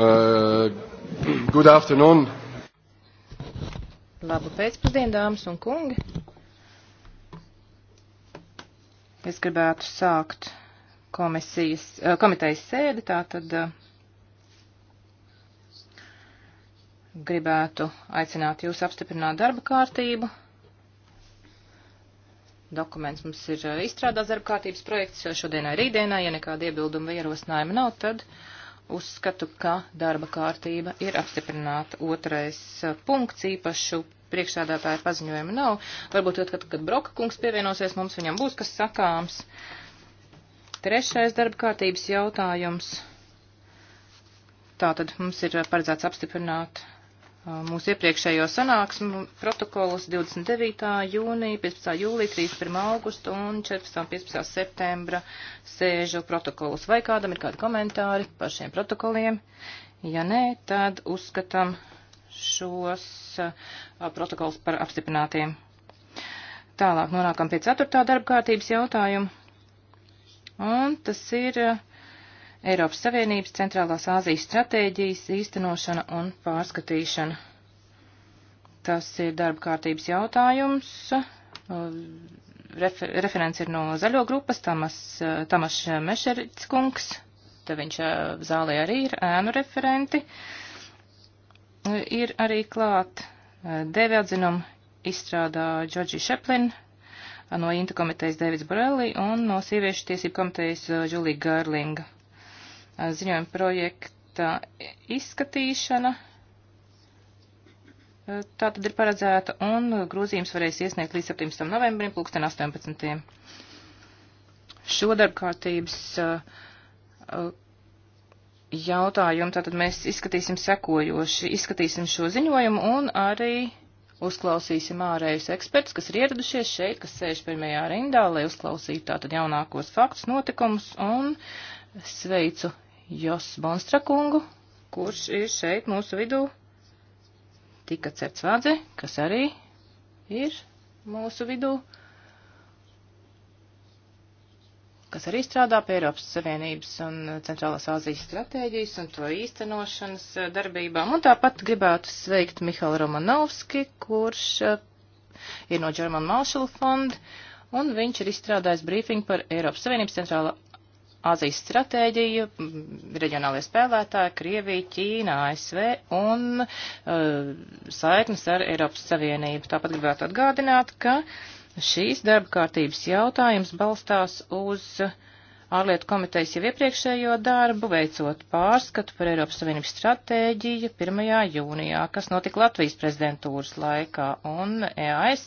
Uh, good afternoon. Labu pēcpusdienu, dāmas un kungi. Es gribētu sākt komisijas, uh, komitejas sēdi, tātad uh, gribētu aicināt jūs apstiprināt darba kārtību dokuments mums ir eh, izstrādāts darba kārtības projekts eh, šodienai rītdienai, ja nekāda iebilduma vai ierosinājuma nav, tad uzskatu, ka darba kārtība ir apstiprināta. Otrais eh, punkts īpašu priekšsādātāja paziņojuma nav. Varbūt, kad, kad Broka kungs pievienosies, mums viņam būs kas sakāms. Trešais darba kārtības jautājums. Tātad mums ir paredzēts apstiprināt Uh, mūsu iepriekšējo sanāksmu protokolus 29. jūnija, 15. jūlija, 31. augusta un 14. un 15. septembra sēžu protokolus. Vai kādam ir kādi komentāri par šiem protokoliem? Ja nē, tad uzskatam šos uh, protokolus par apstiprinātiem. Tālāk nonākam pie 4. darba kārtības jautājumu. Un tas ir uh, Eiropas Savienības centrālās Āzijas stratēģijas īstenošana un pārskatīšana. Tas ir darba kārtības jautājums. Refer, referents ir no zaļo grupas, Tamas, Tamas Mešerits kungs, te viņš zālē arī ir ēnu referenti. Ir arī klāt devi atzinumu izstrādā Džordži Šeplin, no Inta komitejas Deivids Borelli un no Sieviešu tiesību komitejas Džulija Gārlinga ziņojuma projekta izskatīšana. E, tā tad ir paredzēta, un grozījums varēs iesniegt līdz 17. novembrim, pulksten 18. Šo darbkārtības e, e, jautājumu tātad mēs izskatīsim sekojoši. Izskatīsim šo ziņojumu un arī uzklausīsim ārējus ekspertus, kas ir ieradušies šeit, kas sēž pirmajā rindā, lai uzklausītu tātad jaunākos faktus, notikumus un sveicu Jos Bonstrakungu, kurš ir šeit mūsu vidū. Tika Cercvādze, kas arī ir mūsu vidū, kas arī strādā pie Eiropas Savienības un Centrālās Āzijas stratēģijas un to īstenošanas eh, darbībām. Un tāpat gribētu sveikt Mihālu Romanovski, kurš eh, ir no German Marshall Fund, un viņš ir izstrādājis brīfingu par Eiropas Savienības Centrālā Azijas stratēģija, mm, reģionālie spēlētāji, Krievija, Ķīna, ASV un uh, saiknes ar Eiropas Savienību. Tāpat gribētu atgādināt, ka šīs darba kārtības jautājums balstās uz ārlietu komitejas jau iepriekšējo darbu, veicot pārskatu par Eiropas Savienības stratēģiju 1. jūnijā, kas notika Latvijas prezidentūras laikā, un EAS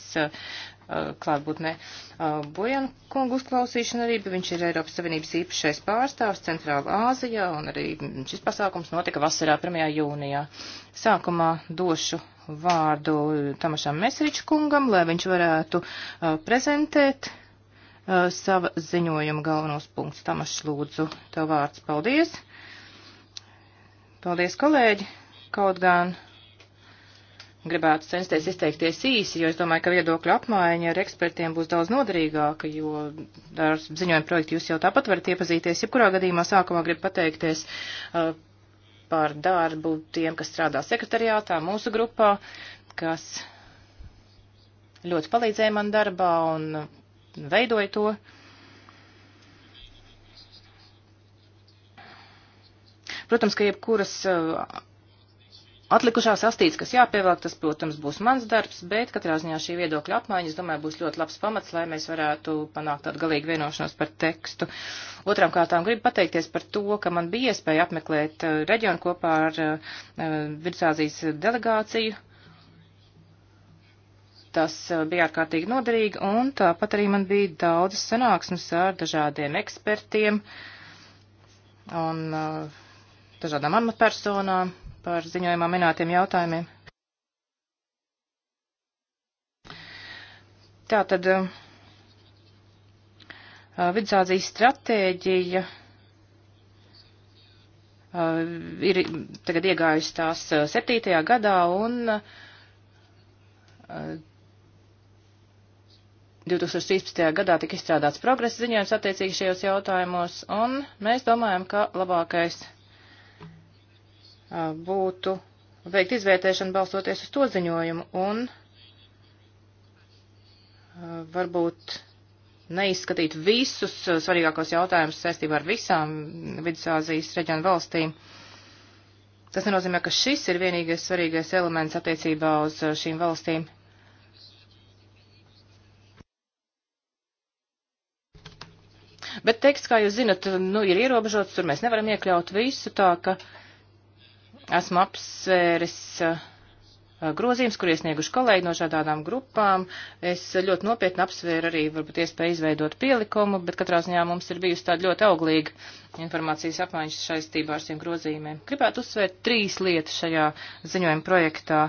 Uh, klātbūtnē. Uh, Bojan kungu uzklausīšana arī, viņš ir Eiropas Savienības īpašais pārstāvs Centrāla Āzijā, un arī šis pasākums notika vasarā 1. jūnijā. Sākumā došu vārdu Tamašam Mesriču kungam, lai viņš varētu uh, prezentēt uh, sava ziņojuma galvenos punktus. Tamašs lūdzu, tev vārds. Paldies! Paldies, kolēģi! Kaut gan. Uh, gribētu censties izteikties īsi, jo es domāju, ka viedokļu apmaiņa ar ekspertiem būs daudz noderīgāka, jo ar ziņojumu projektu jūs jau tāpat varat iepazīties. Jebkurā gadījumā sākumā gribu pateikties uh, par darbu tiem, kas strādā sekretariātā mūsu grupā, kas ļoti palīdzēja man darbā un veidoja to. Protams, ka jebkuras uh, Atlikušās astītes, kas jāpievelk, tas, protams, būs mans darbs, bet katrā ziņā šī viedokļa apmaiņa, es domāju, būs ļoti labs pamats, lai mēs varētu panākt tādu galīgu vienošanos par tekstu. Otram kārtām gribu pateikties par to, ka man bija iespēja apmeklēt eh, reģionu kopā ar uh, eh, Vidzāzijas delegāciju. Tas eh, bija ārkārtīgi noderīgi, un tāpat arī man bija daudzas sanāksmes ar dažādiem ekspertiem un uh, dažādām amatpersonām par ziņojumā minētiem jautājumiem. Tātad um, uh, Vidzāzijas stratēģija uh, ir tagad iegājusi tās uh, septītajā gadā un 2013. gadā tika izstrādāts progresa ziņojums attiecīgi šajos jautājumos, un mēs domājam, ka labākais būtu veikt izvērtēšanu balstoties uz to ziņojumu un varbūt neizskatīt visus svarīgākos jautājumus saistībā ar visām Vidusāzijas reģionu valstīm. Tas nenozīmē, ka šis ir vienīgais svarīgais elements attiecībā uz šīm valstīm. Bet teksts, kā jūs zinat, nu, ir ierobežots, tur mēs nevaram iekļaut visu tā, ka uh, Esmu apsvēris eh, grozījums, kur iesnieguši kolēģi no šādām grupām. Es ļoti nopietni apsvēru arī varbūt iespēju izveidot pielikumu, bet katrā ziņā mums ir bijusi tāda ļoti auglīga informācijas apmaiņas saistībā ar šiem grozījumiem. Gribētu uzsvērt trīs lietas šajā ziņojuma projektā.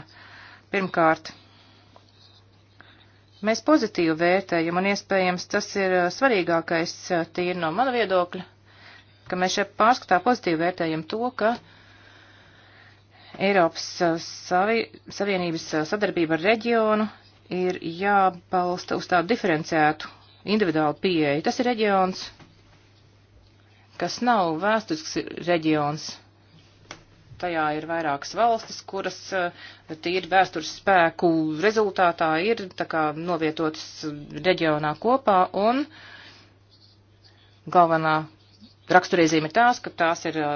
Pirmkārt, mēs pozitīvi vērtējam un iespējams tas ir eh, svarīgākais eh, tīri no mana viedokļa, ka mēs šeit pārskatā pozitīvi vērtējam to, ka Eiropas uh, savi, Savienības uh, sadarbība ar reģionu ir jābalsta uz tādu diferenciētu individuālu pieeju. Tas ir reģions, kas nav vēsturisks reģions. Tajā ir vairākas valstis, kuras uh, tīri vēstures spēku rezultātā ir tā kā novietotas reģionā kopā un galvenā raksturiezīme ir tās, ka tās ir uh,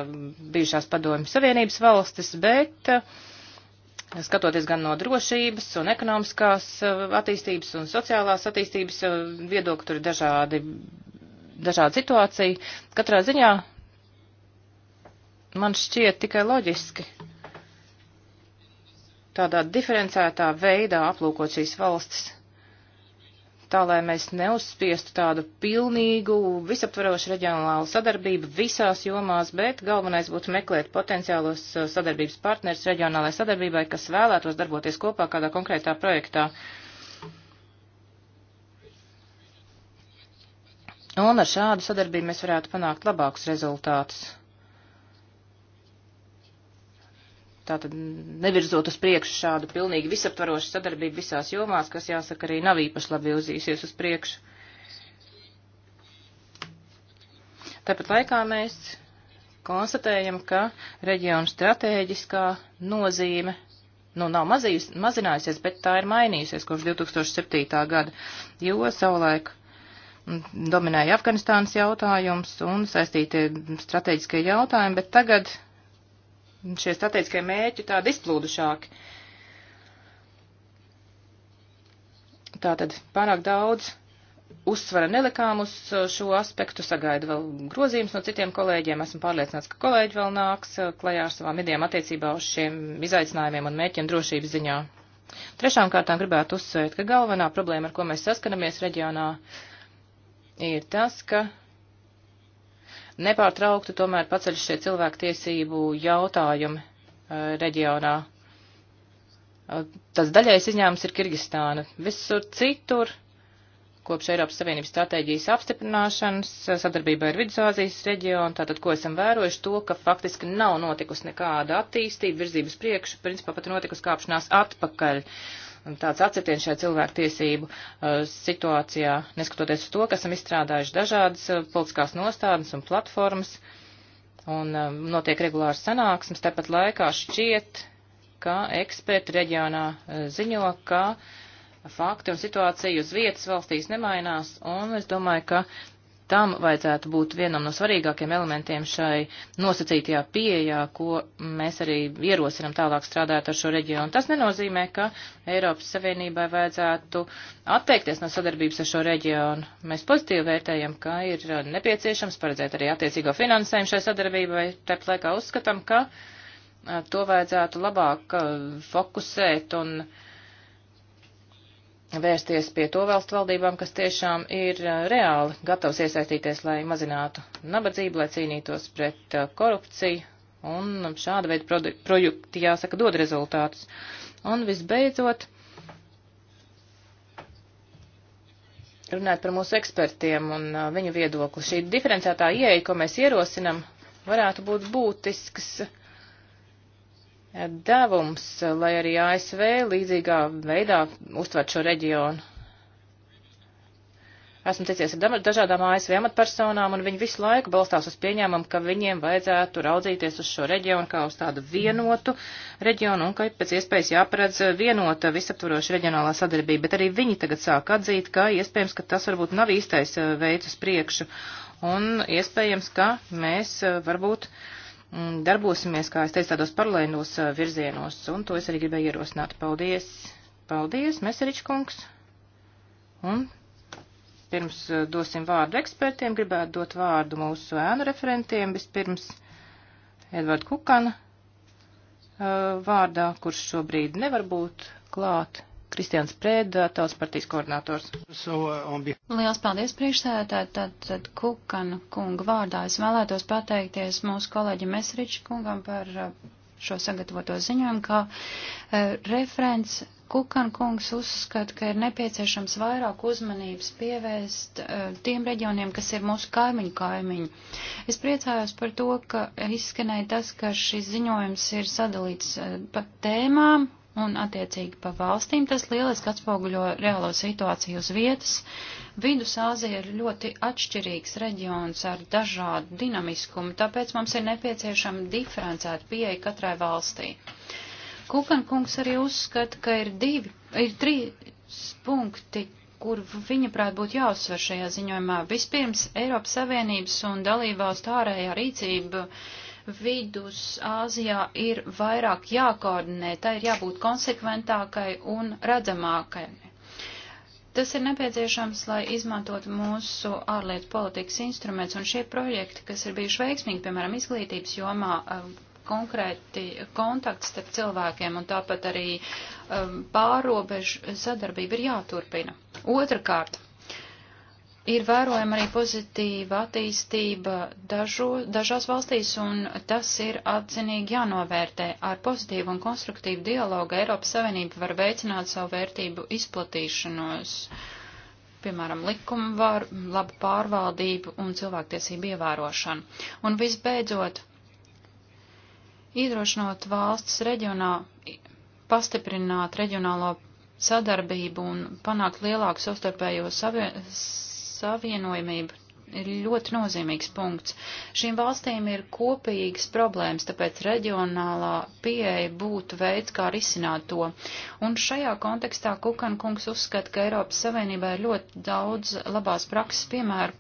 bijušās padomju savienības valstis, bet uh, skatoties gan no drošības un ekonomiskās uh, attīstības un sociālās attīstības viedokļa, tur ir dažādi, dažādi situācija. Katrā ziņā man šķiet tikai loģiski tādā diferencētā veidā aplūkot šīs valstis tā lai mēs neuzspiestu tādu pilnīgu, visaptverošu reģionālu sadarbību visās jomās, bet galvenais būtu meklēt potenciālos uh, sadarbības partners reģionālajai sadarbībai, kas vēlētos darboties kopā kādā konkrētā projektā. Un ar šādu sadarbību mēs varētu panākt labākus rezultātus. tātad nevirzot uz priekšu šādu pilnīgi visaptvarošu sadarbību visās jomās, kas jāsaka arī nav īpaši labi vilzījusies uz priekšu. Tāpat laikā mēs konstatējam, ka reģiona stratēģiskā nozīme nu, nav mazījus, mazinājusies, bet tā ir mainījusies kopš 2007. gada, jo savulaik mm, dominēja Afganistānas jautājums un saistītie strateģiskie jautājumi, bet tagad šie strateģiskie mērķi tādi izplūdušāki. Tātad pārāk daudz uzsvara nelikām uz uh, šo aspektu, sagaida vēl grozījums no citiem kolēģiem. Esmu pārliecināts, ka kolēģi vēl nāks uh, klajā ar savām idejām attiecībā uz šiem izaicinājumiem un mērķiem drošības ziņā. Trešām kārtām gribētu uzsvērt, ka galvenā problēma, ar ko mēs saskaramies reģionā, ir tas, ka nepārtraukti tomēr paceļ šie cilvēktiesību jautājumi eh, reģionā. Eh, tas daļais izņēmums ir Kirgistāna. Visur citur, kopš Eiropas Savienības stratēģijas apstiprināšanas, sadarbībā ar Vidusāzijas reģionu, tātad ko esam vērojuši, to, ka faktiski nav notikusi nekāda attīstība, virzības priekšu, principā pat notikusi kāpšanās atpakaļ. Uh, tāds atcerieties šajā cilvēktiesību uh, situācijā, neskatoties uz to, ka esam izstrādājuši dažādas uh, politiskās nostādnes un platformas, un um, notiek regulārs sanāksmes, tāpat laikā šķiet, ka eksperti reģionā uh, ziņo, ka fakti un situācija uz vietas valstīs nemainās, un es domāju, ka tam vajadzētu būt vienam no svarīgākiem elementiem šai nosacītajā pieejā, ko mēs arī ierosinam tālāk strādāt ar šo reģionu. Tas nenozīmē, ka Eiropas Savienībai vajadzētu atteikties no sadarbības ar šo reģionu. Mēs pozitīvi vērtējam, ka ir nepieciešams paredzēt arī attiecīgo finansējumu šai sadarbībai, tāpat laikā uzskatām, ka to vajadzētu labāk fokusēt un uh, vērsties pie to valstu valdībām, kas tiešām ir uh, reāli gatavs iesaistīties, lai mazinātu nabadzību, lai cīnītos pret uh, korupciju, un šāda veida projekti, jāsaka, dod rezultātus. Un visbeidzot, runāt par mūsu ekspertiem un uh, viņu viedokli. Šī diferencētā ieeja, ko mēs ierosinam, varētu būt būtisks devums, lai arī ASV līdzīgā veidā uztver šo reģionu. Esmu ticies ar dažādām ASV amatpersonām, un viņi visu laiku balstās uz pieņēmumu, ka viņiem vajadzētu raudzīties uz šo reģionu kā uz tādu vienotu reģionu, un ka pēc iespējas jāparedz vienota visaptvaroša reģionālā sadarbība, bet arī viņi tagad sāk atzīt, ka iespējams, ka tas varbūt nav īstais eh, veids uz priekšu, un iespējams, ka mēs eh, varbūt uh, darbosimies, kā es teicu, tādos paralēlos uh, virzienos, un to es arī gribēju ierosināt. Paldies! Paldies, Meseričkungs! Un pirms uh, dosim vārdu ekspertiem, gribētu dot vārdu mūsu ēnu referentiem, vispirms Edvard Kukana uh, vārdā, kurš šobrīd nevar būt klāt, Kristians Prēda, tautas partijas koordinators. So, uh, on... Liels paldies priekšsēdētāji, tad, tad Kukana kunga vārdā es vēlētos pateikties mūsu kolēģim Esriču kungam par uh, šo sagatavoto ziņojumu, kā uh, referents Kukan kungs uzskata, ka ir nepieciešams vairāk uzmanības pievērst uh, tiem reģioniem, kas ir mūsu kaimiņu kaimiņi. Es priecājos par to, ka izskanēja tas, ka šis ziņojums ir sadalīts uh, pa tēmām un attiecīgi pa valstīm. Tas lieliski atspoguļo reālo situāciju uz vietas. Vidusāzija ir ļoti atšķirīgs reģions ar dažādu dinamiskumu, tāpēc mums ir nepieciešama diferencēta pieeja katrai valstī. Kukan kungs arī uzskata, ka ir divi, ir trīs punkti, kur viņaprāt būtu jāuzsver šajā ziņojumā. Vispirms Eiropas Savienības un dalībvalstu ārējā rīcība. Uh, Vidus Āzijā ir vairāk jākoordinē, tā ir jābūt konsekventākai un redzamākai. Tas ir nepieciešams, lai izmantotu mūsu ārlietu politikas instruments un šie projekti, kas ir bijuši veiksmīgi, piemēram, izglītības jomā, um, konkrēti kontakts starp cilvēkiem un tāpat arī um, pārobežu sadarbība ir jāturpina. Otrakārt, ir vērojama arī pozitīva attīstība dažu, dažās valstīs, un tas ir atzinīgi jānovērtē. Ar pozitīvu un konstruktīvu dialogu Eiropas Savienība var veicināt savu vērtību izplatīšanos, piemēram, likumu var, labu pārvaldību un cilvēktiesību ievērošanu. Un visbeidzot, iedrošinot valsts reģionā, pastiprināt reģionālo sadarbību un panākt lielāku savstarpējo savienību savienojamība ir ļoti nozīmīgs punkts. Šīm valstīm ir kopīgas problēmas, tāpēc reģionālā pieeja būtu veids, kā risināt to. Un šajā kontekstā Kukan kungs uzskata, ka Eiropas Savienībā ir ļoti daudz labās prakses piemēru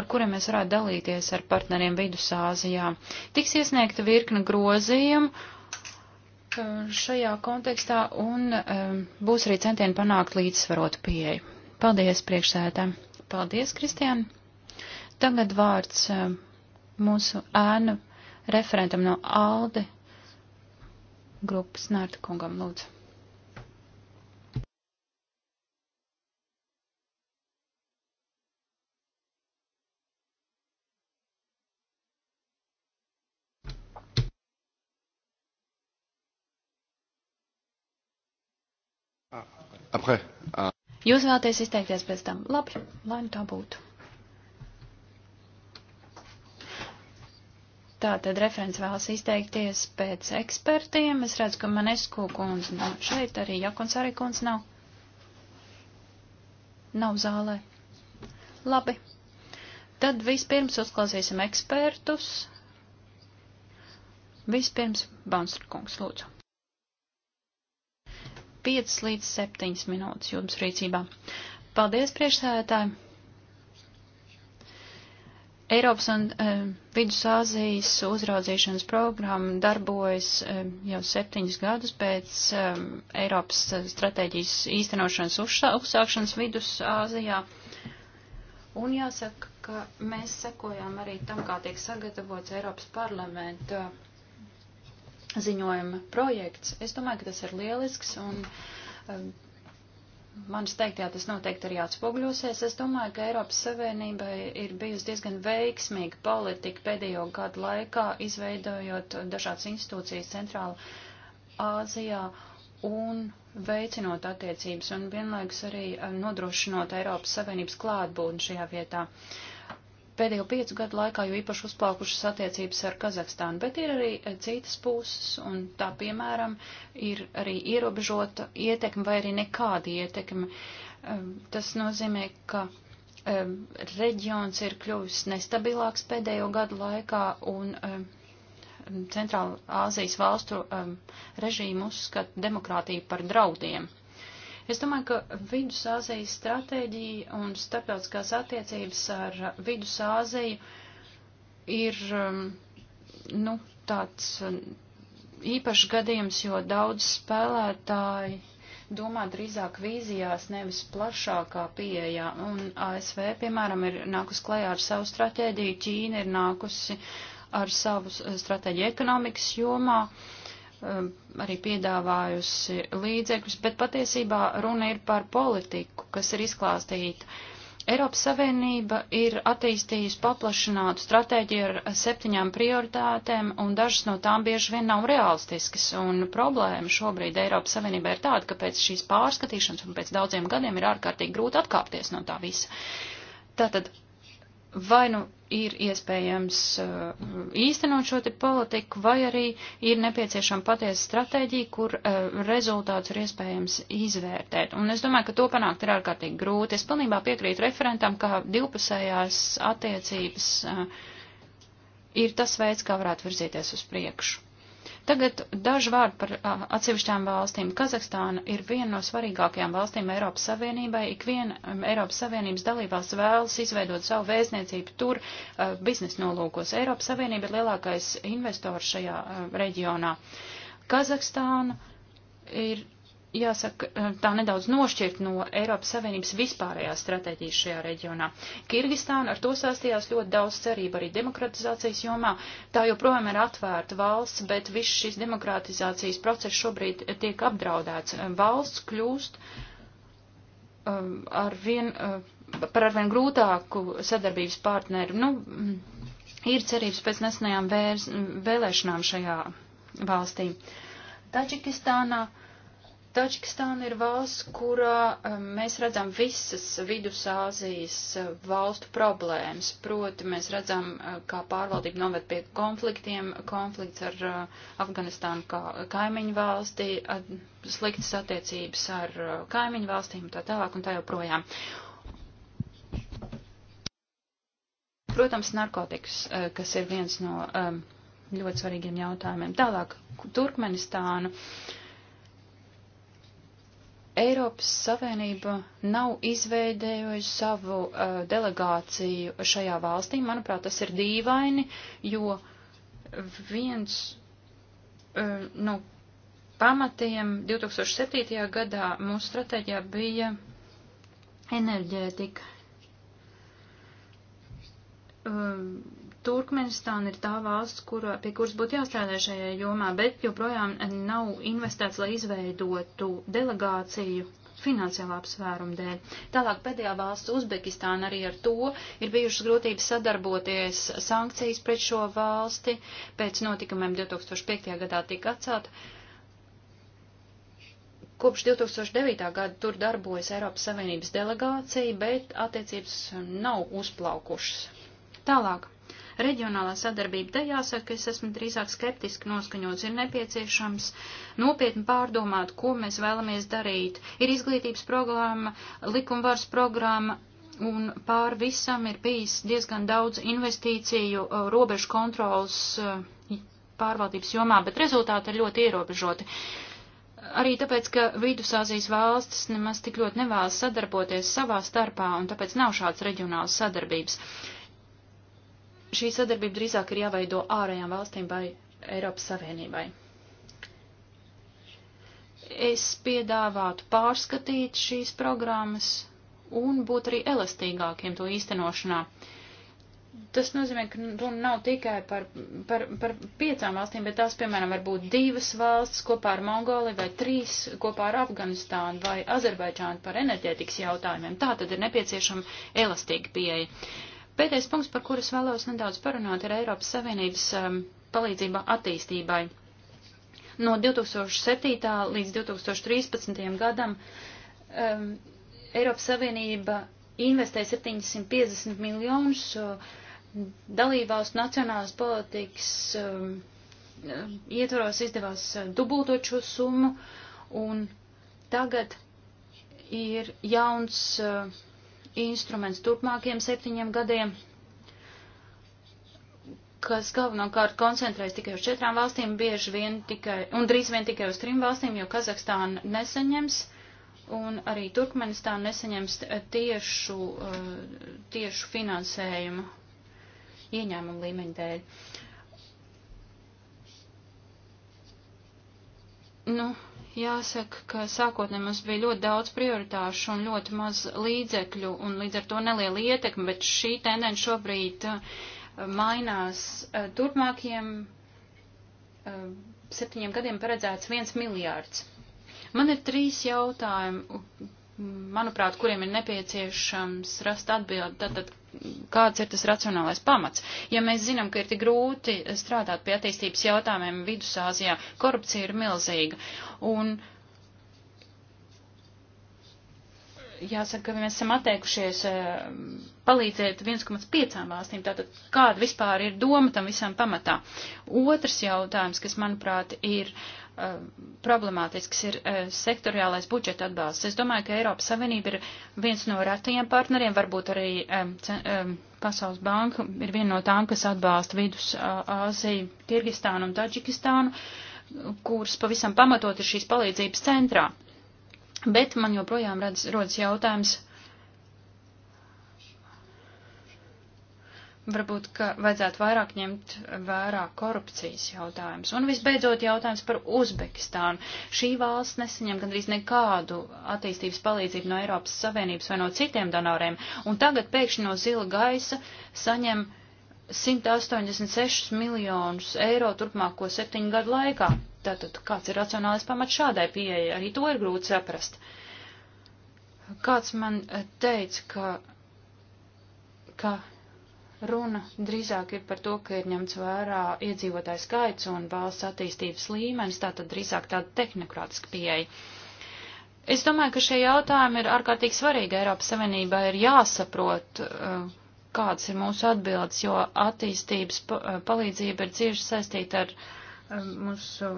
ar kuriem mēs varētu dalīties ar partneriem Vidusāzijā. Tiks iesniegta virkna grozījumu eh, šajā kontekstā un eh, būs arī centieni panākt līdzsvarotu pieeju. Paldies priekšsētājiem! Paldies, Kristiāna. Tagad vārds eh, mūsu ēnu referentam no ALDE grupas Nārta kungam lūdzu. Après. Jūs vēlaties izteikties pēc tam? Labi, lai nu tā būtu. Tātad referents vēlas izteikties pēc ekspertiem. Es redzu, ka man Esku kundze nav šeit, arī Jakons arī kundze nav. Nav zālē. Labi. Tad vispirms uzklausīsim ekspertus. Vispirms Banstrkungs, lūdzu. 5 līdz 7 minūtes jums rīcībā. Paldies, priekšsēdētāji! Eiropas un e, Vidusāzijas uzraudzīšanas programma darbojas e, jau septiņus gadus pēc e, Eiropas stratēģijas īstenošanas uzsākšanas Vidusāzijā. Un jāsaka, ka mēs sekojām arī tam, kā tiek sagatavots Eiropas parlamenta. E, ziņojuma projekts. Es domāju, ka tas ir lielisks un um, manis teiktajā tas noteikti arī atspogļosies. Es domāju, ka Eiropas Savienībai ir bijusi diezgan veiksmīga politika pēdējo gadu laikā, izveidojot dažādas institūcijas centrāla Āzijā un veicinot attiecības un vienlaikus arī um, nodrošinot Eiropas Savienības klātbūtni šajā vietā. Uh, pēdējo piecu gadu laikā jau īpaši uzplaukušas attiecības ar Kazahstānu, bet ir arī eh, citas puses, un tā piemēram ir arī ierobežota ietekme vai arī nekāda ietekme. Ehm, tas nozīmē, ka ehm, reģions ir kļuvis nestabilāks pēdējo gadu laikā, un ehm, Centrāla Āzijas valstu režīmu uzskata demokrātiju par draudiem. Es domāju, ka Vidusāzijas stratēģija un starptautiskās attiecības ar Vidusāziju ir um, nu, tāds um, īpašs gadījums, jo daudz spēlētāji domā drīzāk vīzijās, nevis plašākā pieejā. Un ASV, piemēram, ir nākus klajā ar savu stratēģiju, Ķīna ir nākusi ar savu stratēģiju ekonomikas jomā. Uh, Um, arī piedāvājusi līdzekļus, bet patiesībā runa ir par politiku, kas ir izklāstīta. Eiropas Savienība ir attīstījusi paplašinātu stratēģiju ar septiņām prioritātēm, un dažas no tām bieži vien nav realistiskas. Un problēma šobrīd Eiropas Savienībā ir tāda, ka pēc šīs pārskatīšanas un pēc daudziem gadiem ir ārkārtīgi grūti atkāpties no tā visa. Tātad vai nu ir iespējams uh, īstenot šo te politiku, vai arī ir nepieciešama patiesa stratēģija, kur uh, rezultāts ir iespējams izvērtēt. Un es domāju, ka to panākt ir ārkārtīgi grūti. Es pilnībā piekrītu referentam, ka divpusējās attiecības uh, ir tas veids, kā varētu virzīties uz priekšu. Tagad daži vārdi par atsevišķām valstīm. Kazahstāna ir viena no svarīgākajām valstīm Eiropas Savienībai. Ikviena um, Eiropas Savienības dalībās vēlas izveidot savu vēstniecību tur biznesa nolūkos. Eiropas Savienība ir lielākais investors šajā reģionā. Kazahstāna ir jāsaka, eh, tā nedaudz nošķirt no Eiropas Savienības vispārējās stratēģijas šajā reģionā. Kirgistāna ar to sāstījās ļoti daudz cerību arī demokratizācijas jomā. Tā joprojām ir atvērta valsts, bet viss šis demokratizācijas process šobrīd tiek apdraudēts. Valsts kļūst um, ar vien, uh, par arvien grūtāku sadarbības partneri. Nu, mm, ir cerības pēc nesenajām vēlēšanām šajā valstī. Taģikistānā uh, Tačikistāna ir valsts, kurā um, mēs redzam visas Vidusāzijas uh, valstu problēmas, proti mēs redzam, uh, kā pārvaldība noved pie konfliktiem, konflikts ar uh, Afganistānu kā kaimiņu valstī, sliktas attiecības ar kaimiņu valstīm, tā tālāk un tā joprojām. Protams, narkotikas, kas ir viens no um, ļoti svarīgiem jautājumiem. Tālāk, Turkmenistānu. Uh, Eiropas Savienība nav izveidējusi savu uh, delegāciju šajā valstī. Manuprāt, tas ir dīvaini, jo viens uh, no pamatiem 2007. gadā mūsu stratēģijā bija enerģētika. Um, Turkmenistāna ir tā valsts, kur, pie kuras būtu jāstrādā šajā jomā, bet joprojām nav investēts, lai izveidotu delegāciju finansiālā apsvēruma dēļ. Tālāk pēdējā valsts Uzbekistāna arī ar to ir bijušas grūtības sadarboties sankcijas pret šo valsti. Pēc notikumiem 2005. gadā tika atcelta. Kopš 2009. gada tur darbojas Eiropas Savienības delegācija, bet attiecības nav uzplaukušas. Tālāk reģionālā sadarbība. Te jāsaka, ka es esmu drīzāk skeptiski noskaņots. Ir nepieciešams nopietni pārdomāt, ko mēs vēlamies darīt. Ir izglītības programma, likumvaras programma. Un pār visam ir bijis diezgan daudz investīciju uh, robežu kontrolas uh, pārvaldības jomā, bet rezultāti ir ļoti ierobežoti. Arī tāpēc, ka Vidusāzijas valstis nemaz tik ļoti nevēlas sadarboties savā starpā, un tāpēc nav šāds reģionāls sadarbības. Uh, šī sadarbība drīzāk ir jāveido ārējām valstīm vai Eiropas Savienībai. Es piedāvātu pārskatīt šīs programmas un būt arī elastīgākiem to īstenošanā. Tas nozīmē, ka runa nav tikai par, par, par piecām valstīm, bet tās, piemēram, var būt divas valstis kopā ar Mongoliju vai trīs kopā ar Afganistānu vai Azerbaidžānu par enerģētikas jautājumiem. Tā tad ir nepieciešama elastīga pieeja. Uh, Pēdējais punkts, par kuru es vēlos nedaudz parunāt, ir Eiropas Savienības um, palīdzība attīstībai. No 2007. līdz 2013. gadam um, Eiropas Savienība investē 750 miljonus uh, dalībvalstu nacionālas politikas um, um, ietvaros izdevās uh, dubultot šo summu, un tagad ir jauns uh, instruments turpmākiem septiņiem gadiem, kas galvenokārt koncentrējas tikai uz četrām valstīm, bieži vien tikai, un drīz vien tikai uz trim valstīm, jo Kazahstāna nesaņems, un arī Turkmenistāna nesaņems tiešu, eh, tiešu finansējumu ieņēmumu līmeņa dēļ. Nu, Jāsaka, ka sākotnēji mums bija ļoti daudz prioritāšu un ļoti maz līdzekļu un līdz ar to neliela ietekme, bet šī tendence šobrīd uh, mainās. Uh, turpmākajiem uh, septiņiem gadiem paredzēts viens miljārds. Man ir trīs jautājumi, manuprāt, kuriem ir nepieciešams rast atbildi, tad, tad kāds ir tas racionālais pamats. Ja mēs zinām, ka ir tik grūti strādāt pie attīstības jautājumiem Vidusāzijā, korupcija ir milzīga. Un jāsaka, ka mēs esam atteikušies eh, palīdzēt 1,5 valstīm, tātad kāda vispār ir doma tam visam pamatā. Otrs jautājums, kas, manuprāt, ir. Uh, Eh, problemātisks ir eh, sektoriālais budžeta atbalsts. Es domāju, ka Eiropas Savienība ir viens no retajiem partneriem, varbūt arī eh, Pasaules banka ir viena no tām, kas atbalsta Vidus Āziju, Kirgistānu un Taģikistānu, kuras pavisam pamatot ir šīs palīdzības centrā. Bet man joprojām redz, rodas jautājums, uh, Varbūt, ka vajadzētu vairāk ņemt vērā korupcijas jautājumus. Un visbeidzot jautājums par Uzbekistānu. Šī valsts nesaņem gandrīz nekādu attīstības palīdzību no Eiropas Savienības vai no citiem donoriem, un tagad pēkšņi no zila gaisa saņem 186 miljonus eiro turpmāko septiņu gadu laikā. Tātad, kāds ir racionālais pamats šādai pieeja? Arī to ir grūti saprast. Kāds man teica, ka, ka Runa drīzāk ir par to, ka ir ņemts vērā iedzīvotāju skaits un valsts attīstības līmenis, tātad drīzāk tāda tehnokrātiska pieeja. Es domāju, ka šie jautājumi ir ārkārtīgi svarīgi. Eiropas Savienībā ir jāsaprot, eh, kāds ir mūsu atbildes, jo attīstības eh, palīdzība ir cieši saistīta ar eh, mūsu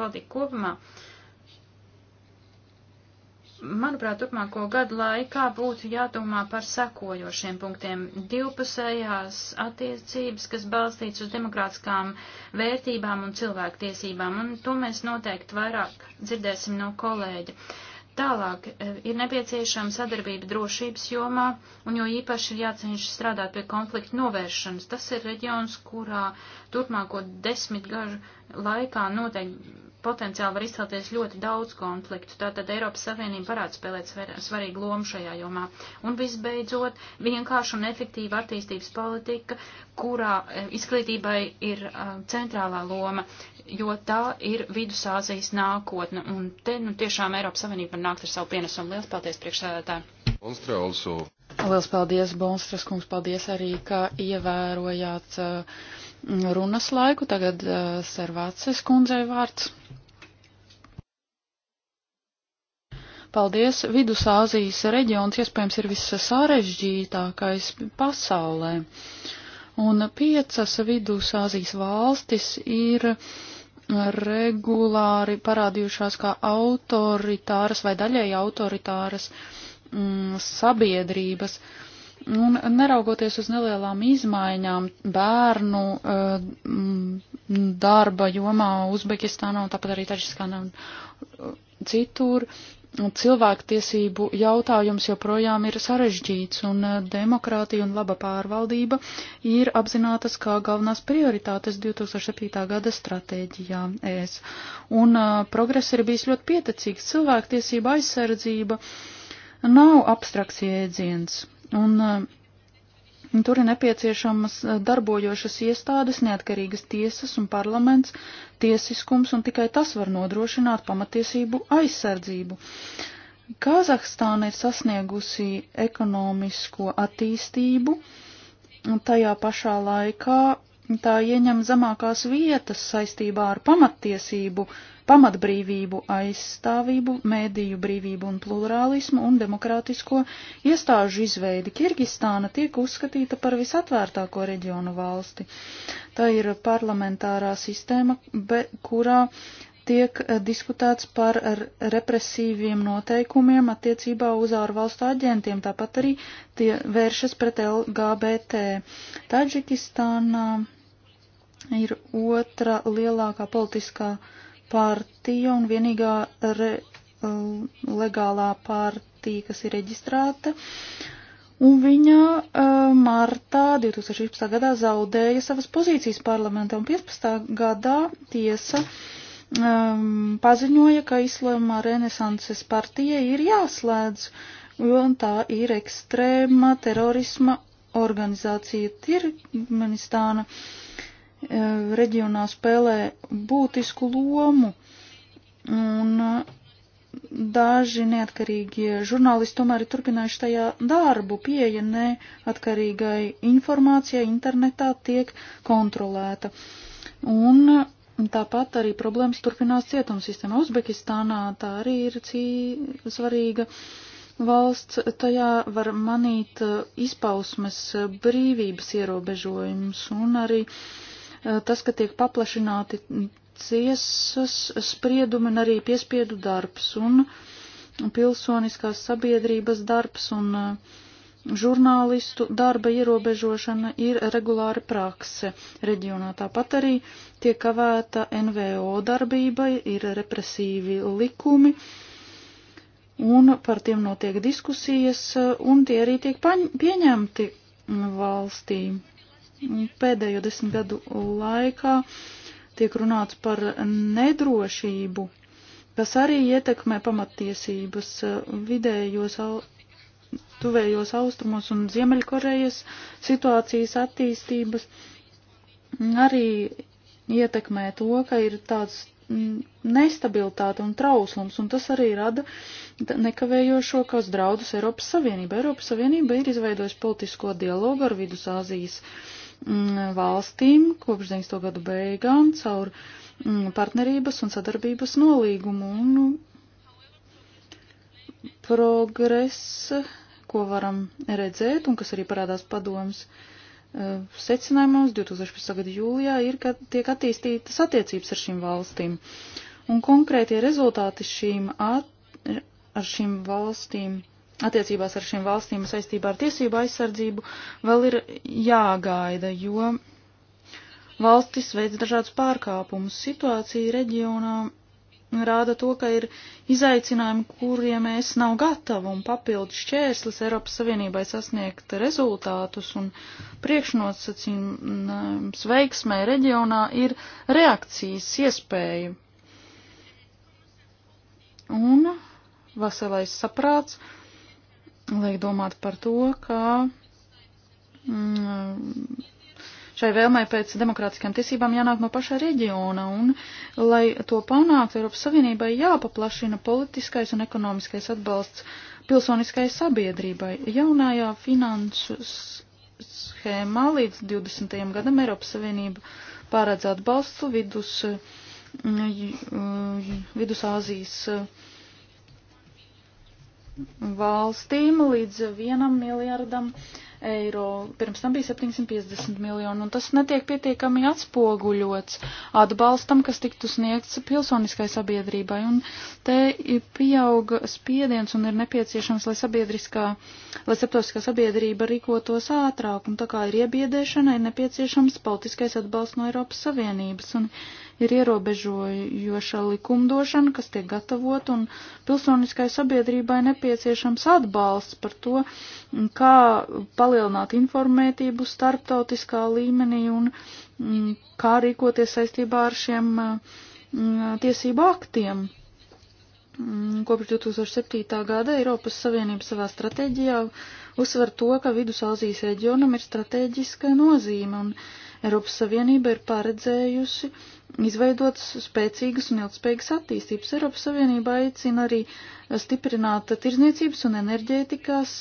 valdību kopumā. Uh, manuprāt, turpmāko gadu laikā būtu jādomā par sekojošiem punktiem. Divpusējās attiecības, kas balstīts uz demokrātiskām vērtībām un cilvēktiesībām, un to mēs noteikti vairāk dzirdēsim no kolēģa. Tālāk e, ir nepieciešama sadarbība drošības jomā, un jo īpaši ir jācenšas strādāt pie konflikta novēršanas. Tas ir reģions, kurā turpmāko desmit gažu laikā noteikti potenciāli var izcelties ļoti daudz konfliktu. Tātad Eiropas Savienība varētu spēlēt svarīgu lomu šajā jomā. Un visbeidzot, vienkārša un efektīva attīstības politika, kurā eh, izglītībai ir eh, centrālā loma, jo tā ir vidusāzijas nākotne. Un te nu, tiešām Eiropas Savienība var nākt ar savu pienesumu. Lielas paldies priekšsēdētāji! Lielas paldies, Bonstras kungs, paldies arī, ka ievērojāt uh, runas laiku. Tagad uh, Servāces kundzei vārds. Paldies! Vidusāzijas reģions iespējams ir vissarežģītākais pasaulē. Un piecas Vidusāzijas valstis ir regulāri parādījušās kā autoritāras vai daļēji autoritāras mm, sabiedrības. Uh, Un neraugoties uz nelielām izmaiņām bērnu eh, darba jomā Uzbekistānā un tāpat arī Taģiskānā un eh, citur, cilvēktiesību jautājums joprojām ir sarežģīts, un eh, demokrātija un laba pārvaldība ir apzinātas kā galvenās prioritātes 2007. gada stratēģijā ES. Un uh, progress ir bijis ļoti pieticīgs. Cilvēktiesība aizsardzība nav abstrakts jēdziens. Un, eh, Tur ir nepieciešamas eh, darbojošas iestādes, neatkarīgas tiesas un parlaments, tiesiskums, un tikai tas var nodrošināt pamatiesību aizsardzību. Kazahstāna ir sasniegusi ekonomisko attīstību, un tajā pašā laikā tā ieņem zemākās vietas saistībā ar pamattiesību pamatbrīvību aizstāvību, mēdīju brīvību un plurālismu un demokrātisko iestāžu izveidi. Kirgistāna tiek uzskatīta par visatvērtāko reģionu valsti. Tā ir parlamentārā sistēma, be, kurā tiek eh, diskutēts par represīviem noteikumiem attiecībā uz ārvalstu aģentiem, tāpat arī tie vēršas pret LGBT. Taģikistānā ir otra lielākā politiskā uh, partija un vienīgā re, um, legālā partija, kas ir reģistrēta. Un viņa uh, martā 2016. gadā zaudēja savas pozīcijas parlamentā un 15. gadā tiesa um, paziņoja, ka Islāma renesanses partija ir jāslēdz, jo tā ir ekstrēma terorisma organizācija Tirkmenistāna. Uh, Eh, reģionā spēlē būtisku lomu. Un eh, daži neatkarīgie žurnālisti tomēr ir turpinājuši tajā darbu, pieeja neatkarīgai informācijai internetā tiek kontrolēta. Un eh, tāpat arī problēmas turpinās cietumsistēma. Uzbekistānā tā arī ir cī, svarīga valsts, tajā var manīt izpausmes brīvības ierobežojumus un arī uh, Eh, tas, ka tiek paplašināti ciesas spriedumi un arī piespiedu darbs un pilsoniskās sabiedrības darbs un eh, žurnālistu darba ierobežošana ir regulāra prakse reģionā. Tāpat arī tiek kavēta NVO darbība, ir represīvi likumi, un par tiem notiek diskusijas, eh, un tie arī tiek pieņemti valstī pēdējo desmit gadu laikā tiek runāts par nedrošību, kas arī ietekmē pamatiesības vidējos, tuvējos austrumos un Ziemeļkorejas situācijas attīstības. Arī ietekmē to, ka ir tāds nestabilitāte un trauslums, un tas arī rada nekavējošo, kas draudus Eiropas Savienība. Eiropas Savienība ir izveidojusi politisko dialogu ar Vidusāzijas uh, Mm, valstīm kopš 90. gadu beigām caur mm, partnerības un sadarbības nolīgumu un nu, progress, ko varam redzēt un kas arī parādās padoms e, secinājumos 2015. gada jūlijā, ir, ka tiek attīstītas attiecības ar šīm valstīm. Un konkrētie rezultāti šīm at, ar šīm valstīm attiecībās ar šīm valstīm saistībā ar tiesību aizsardzību vēl ir jāgaida, jo valstis veids dažādus pārkāpumus. Situācija reģionā rāda to, ka ir izaicinājumi, kuriem mēs nav gatavi un papildu šķērslis Eiropas Savienībai sasniegt rezultātus un priekšnosacījums veiksmē reģionā ir reakcijas iespēja. Un veselais saprāts liek domāt par to, ka mm, šai vēlmai pēc demokrātiskām tiesībām jānāk no pašā reģiona, un, lai to panāktu, Eiropas Savienībai jāpaplašina politiskais un ekonomiskais atbalsts pilsoniskai sabiedrībai. Jaunajā finanšu schēmā līdz 20. gadam Eiropas Savienība pārēdz atbalstu vidus, mm, vidus Āzijas valstīm līdz vienam miljardam eiro. Pirms tam bija 750 miljoni, un tas netiek pietiekami atspoguļots atbalstam, kas tiktu sniegts pilsoniskai sabiedrībai. Un te pieauga spiediens un ir nepieciešams, lai sabiedriskā, lai septotiskā sabiedrība rīkotos ātrāk, un tā kā ir iebiedēšana, ir nepieciešams politiskais atbalsts no Eiropas Savienības. Un ir ierobežojoša likumdošana, kas tiek gatavot, un pilsoniskai sabiedrībai nepieciešams atbalsts par to, kā palielināt informētību starptautiskā līmenī un mm, kā rīkoties saistībā ar šiem mm, tiesību aktiem. Mm, kopš 2007. gada Eiropas Savienība savā stratēģijā uzsver to, ka Vidusāzijas reģionam ir stratēģiska nozīme, un Eiropas Savienība ir paredzējusi izveidot spēcīgas un ilgspējīgas attīstības. Eiropas Savienība aicina arī stiprināt tirzniecības un enerģētikās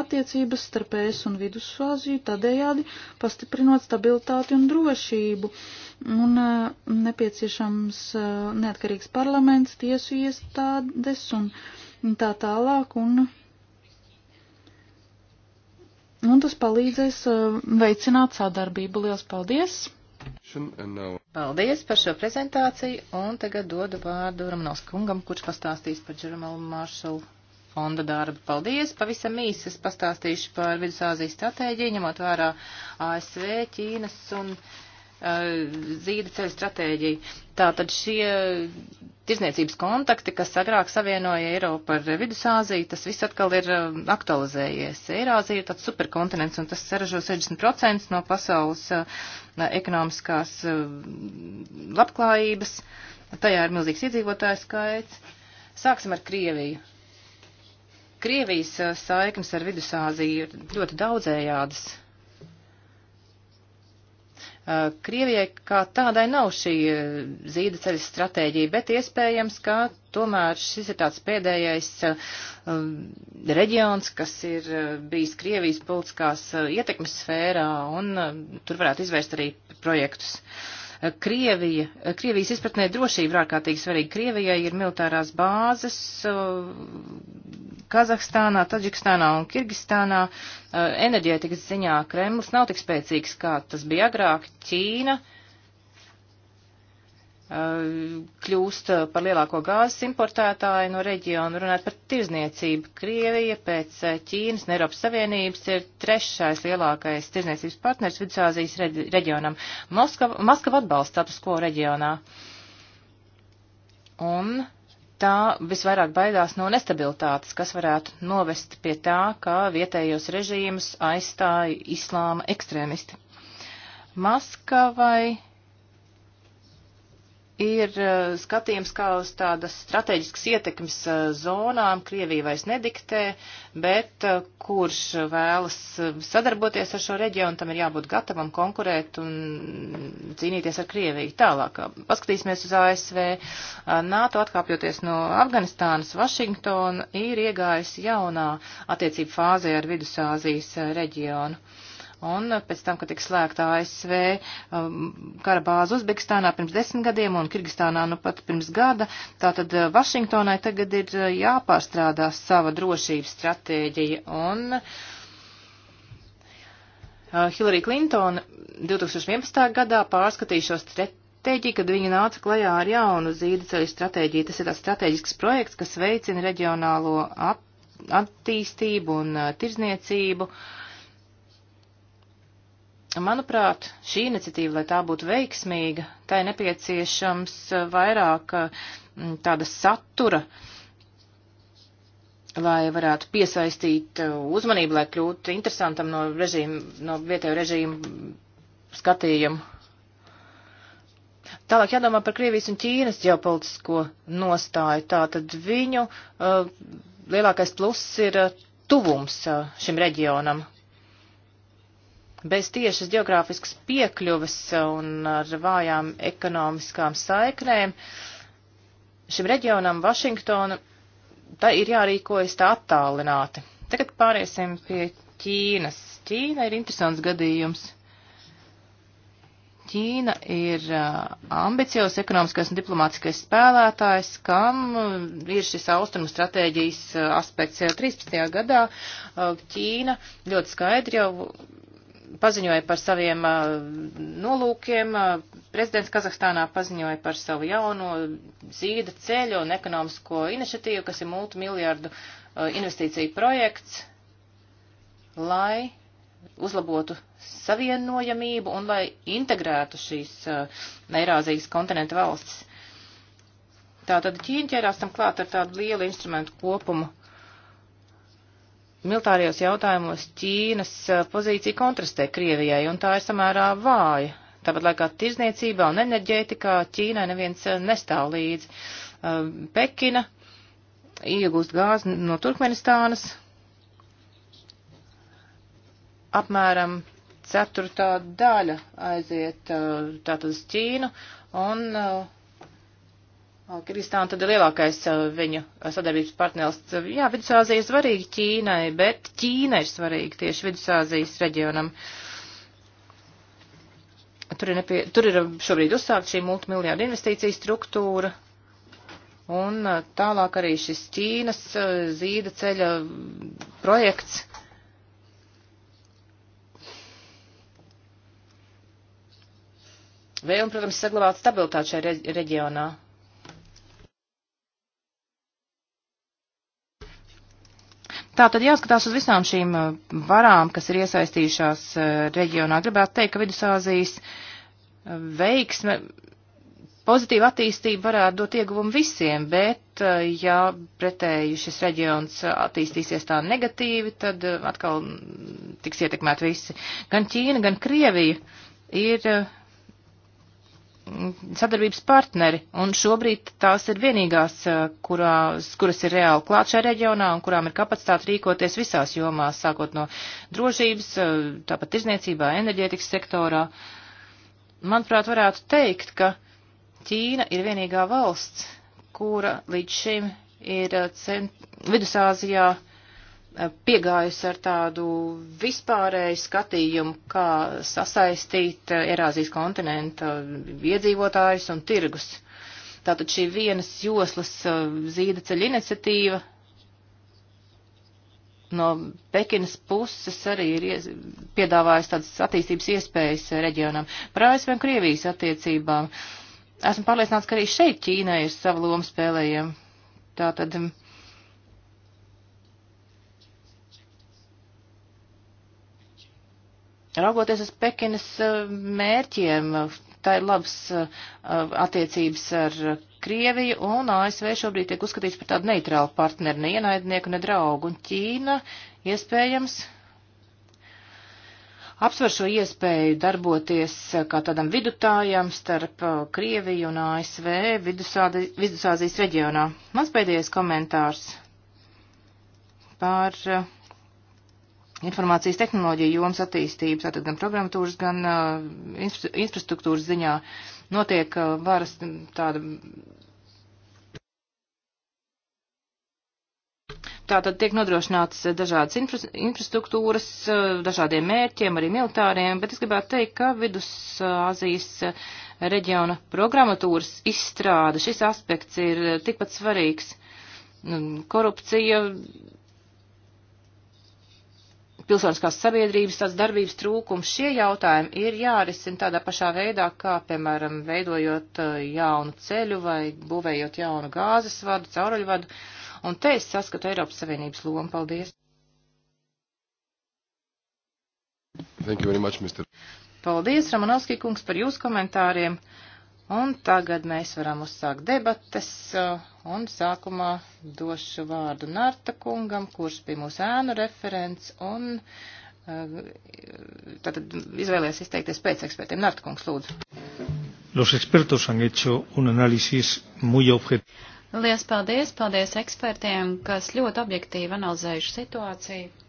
attiecības starp ES un Vidusvāziju, tādējādi pastiprinot stabilitāti un drošību. Un uh, nepieciešams uh, neatkarīgs parlaments, tiesu iestādes un tā tālāk, un un tas palīdzēs uh, veicināt sadarbību. Lielas paldies! Paldies par šo prezentāciju, un tagad dodu vārdu Ramanovs kungam, kurš pastāstīs par Džermalu Maršalu fonda darbu. Paldies! Pavisam īsi es pastāstīšu par Vidusāzijas stratēģiju, ņemot vērā ASV, Ķīnas un. Uh, Eh, zīda ceļu stratēģiju. Tātad šie tirzniecības kontakti, kas agrāk savienoja Eiropu ar Vidusāziju, tas viss atkal ir eh, aktualizējies. Eirāzija ir tāds superkontinents, un tas saražo 60% no pasaules eh, ekonomiskās labklājības. Tajā ir milzīgs iedzīvotāju skaits. Sāksim ar Krieviju. Krievijas saiknes ar Vidusāziju ir ļoti daudzējādas Eh, Krievijai kā tādai nav šī eh, zīda ceļas stratēģija, bet iespējams, ka tomēr šis ir tāds pēdējais eh, reģions, kas ir bijis Krievijas politiskās ietekmes sfērā, un tur varētu izvērst arī projektus. Krievija, Krievijas izpratnē drošība ir ārkārtīgi svarīga. Krievijai ir militārās bāzes, Kazahstānā, Taģikstānā un Kirgistānā eh, enerģētikas ziņā Kremlis nav tik spēcīgs, kā tas bija agrāk. Ķīna eh, kļūst par lielāko gāzes importētāju no reģiona, runāt par tirzniecību. Krievija pēc eh, Ķīnas un Eiropas Savienības ir trešais lielākais tirzniecības partners Vidusāzijas reģionam. Moskava, Moskava atbalsta status quo reģionā. Un tā visvairāk baidās no nestabilitātes, kas varētu novest pie tā, ka vietējos režīmus aizstāja islāma ekstrēmisti. Maskavai ir eh, skatījums kā uz tādas strateģiskas ietekmes eh, zonām, Krievija vairs nediktē, bet eh, kurš vēlas sadarboties ar šo reģionu, tam ir jābūt gatavam konkurēt un cīnīties ar Krieviju. Tālāk, paskatīsimies uz ASV. NATO atkāpjoties no Afganistānas, Vašingtona ir iegājusi jaunā attiecību fāzē ar Vidusāzijas reģionu. Un eh, pēc tam, kad tika slēgta ASV um, kara bāze Uzbekistānā pirms desmit gadiem un Kirgistānā nu pat pirms gada, tātad eh, Vašingtonai tagad ir eh, jāpārstrādā sava drošības stratēģija. Un Hillary Clinton 2011. gadā pārskatīja šo stratēģiju, kad viņa nāca klajā ar jaunu zīda ceļu stratēģiju. Tas ir tāds strateģisks projekts, kas veicina reģionālo attīstību un tirzniecību. Uh, Manuprāt, šī iniciatīva, lai tā būtu veiksmīga, tai nepieciešams eh, vairāk eh, tāda satura, lai varētu piesaistīt eh, uzmanību, lai kļūtu interesantam no, režīmu, no vietēju režīmu skatījumu. Tālāk jādomā par Krievijas un Ķīnas ģeopolitisko nostāju. Tātad viņu uh, lielākais pluss ir uh, tuvums uh, šim reģionam bez tiešas geogrāfiskas piekļuves un ar vājām ekonomiskām saiknēm šim reģionam Vašingtona tā ir jārīkojas tā attālināti. Tagad pāriesim pie Ķīnas. Ķīna ir interesants gadījums. Ķīna ir ambiciozs ekonomiskais un diplomātiskais spēlētājs, kam ir šis austrumu stratēģijas aspekts. Jau 13. gadā Ķīna ļoti skaidri jau paziņoja par saviem uh, nolūkiem. Uh, prezidents Kazahstānā paziņoja par savu jauno zīda ceļu un ekonomisko iniciatīvu, kas ir multimiljardu uh, investīciju projekts, lai uzlabotu savienojamību un lai integrētu šīs Eirāzijas kontinenta valstis. Tātad Ķīna ķērās tam klāt ar tādu lielu instrumentu kopumu Militārijos jautājumos Ķīnas eh, pozīcija kontrastē Krievijai, un tā ir samērā vāja. Tāpat laikā tirzniecībā un enerģētikā Ķīnai neviens eh, nestāv līdzi. Eh, Pekina iegūst gāzi no Turkmenistānas apmēram ceturtā daļa aiziet tātad uz Ķīnu un uh, Kirgistāna tad ir lielākais uh, viņu uh, sadarbības partners. Jā, Vidusāzija ir svarīga Ķīnai, bet Ķīna ir svarīga tieši Vidusāzijas reģionam. Tur ir, nepie, tur ir uh, šobrīd uzsākt šī multimiljārdu investīciju struktūra, un tālāk arī šis Ķīnas zīda ceļa projekts. Vēl, un, protams, saglabāt stabilitāti šajā reģionā. Tā tad jāskatās uz visām šīm eh, varām, kas ir iesaistījušās eh, reģionā. Gribētu teikt, ka Vidusāzijas eh, veiksme, pozitīva attīstība varētu dot ieguvumu visiem, bet ja pretēji šis reģions attīstīsies tā negatīvi, tad atkal tiks ietekmēt visi. Gan Ķīna, gan Krievija ir Mm, sadarbības partneri, un šobrīd tās ir vienīgās, eh, kurās, kuras ir reāli klāt šajā reģionā un kurām ir kapacitāte rīkoties visās jomās, sākot no drošības, eh, tāpat tirzniecībā, enerģētikas sektorā. Manuprāt, varētu teikt, ka Ķīna ir vienīgā valsts, kura līdz šim ir eh, cent... Vidusāzijā uh, piegājusi ar tādu vispārēju skatījumu, kā sasaistīt eh, Erāzijas kontinenta iedzīvotājus un tirgus. Tātad šī vienas joslas eh, zīda ceļa iniciatīva no Pekinas puses arī ir ies, piedāvājusi tādas attīstības iespējas eh, reģionam. Par ASV un Krievijas attiecībām. Esmu pārliecināts, ka arī šeit Ķīnai ir sava loma spēlējama. Tātad mm, Raugoties uz Pekinas eh, mērķiem, tā ir labs eh, attiecības ar Krieviju, un ASV šobrīd tiek uzskatīts par tādu neitrālu partneri, ne ienaidnieku, ne draugu, un Ķīna iespējams apsver šo iespēju darboties eh, kā tādam vidutājam starp Krieviju un ASV Vidusāzijas reģionā. Mans pēdējais komentārs par informācijas tehnoloģiju jomas attīstību, tātad gan programmatūras, gan uh, infra infrastruktūras ziņā notiek uh, varas tāda. Tātad tiek nodrošināts dažādas infra infrastruktūras, uh, dažādiem mērķiem, arī militāriem, bet es gribētu teikt, ka Vidusāzijas uh, reģiona programmatūras izstrāde, šis aspekts ir uh, tikpat svarīgs. Nu, korupcija pilsoniskās sabiedrības tās darbības trūkums. Šie jautājumi ir jārisina tādā pašā veidā, kā, piemēram, veidojot uh, jaunu ceļu vai būvējot jaunu gāzes vadu, cauruļvadu. Un te es saskatu Eiropas Savienības lomu. Paldies! Thank you very much, Mr. Paldies, Ramanovskij kungs, par jūsu komentāriem. Un tagad mēs varam uzsākt debates, uh, un sākumā došu vārdu Nārta kungam, kurš bija mūsu ēnu referents, un uh, tātad izvēlējies izteikties pēc ekspertiem. Nārta kungs, lūdzu. Los expertos han hecho un análisis muy objetivo. Lielas paldies, paldies ekspertiem, kas ļoti objektīvi analizējuši situāciju.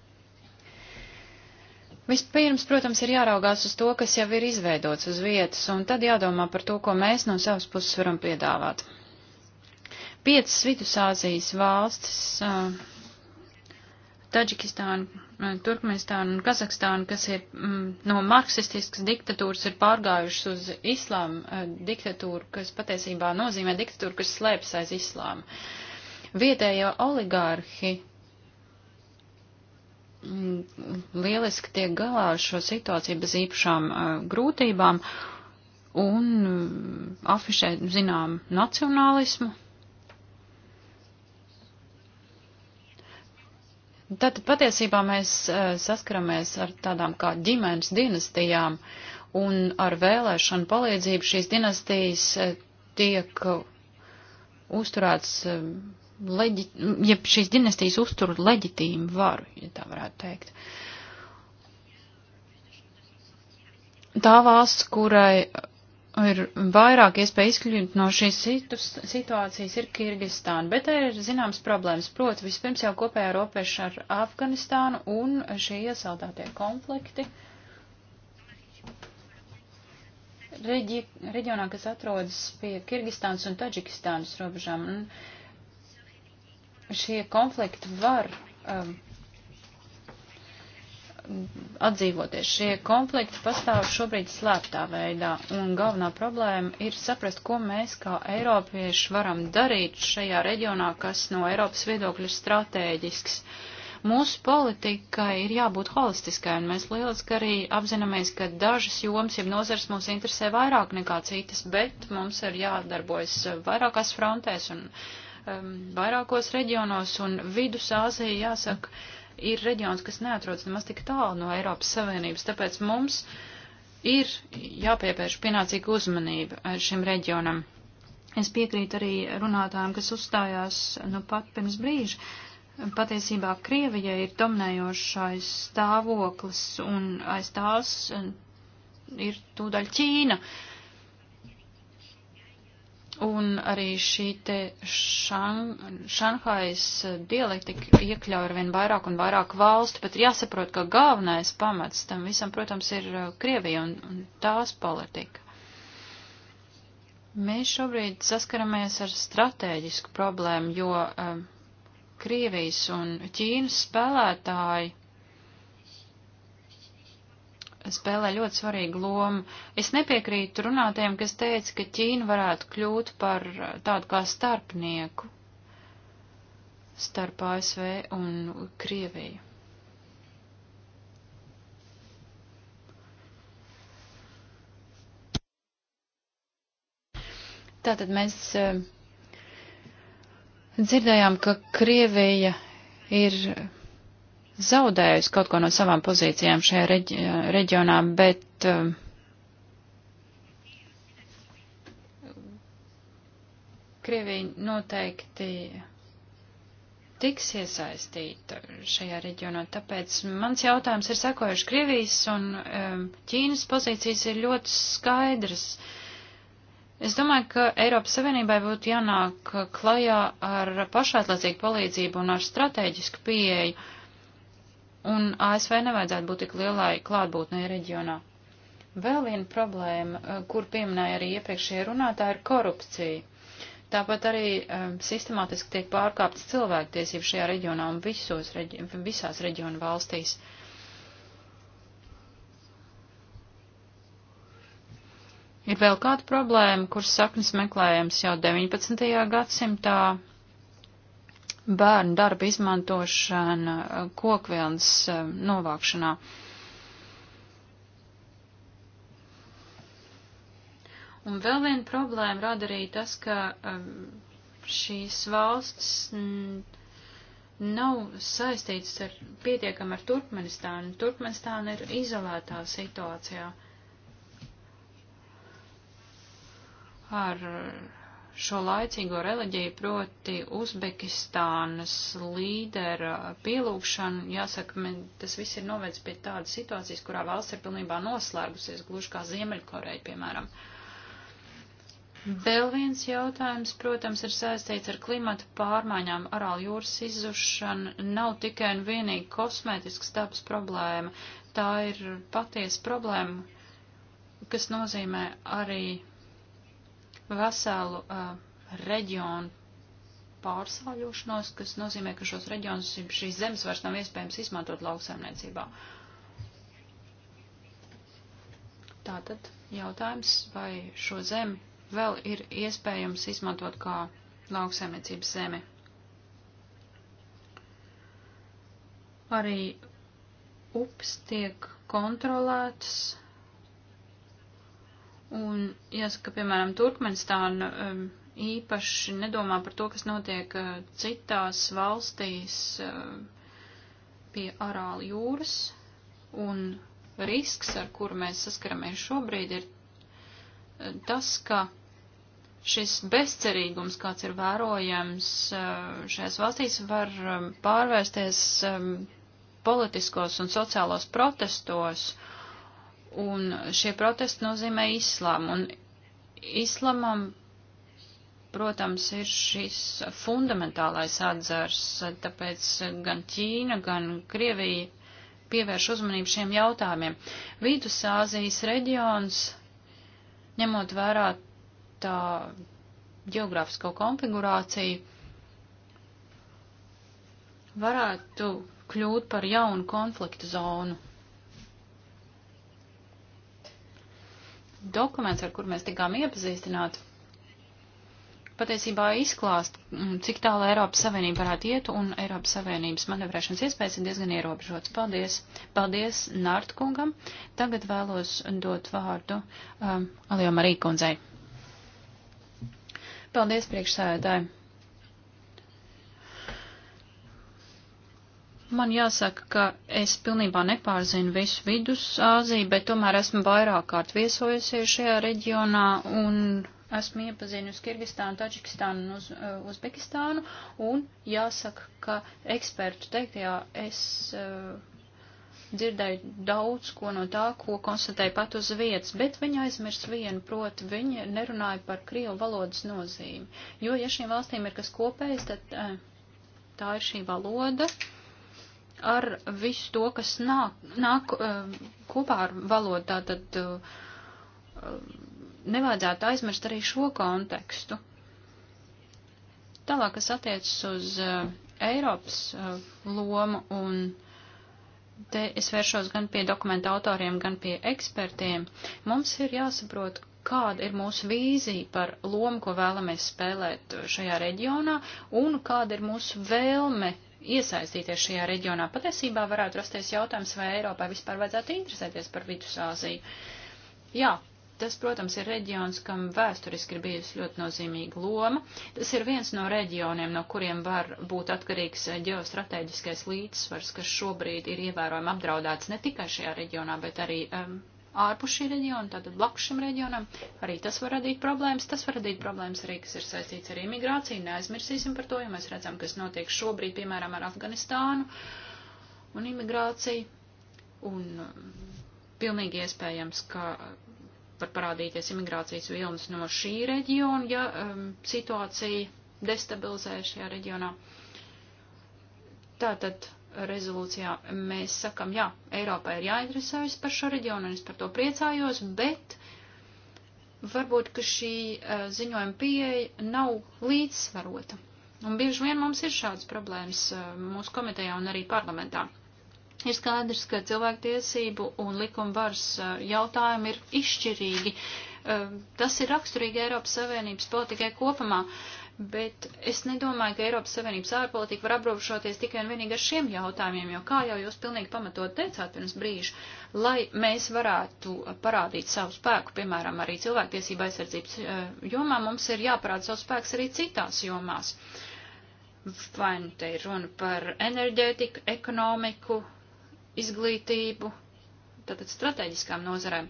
Vispirms, protams, ir jāraugās uz to, kas jau ir izveidots uz vietas, un tad jādomā par to, ko mēs no savas puses varam piedāvāt. Piecas Vidusāzijas valstis - Taģikistāna, Turkmenistāna un Kazahstāna, kas ir mm, no marksistiskas diktatūras, ir pārgājušas uz islāma diktatūru, kas patiesībā nozīmē diktatūru, kas slēpjas aiz islāma. Vietējo oligārhi Mm, lieliski tiek galā ar šo situāciju bez īpašām uh, grūtībām un uh, afišē, zinām, nacionālismu. Tātad patiesībā mēs uh, saskaramies ar tādām kā ģimenes dinastijām un ar vēlēšanu palīdzību šīs dinastijas uh, tiek uzturēts uh, leģi, ja šīs dinastijas uztur leģitīmu varu, ja tā varētu teikt. Tā valsts, kurai ir vairāk iespēja izkļūt no šīs situācijas, ir Kirgistāna, bet te ir zināms problēmas. Proti, vispirms jau kopējā robeža ar Afganistānu un šie iesaldātie konflikti reģi, reģionā, kas atrodas pie Kirgistānas un Taģikistānas robežām. Un šie konflikti var um, atdzīvoties. Šie konflikti pastāv šobrīd slēptā veidā, un galvenā problēma ir saprast, ko mēs kā eiropieši varam darīt šajā reģionā, kas no Eiropas viedokļa ir strateģisks. Mūsu politikai ir jābūt holistiskai, un mēs lieliski arī apzināmies, ka dažas jomas, ja nozars mūs interesē vairāk nekā citas, bet mums ir jādarbojas vairākās frontēs, un Um, vairākos reģionos, un Vidusāzija, jāsaka, ir reģions, kas neatrodas nemaz tik tālu no Eiropas Savienības, tāpēc mums ir jāpievērš pienācīga uzmanība šim reģionam. Es piekrītu arī runātājiem, kas uzstājās nu pat pirms brīža. Patiesībā Krievijai ir dominējošais stāvoklis un aiz tās um, ir tūdaļ Ķīna. Uh, Un arī šī te šan, šanhais dialektika iekļauj ar vien vairāk un vairāk valstu, bet jāsaprot, ka galvenais pamats tam visam, protams, ir uh, Krievija un, un tās politika. Mēs šobrīd saskaramies ar strateģisku problēmu, jo um, Krievijas un Ķīnas spēlētāji spēlē ļoti svarīgu lomu. Es nepiekrītu runātiem, kas teica, ka Ķīna varētu kļūt par tādu kā starpnieku starp ASV un Krieviju. Tātad mēs eh, dzirdējām, ka Krievija ir zaudējusi kaut ko no savām pozīcijām šajā reģi reģionā, bet uh, Krievija noteikti tiks iesaistīta šajā reģionā. Tāpēc mans jautājums ir sekojuši. Krievijas un um, Ķīnas pozīcijas ir ļoti skaidras. Es domāju, ka Eiropas Savienībai būtu jānāk klajā ar pašatlācīgu palīdzību un ar strateģisku pieeju un ASV nevajadzētu būt tik lielai klātbūtnei reģionā. Vēl viena problēma, eh, kur pieminēja arī iepriekšējie runātāji, ir korupcija. Tāpat arī um, sistemātiski tiek pārkāptas cilvēktiesības šajā reģionā un visos, reģi visās reģionu valstīs. Ir vēl kāda problēma, kuras saknes meklējams jau 19. gadsimtā, bērnu darba izmantošana kokvilnas eh, novākšanā. Un vēl viena problēma rada arī tas, ka eh, šīs valsts mm, nav saistītas ar pietiekam ar Turkmenistānu. Turkmenistāna ir izolētā situācijā ar šo laicīgo reliģiju, proti Uzbekistānas līdera pielūgšanu, jāsaka, man tas viss ir novedis pie tādas situācijas, kurā valsts ir pilnībā noslēgusies, gluži kā Ziemeļkoreja, piemēram. Vēl viens jautājums, protams, ir saistīts ar klimatu pārmaiņām. Arāla jūras izzušana nav tikai un vienīgi kosmētisks dabas problēma, tā ir patiesa problēma, kas nozīmē arī veselu uh, reģionu pārsāļošanos, kas nozīmē, ka šos reģionus šīs zemes vairs nav iespējams izmantot lauksaimniecībā. Tātad jautājums, vai šo zemi vēl ir iespējams izmantot kā lauksaimniecības zemi. Arī upes tiek kontrolētas Un jāsaka, piemēram, Turkmenistāna um, īpaši nedomā par to, kas notiek uh, citās valstīs uh, pie Arāla jūras. Un risks, ar kuru mēs saskaramies šobrīd, ir uh, tas, ka šis bezcerīgums, kāds ir vērojams uh, šajās valstīs, var um, pārvērsties um, politiskos un sociālos protestos, Un šie protesti nozīmē islāmu. Un islamam, protams, ir šis fundamentālais atzars, tāpēc gan Ķīna, gan Krievija pievērš uzmanību šiem jautājumiem. Vidusāzijas reģions, ņemot vērā tā geogrāfisko konfigurāciju, varētu kļūt par jaunu konfliktu zonu. dokuments, ar kur mēs tikām iepazīstināti, patiesībā izklāst, mm, cik tālu Eiropas Savienība varētu iet, un Eiropas Savienības manevrēšanas iespējas ir diezgan ierobežotas. Paldies! Paldies Nārtkungam! Tagad vēlos dot vārdu um, Alijam Arīkundzei. Paldies priekšsēdētāji! Man jāsaka, ka es pilnībā nepārzinu visu vidus Āziju, bet tomēr esmu vairāk kārt viesojusies šajā reģionā un esmu iepazinusi Kirgistānu, Tačikistānu un uz, eh, Uzbekistānu. Un jāsaka, ka ekspertu teiktajā es uh, dzirdēju daudz ko no tā, ko konstatēju pat uz vietas, bet viņi aizmirst vienu, proti viņi nerunāja par krievu valodas nozīmi. Jo, ja šīm valstīm ir kas kopējs, tad uh, tā ir šī valoda. Uh, ar visu to, kas nāk, nāk eh, kopā ar valodu. Tātad eh, nevajadzētu aizmirst arī šo kontekstu. Tālāk, kas attiecas uz eh, Eiropas lomu, un te es vēršos gan pie dokumenta autoriem, gan pie ekspertiem, mums ir jāsaprot, kāda ir mūsu vīzija par lomu, ko vēlamies spēlēt šajā reģionā, un kāda ir mūsu vēlme iesaistīties šajā reģionā. Patiesībā varētu rasties jautājums, vai Eiropai vispār vajadzētu interesēties par Vidusāziju. Jā, tas, protams, ir reģions, kam vēsturiski ir bijusi ļoti nozīmīga loma. Tas ir viens no reģioniem, no kuriem var būt atkarīgs ģeostrateģiskais līdzsvars, kas šobrīd ir ievērojami apdraudēts ne tikai šajā reģionā, bet arī um, ārpus šī reģiona, tātad blakus šim reģionam, arī tas var radīt problēmas. Tas var radīt problēmas arī, kas ir saistīts ar imigrāciju. Neaizmirsīsim par to, jo mēs redzam, kas notiek šobrīd, piemēram, ar Afganistānu un imigrāciju. Un um, pilnīgi iespējams, ka uh, var parādīties imigrācijas vilnis no šī reģiona, ja um, situācija destabilizē šajā reģionā. Tātad rezolūcijā mēs sakam, jā, Eiropā ir jāinteresējas par šo reģionu, un es par to priecājos, bet varbūt, ka šī uh, ziņojuma pieeja nav līdzsvarota. Un bieži vien mums ir šādas problēmas uh, mūsu komitejā un arī parlamentā. Ir skaidrs, ka cilvēktiesību un likumvaras uh, jautājumi ir izšķirīgi. Tas ir raksturīgi Eiropas Savienības politikai kopumā. Uh, bet es nedomāju, ka Eiropas Savienības ārpolitika var aprobežoties tikai un vienīgi ar šiem jautājumiem, jo kā jau jūs pilnīgi pamatot teicāt pirms brīža, lai mēs varētu parādīt savu spēku, piemēram, arī cilvēktiesība aizsardzības eh, jomā, mums ir jāparāda savu spēks arī citās jomās. Vai nu te ir runa par enerģētiku, ekonomiku, izglītību, tātad strateģiskām nozarēm.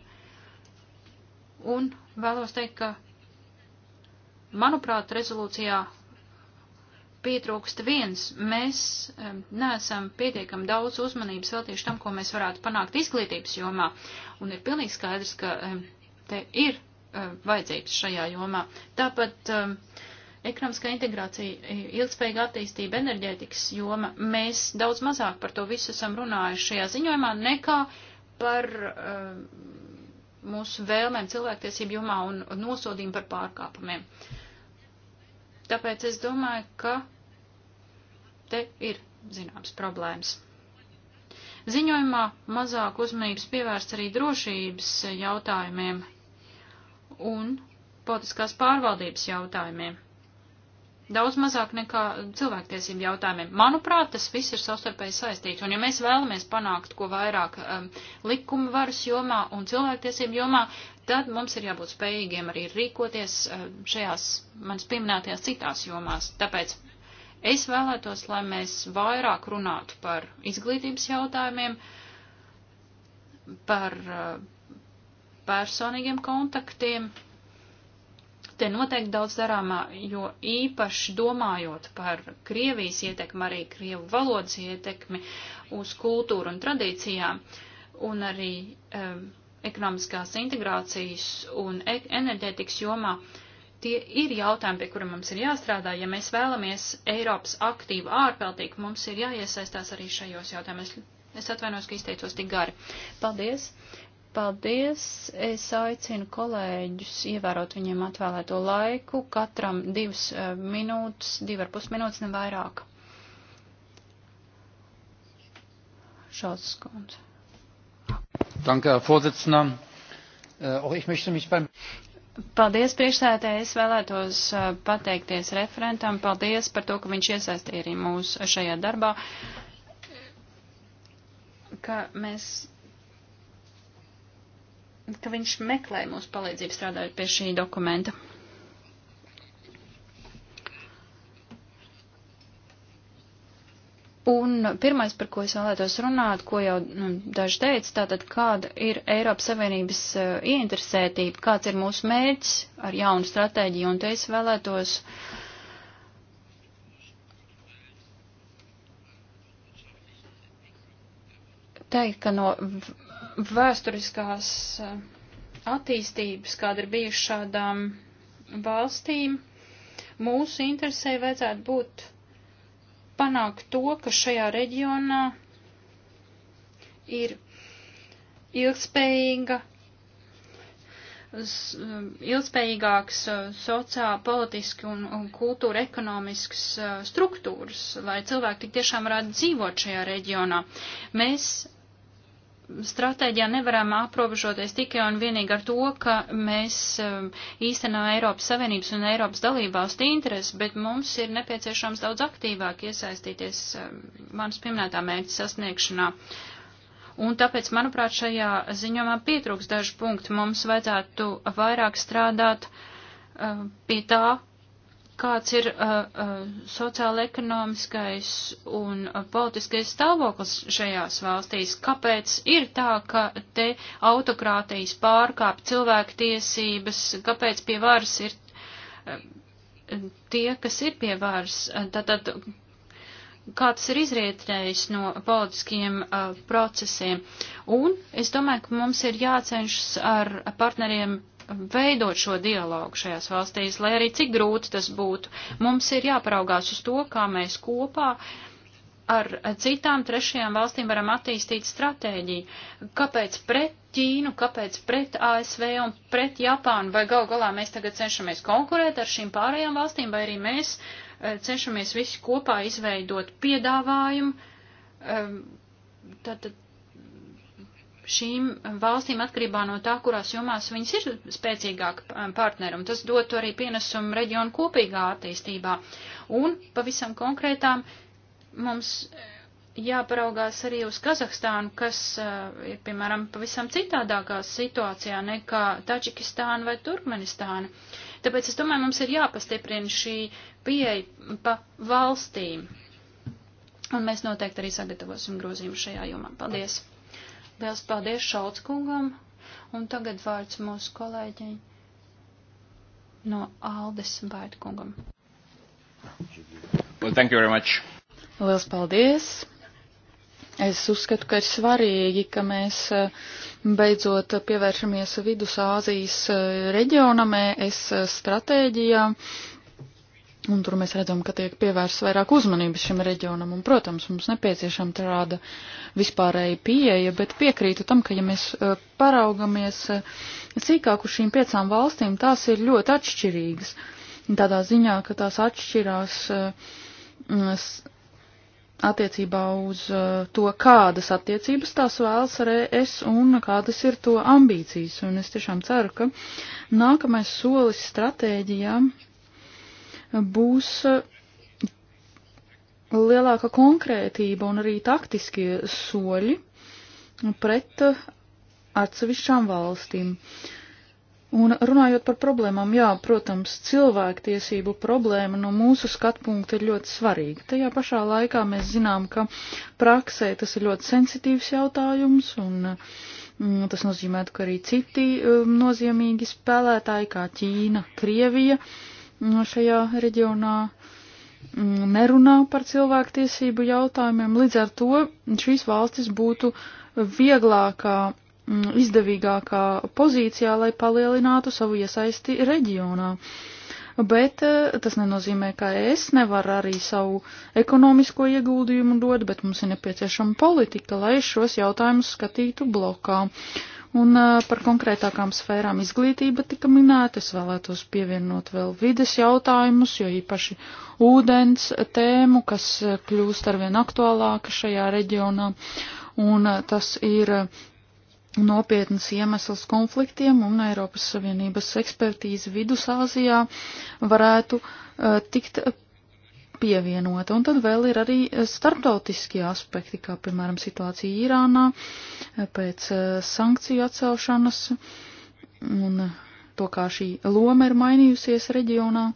Un vēlos teikt, ka Manuprāt, rezolūcijā pietrūkst viens. Mēs um, neesam pietiekam daudz uzmanības veltījuši tam, ko mēs varētu panākt izglītības jomā. Un ir pilnīgi skaidrs, ka um, te ir um, vajadzības šajā jomā. Tāpat um, ekonomiskā integrācija, ilgspējīga attīstība, enerģētikas joma, mēs daudz mazāk par to visu esam runājuši šajā ziņojumā nekā par um, mūsu vēlmēm cilvēktiesību jomā un nosodījumu par pārkāpumiem. Uh, Tāpēc es domāju, ka te ir zināms problēmas. Ziņojumā mazāk uzmanības pievērsts arī drošības jautājumiem un politiskās pārvaldības jautājumiem. Daudz mazāk nekā cilvēktiesību jautājumiem. Manuprāt, tas viss ir savstarpēji saistīts. Un ja mēs vēlamies panākt ko vairāk um, likuma varas jomā un cilvēktiesību jomā, tad mums ir jābūt spējīgiem arī rīkoties eh, šajās manas pieminētajās citās jomās. Tāpēc es vēlētos, lai mēs vairāk runātu par izglītības jautājumiem, par eh, personīgiem kontaktiem. Te noteikti daudz darāmā, jo īpaši domājot par Krievijas ietekmi, arī Krievu valodas ietekmi uz kultūru un tradīcijām, un arī um, ekonomiskās integrācijas un e- enerģētikas jomā, tie ir jautājumi, pie kuriem mums ir jāstrādā. Ja mēs vēlamies Eiropas aktīvu ārpeltīgu, mums ir jāiesaistās arī šajos jautājumos. Es atvainos, ka izteicos tik gari. Paldies! Paldies! Es aicinu kolēģus ievērot viņiem atvēlēto laiku, katram divas eh, minūtes, divi ar pus minūtes, ne vairāk. Šāds skundze. Danke, Herr Vorsitzender. Äh, auch ich möchte mich beim. Paldies, priekšsēdētāji. Es vēlētos äh, pateikties referentam. Paldies par to, ka viņš iesaistīja arī mūs šajā darbā. Ka mēs ka viņš meklē mūsu palīdzību strādājot pie šī dokumenta. Un pirmais, par ko es vēlētos runāt, ko jau nu, daži teica, tātad kāda ir Eiropas Savienības uh, ieinteresētība, kāds ir mūsu mērķis ar jaunu stratēģiju, un te es vēlētos teikt, ka no vēsturiskās eh, attīstības, kāda ir bijuši šādām valstīm, mūsu interesē vajadzētu būt panākt to, ka šajā reģionā ir ilgspējīga, um, ilgspējīgāks uh, sociā, politiski un, un kultūra ekonomisks uh, struktūras, lai cilvēki tik tiešām varētu dzīvot šajā reģionā. Mēs stratēģijā nevaram aprobežoties tikai un vienīgi ar to, ka mēs um, īstenojam Eiropas Savienības un Eiropas dalībvalstu interesi, bet mums ir nepieciešams daudz aktīvāk iesaistīties um, manas pieminētā mērķa sasniegšanā. Un tāpēc, manuprāt, šajā ziņojumā pietrūks daži punkti. Mums vajadzētu vairāk strādāt uh, pie tā, kāds ir uh, uh, sociāla ekonomiskais un uh, politiskais stāvoklis šajās valstīs, kāpēc ir tā, ka te autokrātijas pārkāp cilvēktiesības, kāpēc pie varas ir uh, tie, kas ir pie varas. Tātad, uh, kā tas ir izrietējis no politiskiem uh, procesiem. Un es domāju, ka mums ir jācenšas ar partneriem veidot šo dialogu šajās valstīs, lai arī cik grūti tas būtu. Mums ir jāparaugās uz to, kā mēs kopā ar citām trešajām valstīm varam attīstīt stratēģiju. Kāpēc pret Ķīnu, kāpēc pret ASV un pret Japānu, vai gal galā mēs tagad cenšamies konkurēt ar šīm pārējām valstīm, vai arī mēs eh, cenšamies visi kopā izveidot piedāvājumu, tātad eh, šīm valstīm atkarībā no tā, kurās jomās viņas ir spēcīgāk um, partneri, un tas dotu arī pienesumu reģionu kopīgā attīstībā. Un pavisam konkrētām mums eh, jāparaugās arī uz Kazahstānu, kas uh, ir, piemēram, pavisam citādākā situācijā nekā Tačikistāna vai Turkmenistāna. Tāpēc es domāju, mums ir jāpastiprina šī pieeja pa valstīm. Un mēs noteikti arī sagatavosim grozījumu šajā jomā. Paldies! Liels paldies Šauc kungam, un tagad vārds mūsu kolēģei no Aldes Baita kungam. Well, thank you very much. Liels paldies! Es uzskatu, ka ir svarīgi, ka mēs eh, beidzot pievēršamies Vidusāzijas eh, reģionam, es eh, stratēģijām Un tur mēs redzam, ka tiek pievērsts vairāk uzmanības šim reģionam, un, protams, mums nepieciešama tāda vispārēja pieeja, bet piekrītu tam, ka, ja mēs e, paraugamies e, cīkāk uz šīm piecām valstīm, tās ir ļoti atšķirīgas. Tādā ziņā, ka tās atšķirās e, attiecībā uz to, kādas attiecības tās vēlas ar es un kādas ir to ambīcijas. Un es tiešām ceru, ka nākamais solis stratēģijā. Ja būs uh, lielāka konkrētība un arī taktiskie soļi pret uh, atsevišķām valstīm. Un runājot par problēmām, jā, protams, cilvēktiesību problēma no mūsu skatpunkta ir ļoti svarīga. Tajā pašā laikā mēs zinām, ka praksē tas ir ļoti sensitīvs jautājums, un mm, tas nozīmē, ka arī citi um, nozīmīgi spēlētāji, kā Ķīna, Krievija, uh, šajā reģionā mm, nerunā par cilvēktiesību jautājumiem. Līdz ar to šīs valstis būtu vieglākā, mm, izdevīgākā pozīcijā, lai palielinātu savu iesaisti reģionā. Bet eh, tas nenozīmē, ka es nevaru arī savu ekonomisko ieguldījumu dot, bet mums ir nepieciešama politika, lai šos jautājumus skatītu blokā. Uh, Un par konkrētākām sfērām izglītība tika minēta. Es vēlētos pievienot vēl vides jautājumus, jo īpaši ūdens tēmu, kas kļūst arvien aktuālāka šajā reģionā. Un tas ir nopietnas iemesls konfliktiem, un Eiropas Savienības ekspertīze Vidusāzijā varētu tikt pievienota. Un tad vēl ir arī eh, starptautiskie aspekti, kā piemēram situācija Irānā eh, pēc eh, sankciju atcelšanas un to, kā šī loma ir mainījusies reģionā.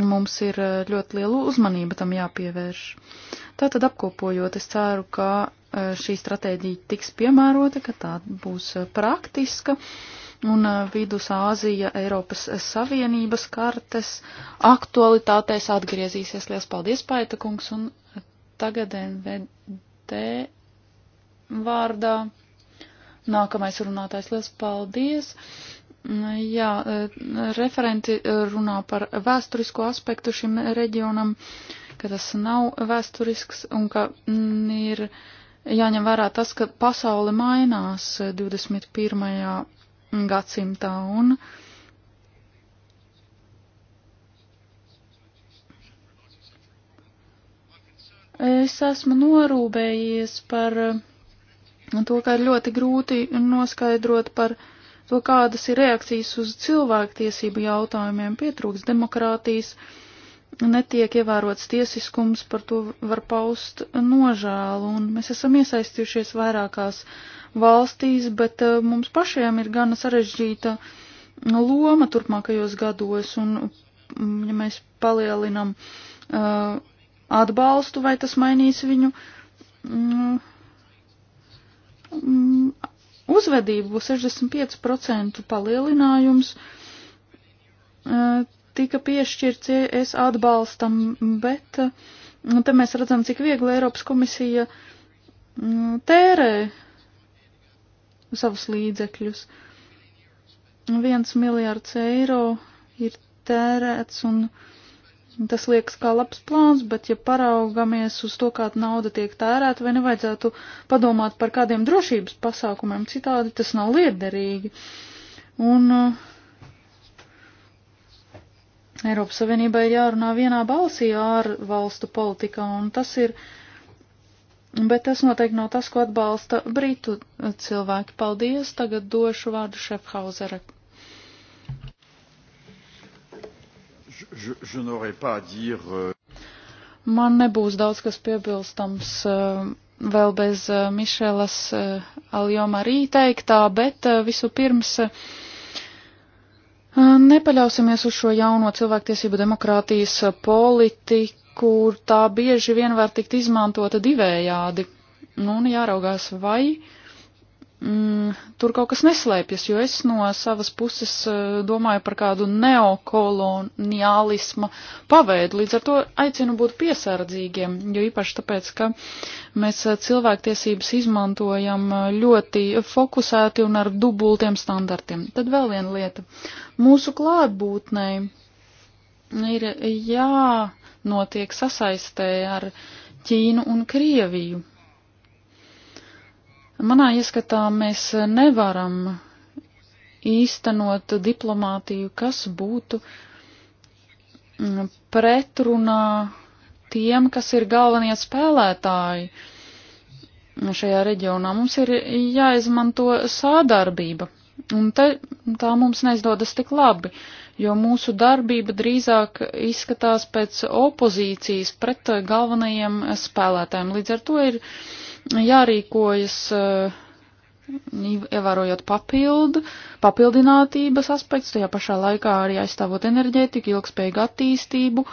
Mums ir ļoti liela uzmanība tam jāpievērš. Tātad apkopojot, es ceru, ka šī stratēģija tiks piemērota, ka tā būs praktiska. Uh, un uh, Vidusāzija Eiropas Savienības kartes aktualitātēs atgriezīsies. Lielas paldies, Paita kungs, un tagad NVD vārdā nākamais runātājs. Lielas paldies! Mm, jā, uh, referenti runā par vēsturisko aspektu šim reģionam, ka tas nav vēsturisks un ka mm, ir jāņem vērā tas, ka pasaule mainās 21 uh, gadsimtā. Un es esmu norūpējies par to, ka ir ļoti grūti noskaidrot par to, kādas ir reakcijas uz cilvēktiesību jautājumiem, pietrūks demokrātijas. Uh, netiek ievērots tiesiskums, par to var paust nožēlu, un mēs esam iesaistījušies vairākās valstīs, bet eh, mums pašiem ir gana sarežģīta loma turpmākajos gados, un mm, ja mēs palielinam uh, atbalstu, vai tas mainīs viņu um, uzvedību, 65% palielinājums. Uh, tika piešķirts es atbalstam, bet nu, te mēs redzam, cik viegli Eiropas komisija mm, tērē savus līdzekļus. Viens miljārds eiro ir tērēts un tas liekas kā labs plāns, bet ja paraugamies uz to, kā nauda tiek tērēta, vai nevajadzētu padomāt par kādiem drošības pasākumiem, citādi tas nav liederīgi. Un uh, Eiropas Savienībai ir jārunā vienā balsī ārvalstu politikā, un tas ir, bet tas noteikti nav tas, ko atbalsta britu cilvēki. Paldies, tagad došu vārdu Šefhauzera. Je, je n'aurais pas à dire. Euh... Man nebūs daudz kas piebilstams euh, vēl bez euh, Mišelas euh, Aljoma arī teiktā, bet visu pirms Nepaļausimies uz šo jauno cilvēktiesību demokrātijas politiku, tā bieži vien var tikt izmantota divējādi. Nu, un jāraugās, vai mm, tur kaut kas neslēpjas, jo es no savas puses eh, domāju par kādu neokoloniālisma pavēdu. Līdz ar to aicinu būt piesardzīgiem, jo īpaši tāpēc, ka mēs eh, cilvēktiesības izmantojam eh, ļoti fokusēti un ar dubultiem standartiem. Tad vēl viena lieta. Mūsu klātbūtnei ir jānotiek sasaistē ar Ķīnu un Krieviju Manā ieskatā mēs nevaram īstenot diplomātiju, kas būtu mm, pretrunā tiem, kas ir galvenie spēlētāji šajā reģionā. Mums ir jāizmanto sādarbība, un te, tā mums neizdodas tik labi, jo mūsu darbība drīzāk izskatās pēc opozīcijas pret galvenajiem spēlētājiem. Līdz ar to ir jārīkojas eh, ievērojot papildu, papildinātības aspektus, tajā pašā laikā arī aizstāvot enerģētiku, ilgspējīgu attīstību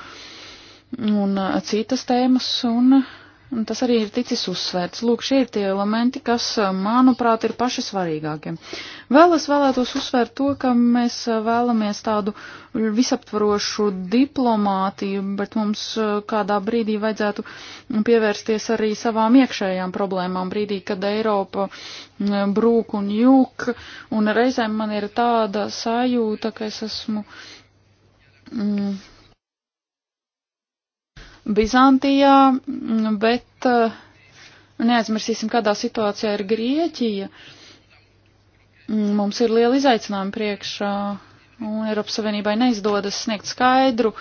un eh, citas tēmas, un Un tas arī ir ticis uzsvērts. Lūk, šie ir tie elementi, kas, eh, manuprāt, ir paši svarīgākie. Vēl es vēlētos uzsvērt to, ka mēs eh, vēlamies tādu visaptvarošu diplomātiju, bet mums eh, kādā brīdī vajadzētu pievērsties arī savām iekšējām problēmām, brīdī, kad Eiropa mm, brūk un jūk, un reizēm man ir tāda sajūta, ka es esmu. Mm, Bizantijā, mm, bet eh, neaizmirsīsim, kādā situācijā ir Grieķija. Mm, mums ir liela izaicinājuma priekšā, un Eiropas Savienībai neizdodas sniegt skaidru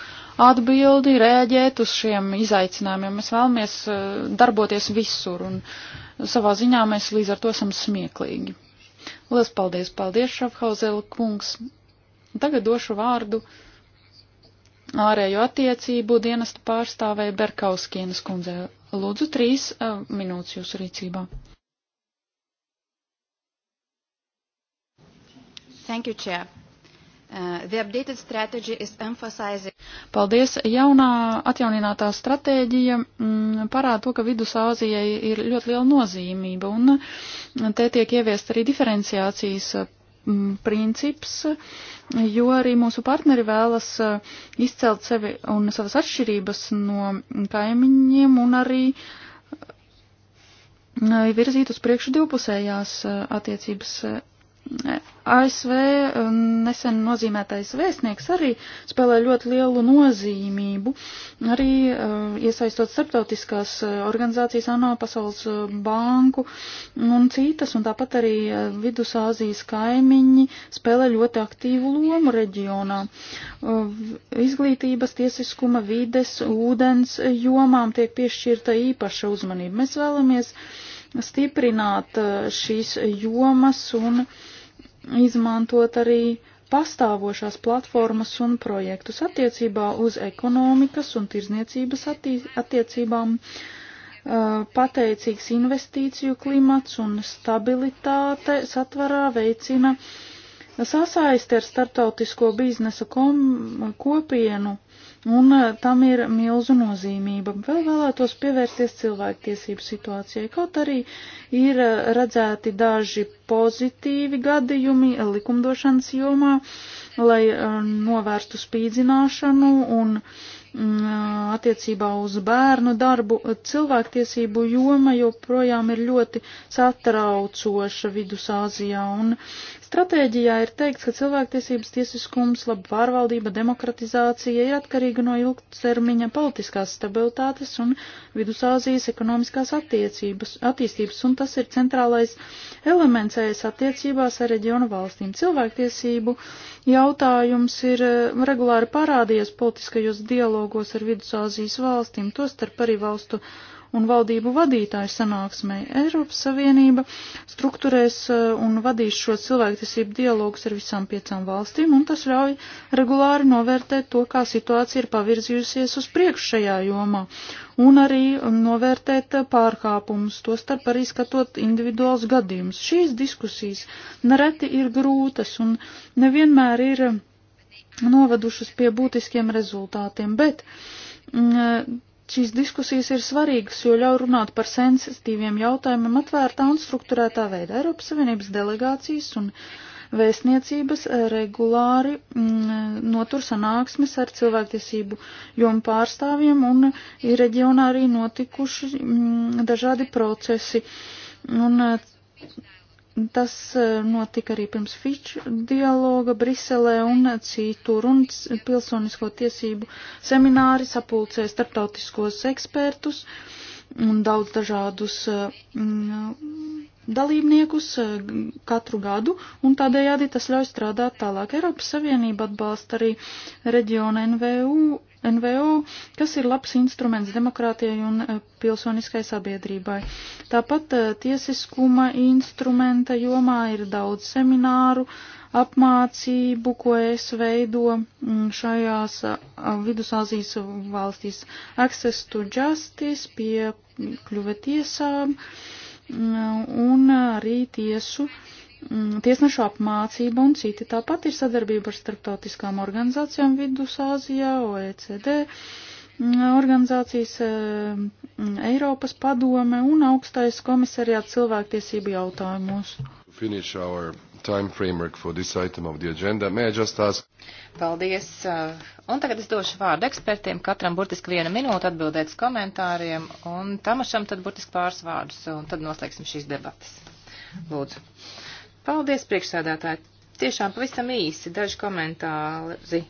atbildi, rēģēt uz šiem izaicinājumiem. Mēs vēlamies eh, darboties visur, un savā ziņā mēs līdz ar to esam smieklīgi. Lielas paldies, paldies, Šafhauzela kungs. Tagad došu vārdu uh, ārējo attiecību dienestu pārstāvēja Berkauskienas kundzē. Lūdzu, trīs uh, minūtes jūsu rīcībā. Thank you, Chair. Uh, the updated strategy is emphasizing. Paldies! Jaunā atjauninātā stratēģija m, mm, parāda to, ka Vidusāzijai ir ļoti liela nozīmība, un te tiek ieviest arī diferenciācijas Mm, princips, jo arī mūsu partneri vēlas uh, izcelt sevi un savas atšķirības no kaimiņiem un arī uh, virzīt uz priekšu divpusējās uh, attiecības ASV um, nesen nozīmētais vēstnieks arī spēlē ļoti lielu nozīmību, arī um, iesaistot starptautiskās uh, organizācijas ANO, Pasaules uh, banku un citas, un tāpat arī uh, Vidusāzijas kaimiņi spēlē ļoti aktīvu lomu reģionā. Izglītības, tiesiskuma, vides, ūdens jomām tiek piešķirta īpaša uzmanība. Mēs vēlamies stiprināt šīs jomas un uh, izmantot arī pastāvošās platformas un projektus attiecībā uz ekonomikas un tirzniecības attī attiecībām, pateicīgs investīciju klimats un stabilitāte satvarā veicina sasaisti ar starptautisko biznesa kom, kopienu un eh, tam ir milzu nozīmība. Vēl vēlētos pievērsties cilvēktiesību situācijai, kaut arī ir eh, redzēti daži pozitīvi gadījumi eh, likumdošanas jomā, lai novērstu spīdzināšanu un mm, attiecībā uz bērnu darbu, cilvēktiesību joma joprojām ir ļoti satraucoša Vidusāzijā, un Stratēģijā ir teikts, ka cilvēktiesības tiesiskums, laba pārvaldība, demokratizācija ir atkarīga no ilgtermiņa politiskās stabilitātes un vidusāzijas ekonomiskās attīstības, un tas ir centrālais elements ES attiecībās ar reģionu valstīm. Cilvēktiesību jautājums ir eh, regulāri parādījies politiskajos dialogos ar vidusāzijas valstīm, tostarp arī valstu un valdību vadītāju sanāksmē. Eiropas Savienība strukturēs eh, un vadīs šo cilvēktiesību dialogus ar visām piecām valstīm, un tas ļauj regulāri novērtēt to, kā situācija ir pavirzījusies uz priekšu šajā jomā, un arī novērtēt eh, pārkāpumus, to starp arī skatot individuāls gadījums. Šīs diskusijas nereti ir grūtas un nevienmēr ir eh, novadušas pie būtiskiem rezultātiem, bet mm, Šīs diskusijas ir svarīgas, jo ļauj runāt par sensitīviem jautājumiem atvērtā un struktūrētā veidā. Eiropas Savienības delegācijas un vēstniecības eh, regulāri mm, notur sanāksmes ar cilvēktiesību jomu pārstāvjiem un ir reģionā arī notikuši mm, dažādi procesi. Un, eh, Tas e, notika arī pirms Fiču dialoga Briselē un citur, un pilsonisko tiesību semināri sapulcē starptautiskos ekspertus un daudz dažādus e, dalībniekus e, katru gadu, un tādējādi tas ļauj strādāt tālāk. Eiropas Savienība atbalsta arī reģiona NVU NVO, kas ir labs instruments demokrātijai un eh, pilsoniskai sabiedrībai. Tāpat eh, tiesiskuma instrumenta jomā ir daudz semināru, apmācību, ko es veido mm, šajās Vidusāzijas valstīs. Access to Justice, piekļuve tiesām mm, un eh, arī tiesu Mm, tiesnešu apmācība un citi. Tāpat ir sadarbība ar starptautiskām organizācijām Vidusāzijā, OECD, mm, organizācijas mm, Eiropas padome un augstais komisariāts cilvēktiesību jautājumos. Paldies. Uh, un tagad es došu vārdu ekspertiem, katram burtiski viena minūte atbildēt uz komentāriem, un Tamašam tad burtiski pāris vārdus, un tad noslēgsim šīs debatas. Lūdzu. Uh, Paldies, priekšsādātāji. Tiešām pavisam īsi daži komentāri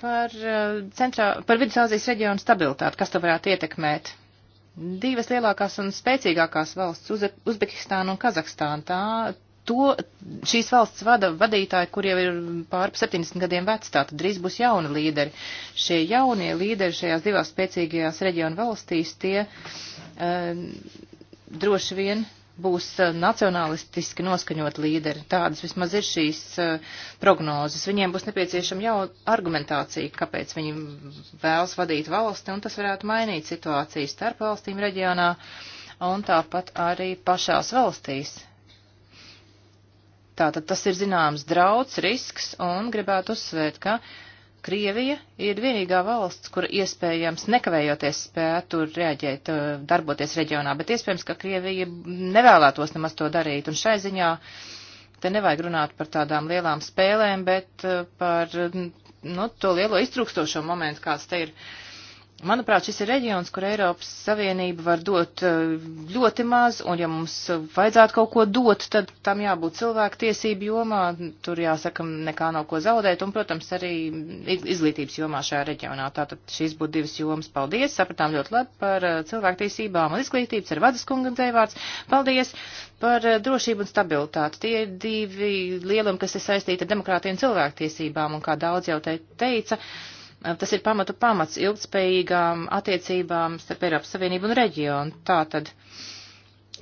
par, eh, centrā, par Vidusāzijas reģionu stabilitāti, kas to varētu ietekmēt. Divas lielākās un spēcīgākās valsts, Uze, Uzbekistāna un Kazahstāna, tā, to šīs valsts vada vadītāji, kur jau ir pār 70 gadiem veci, tā tad drīz būs jauni līderi. Šie jaunie līderi šajās divās spēcīgajās reģionu valstīs, tie uh, droši vien uh, būs eh, nacionalistiski noskaņot līderi. Tādas vismaz ir šīs eh, prognozes. Viņiem būs nepieciešama jau argumentācija, kāpēc viņi vēlas vadīt valsti, un tas varētu mainīt situāciju starp valstīm reģionā un tāpat arī pašās valstīs. Tātad tas ir zināms drauds, risks, un gribētu uzsvērt, ka uh, Krievija ir vienīgā valsts, kur iespējams nekavējoties spētu reaģēt, eh, darboties reģionā, bet iespējams, ka Krievija nevēlētos nemaz to darīt. Un šai ziņā te nevajag runāt par tādām lielām spēlēm, bet eh, par nu, to lielo iztrukstošo momentu, kāds te ir. Uh, Manuprāt, šis ir reģions, kur Eiropas Savienība var dot eh, ļoti maz, un ja mums vajadzētu kaut ko dot, tad tam jābūt cilvēku tiesību jomā, tur jāsaka, nekā nav ko zaudēt, un, protams, arī izglītības jomā šajā reģionā. Tātad šīs būtu divas jomas. Paldies, sapratām ļoti labi par eh, cilvēku tiesībām un izglītības ar vadas kungam dzēvārds. Paldies par eh, drošību un stabilitāti. Tie ir divi lielumi, kas ir saistīti ar demokrātiem cilvēku tiesībām, un kā daudz jau te teica Tas ir pamatu pamats ilgtspējīgām attiecībām starp Eiropas Savienību un reģionu. Tātad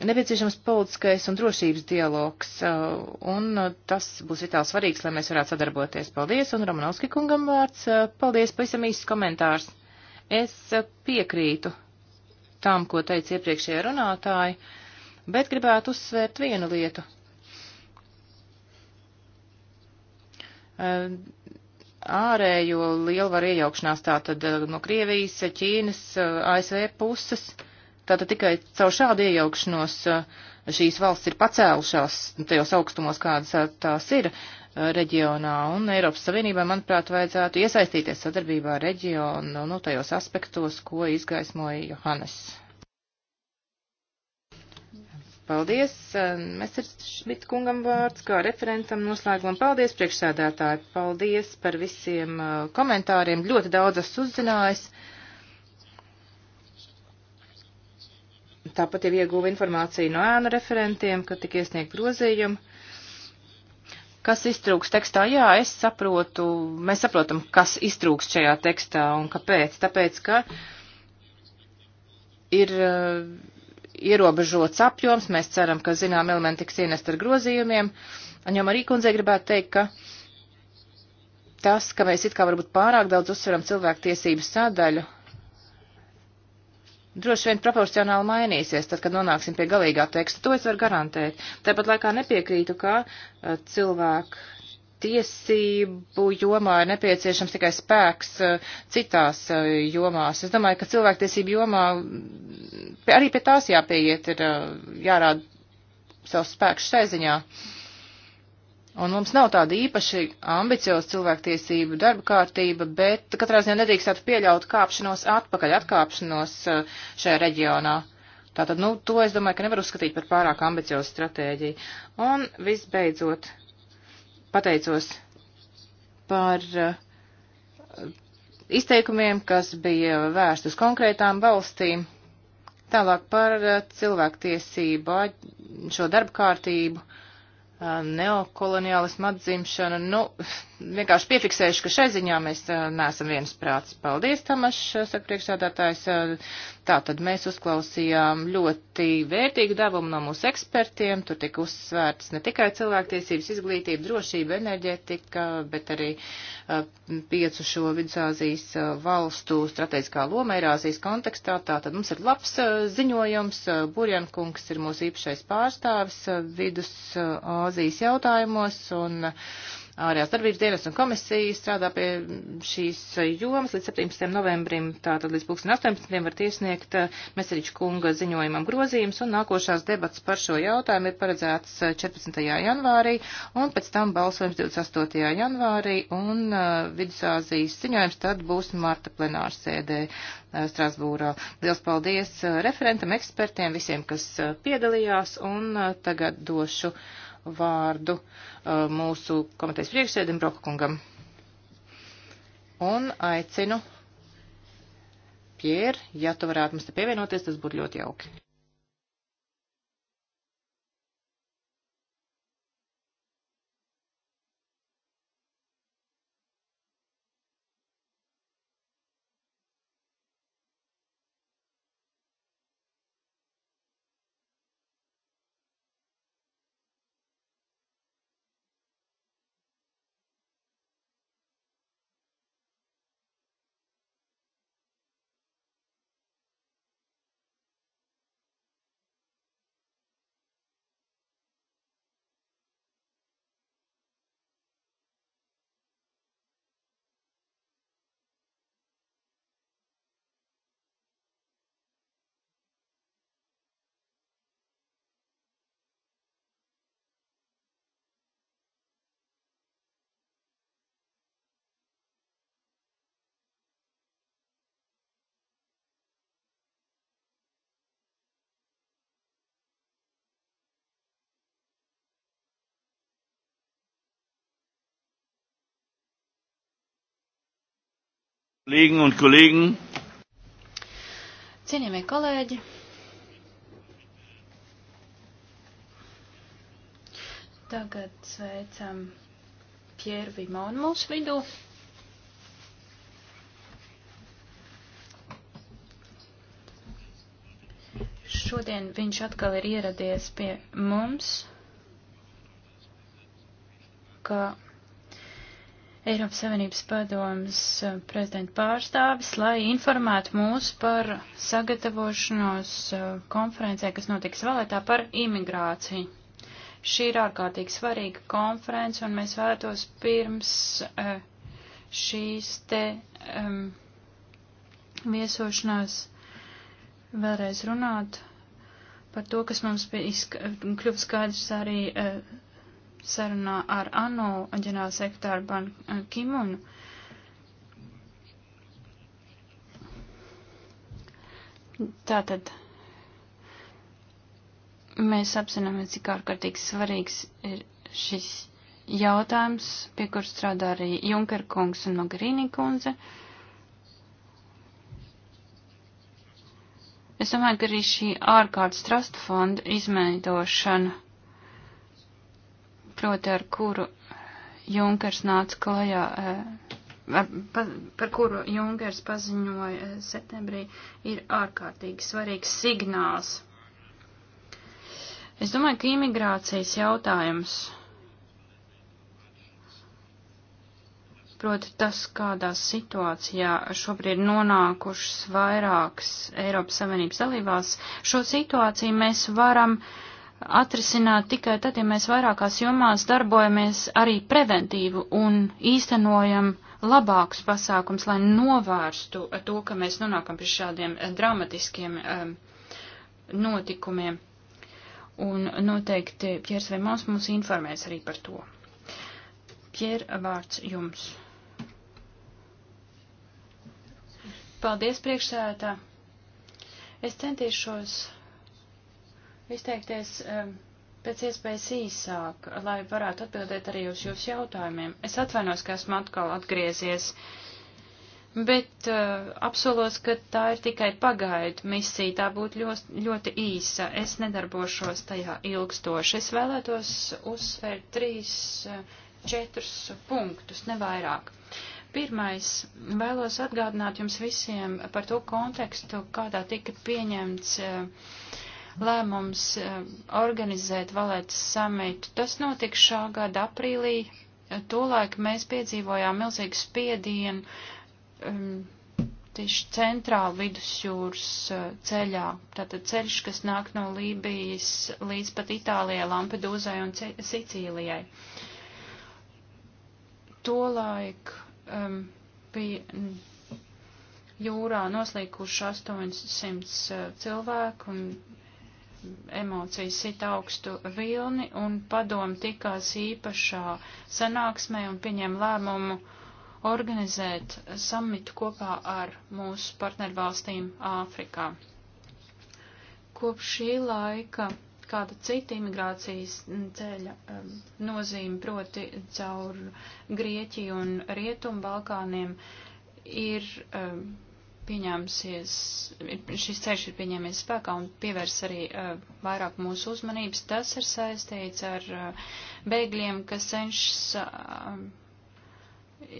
nepieciešams politiskais un drošības dialogs, un tas būs vitāli svarīgs, lai mēs varētu sadarboties. Paldies, un Romanovski kungam vārds. Paldies, pavisam īsts komentārs. Es piekrītu tam, ko teica iepriekšējie runātāji, bet gribētu uzsvērt vienu lietu ārējo lielvaru iejaukšanās tātad eh, no Krievijas, Ķīnas, eh, ASV puses. Tātad tikai caur šādu iejaukšanos eh, šīs valsts ir pacēlušās tajos augstumos, kādas tās ir reģionā, un Eiropas Savienībai, manuprāt, vajadzētu iesaistīties sadarbībā reģionu, nu, tajos aspektos, ko izgaismoja Johannes. Paldies. Mesteršmit kungam vārds, kā referentam noslēgumam. Paldies, priekšsēdētāji. Paldies par visiem uh, komentāriem. Ļoti daudz esmu uzzinājis. Tāpat jau ieguva informāciju no ēnu referentiem, ka tik iesniegt grozījumu. Kas iztrūks tekstā? Jā, es saprotu, mēs saprotam, kas iztrūks šajā tekstā un kāpēc. Tāpēc, ka ir. Uh, ierobežots apjoms. Mēs ceram, ka zinām elementi tiks ienest ar grozījumiem. Un jau Marija kundzei gribētu teikt, ka tas, ka mēs it kā varbūt pārāk daudz uzsveram cilvēktiesību sadaļu, droši vien proporcionāli mainīsies, tad, kad nonāksim pie galīgā teksta. To es varu garantēt. Tāpat laikā nepiekrītu, ka eh, cilvēku tiesību jomā ir nepieciešams tikai spēks eh, citās eh, jomās. Es domāju, ka cilvēktiesību jomā mm, arī pie tās jāpieiet, ir eh, jārāda savs spēks šai ziņā. Un mums nav tāda īpaši ambicioza cilvēktiesību darba kārtība, bet katrā ziņā nedrīkstētu pieļaut kāpšanos atpakaļ, atkāpšanos šajā reģionā. Tātad, nu, to es domāju, ka nevar uzskatīt par pārāk ambiciozu stratēģiju. Un visbeidzot, pateicos par eh, izteikumiem, kas bija vērst uz konkrētām valstīm. Tālāk par eh, cilvēktiesību, šo darba kārtību, eh, neokoloniālismu atzimšanu. Nu, vienkārši piefiksēšu, ka šai ziņā mēs neesam viensprāts. Paldies, Tamašs, saka priekšsādātājs. Tā tad mēs uzklausījām ļoti vērtīgu devumu no mūsu ekspertiem. Tur tika uzsvērts ne tikai cilvēktiesības, izglītība, drošība, enerģetika, bet arī piecu šo vidusāzijas valstu strateģiskā loma Eirāzijas kontekstā. Tā tad mums ir labs ziņojums. Burjankungs ir mūsu īpašais pārstāvis vidusāzijas jautājumos. Un, ārējās darbības dienas un komisija strādā pie šīs jomas līdz 17. novembrim, tātad līdz 2018. var tiesniegt eh, Meseriča kunga ziņojumam grozījums, un nākošās debats par šo jautājumu ir paredzēts 14. Eh, janvārī, un pēc tam balsojums 28. janvārī, un uh, Vidusāzijas ziņojums tad būs marta plenārs sēdē uh, Strasbūrā. Liels paldies uh, referentam, ekspertiem, visiem, kas piedalījās, un tagad došu vārdu uh, mūsu komitejas priekšsēdim Brokakungam. Un aicinu, Pjēr, ja tu varētu mums te pievienoties, tas būtu ļoti jauki. Kolēģi un kolēģi. Cienījamie kolēģi. Tagad sveicam Pieru Vimonu mūsu vidū. Šodien viņš atkal ir ieradies pie mums, kā Eiropas Savienības padomas eh, prezidenta pārstāvis, lai informētu mūs par sagatavošanos eh, konferencē, kas notiks valētā par imigrāciju. Šī ir ārkārtīgi svarīga konference, un mēs vēlētos pirms eh, šīs te um, viesošanās vēlreiz runāt par to, kas mums bija kļuvis skaidrs arī uh, sarunā ar ANO ģenerālsekretāru Ban eh, Kimunu. Tātad mēs apzināmies, cik ārkārtīgi svarīgs ir šis jautājums, pie kur strādā arī Junker kungs un Mogherini kundze. Es domāju, ka arī šī ārkārtas trust fonda izmeidošana proti ar kuru Junkers nāca klajā, eh, ar, par, par kuru Junkers paziņoja eh, septembrī, ir ārkārtīgi svarīgs signāls. Es domāju, ka imigrācijas jautājums, proti tas, kādā situācijā šobrīd nonākušas vairākas Eiropas Savienības dalībās, šo situāciju mēs varam uh, atrisināt tikai tad, ja mēs vairākās jomās darbojamies arī preventīvu un īstenojam labākus pasākums, lai novērstu to, ka mēs nonākam pie šādiem eh, dramatiskiem um, notikumiem. Un noteikti Piers Vemons mums informēs arī par to. Pier, vārds jums. Paldies priekšsētā. Es centīšos izteikties um, pēc iespējas īsāk, lai varētu atbildēt arī uz jūsu jautājumiem. Es atvainos, ka esmu atkal atgriezies, bet uh, apsolos, ka tā ir tikai pagaidu misija, tā būtu ļoti, ļoti īsa. Es nedarbošos tajā ilgstoši. Es vēlētos uzsvērt trīs, uh, četrus punktus, nevairāk. Pirmais, vēlos atgādināt jums visiem par to kontekstu, kādā tika pieņemts uh, lēmums eh, organizēt valētas samitu. Tas notika šā gada aprīlī. Tolaik mēs piedzīvojām milzīgu spiedienu um, tieši centrāla vidusjūras eh, ceļā. Tātad ceļš, kas nāk no Lībijas līdz pat Itālijai, Lampedūzai un C Sicīlijai. Tolaik um, bija mm, jūrā noslīkuši 800 eh, cilvēku un emocijas sit augstu vilni, un padomu tikās īpašā sanāksmē un pieņem lēmumu organizēt samitu kopā ar mūsu partnervalstīm Āfrikā. Kopš šī laika kāda cita imigrācijas ceļa um, nozīme, proti caur Grieķiju un Rietumu Balkāniem, ir um, pieņēmusies, šis ceļš ir pieņēmies spēkā un pievērs arī uh, vairāk mūsu uzmanības. Tas ir saistīts ar uh, bēgļiem, kas cenšas uh,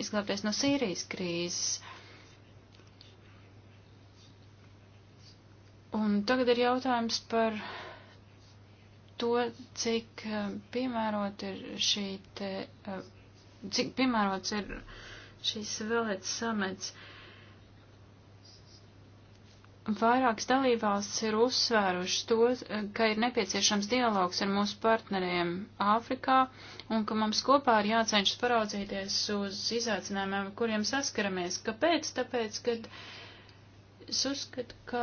izglābties no Sīrijas krīzes. Un tagad ir jautājums par to, cik uh, piemērot ir šī te, uh, cik piemērots ir šīs vēlētas samets. Uh, Vairākas dalībvalstis ir uzsvērušas to, ka ir nepieciešams dialogs ar mūsu partneriem Āfrikā un ka mums kopā ir jācenšas paraudzīties uz izaicinājumiem, kuriem saskaramies. Kāpēc? Tāpēc, kad es uzskatu, ka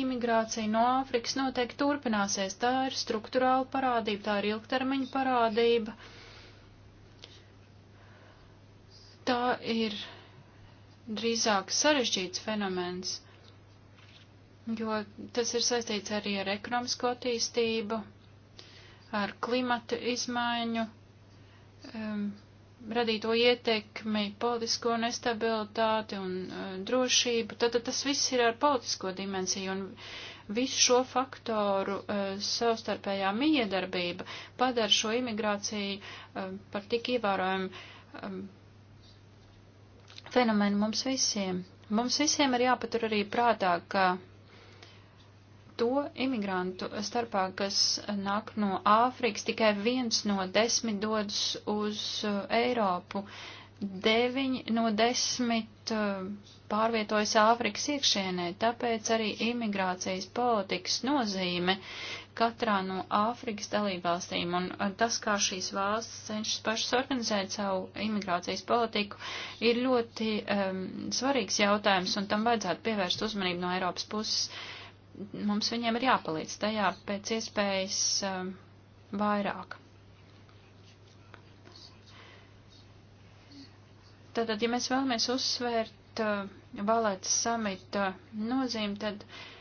imigrācija no Āfrikas noteikti turpināsies. Tā ir struktūrāla parādība, tā ir ilgtermiņa parādība. Tā ir drīzāk sarežģīts fenomens, jo tas ir saistīts arī ar ekonomisko attīstību, ar klimatu izmaiņu, um, radīto ietekmi, politisko nestabilitāti un uh, drošību. Tad, tad tas viss ir ar politisko dimensiju un visu šo faktoru uh, savstarpējā miedarbība padara šo imigrāciju uh, par tik ievērojumu. Um, fenomenu mums visiem. Mums visiem ir jāpatur arī prātā, ka to imigrantu starpā, kas nāk no Āfrikas, tikai viens no desmit dodas uz uh, Eiropu. Deviņi no desmit uh, pārvietojas Āfrikas iekšienē, tāpēc arī imigrācijas politikas nozīme katrā no Āfrikas dalībvalstīm, un uh, tas, kā šīs valstis cenšas pašas organizēt savu imigrācijas politiku, ir ļoti um, svarīgs jautājums, un tam vajadzētu pievērst uzmanību no Eiropas puses. Mums viņiem ir jāpalīdz tajā pēc iespējas um, vairāk. Tātad, ja mēs vēlamies uzsvērt uh, valētas samita nozīmi, tad uh,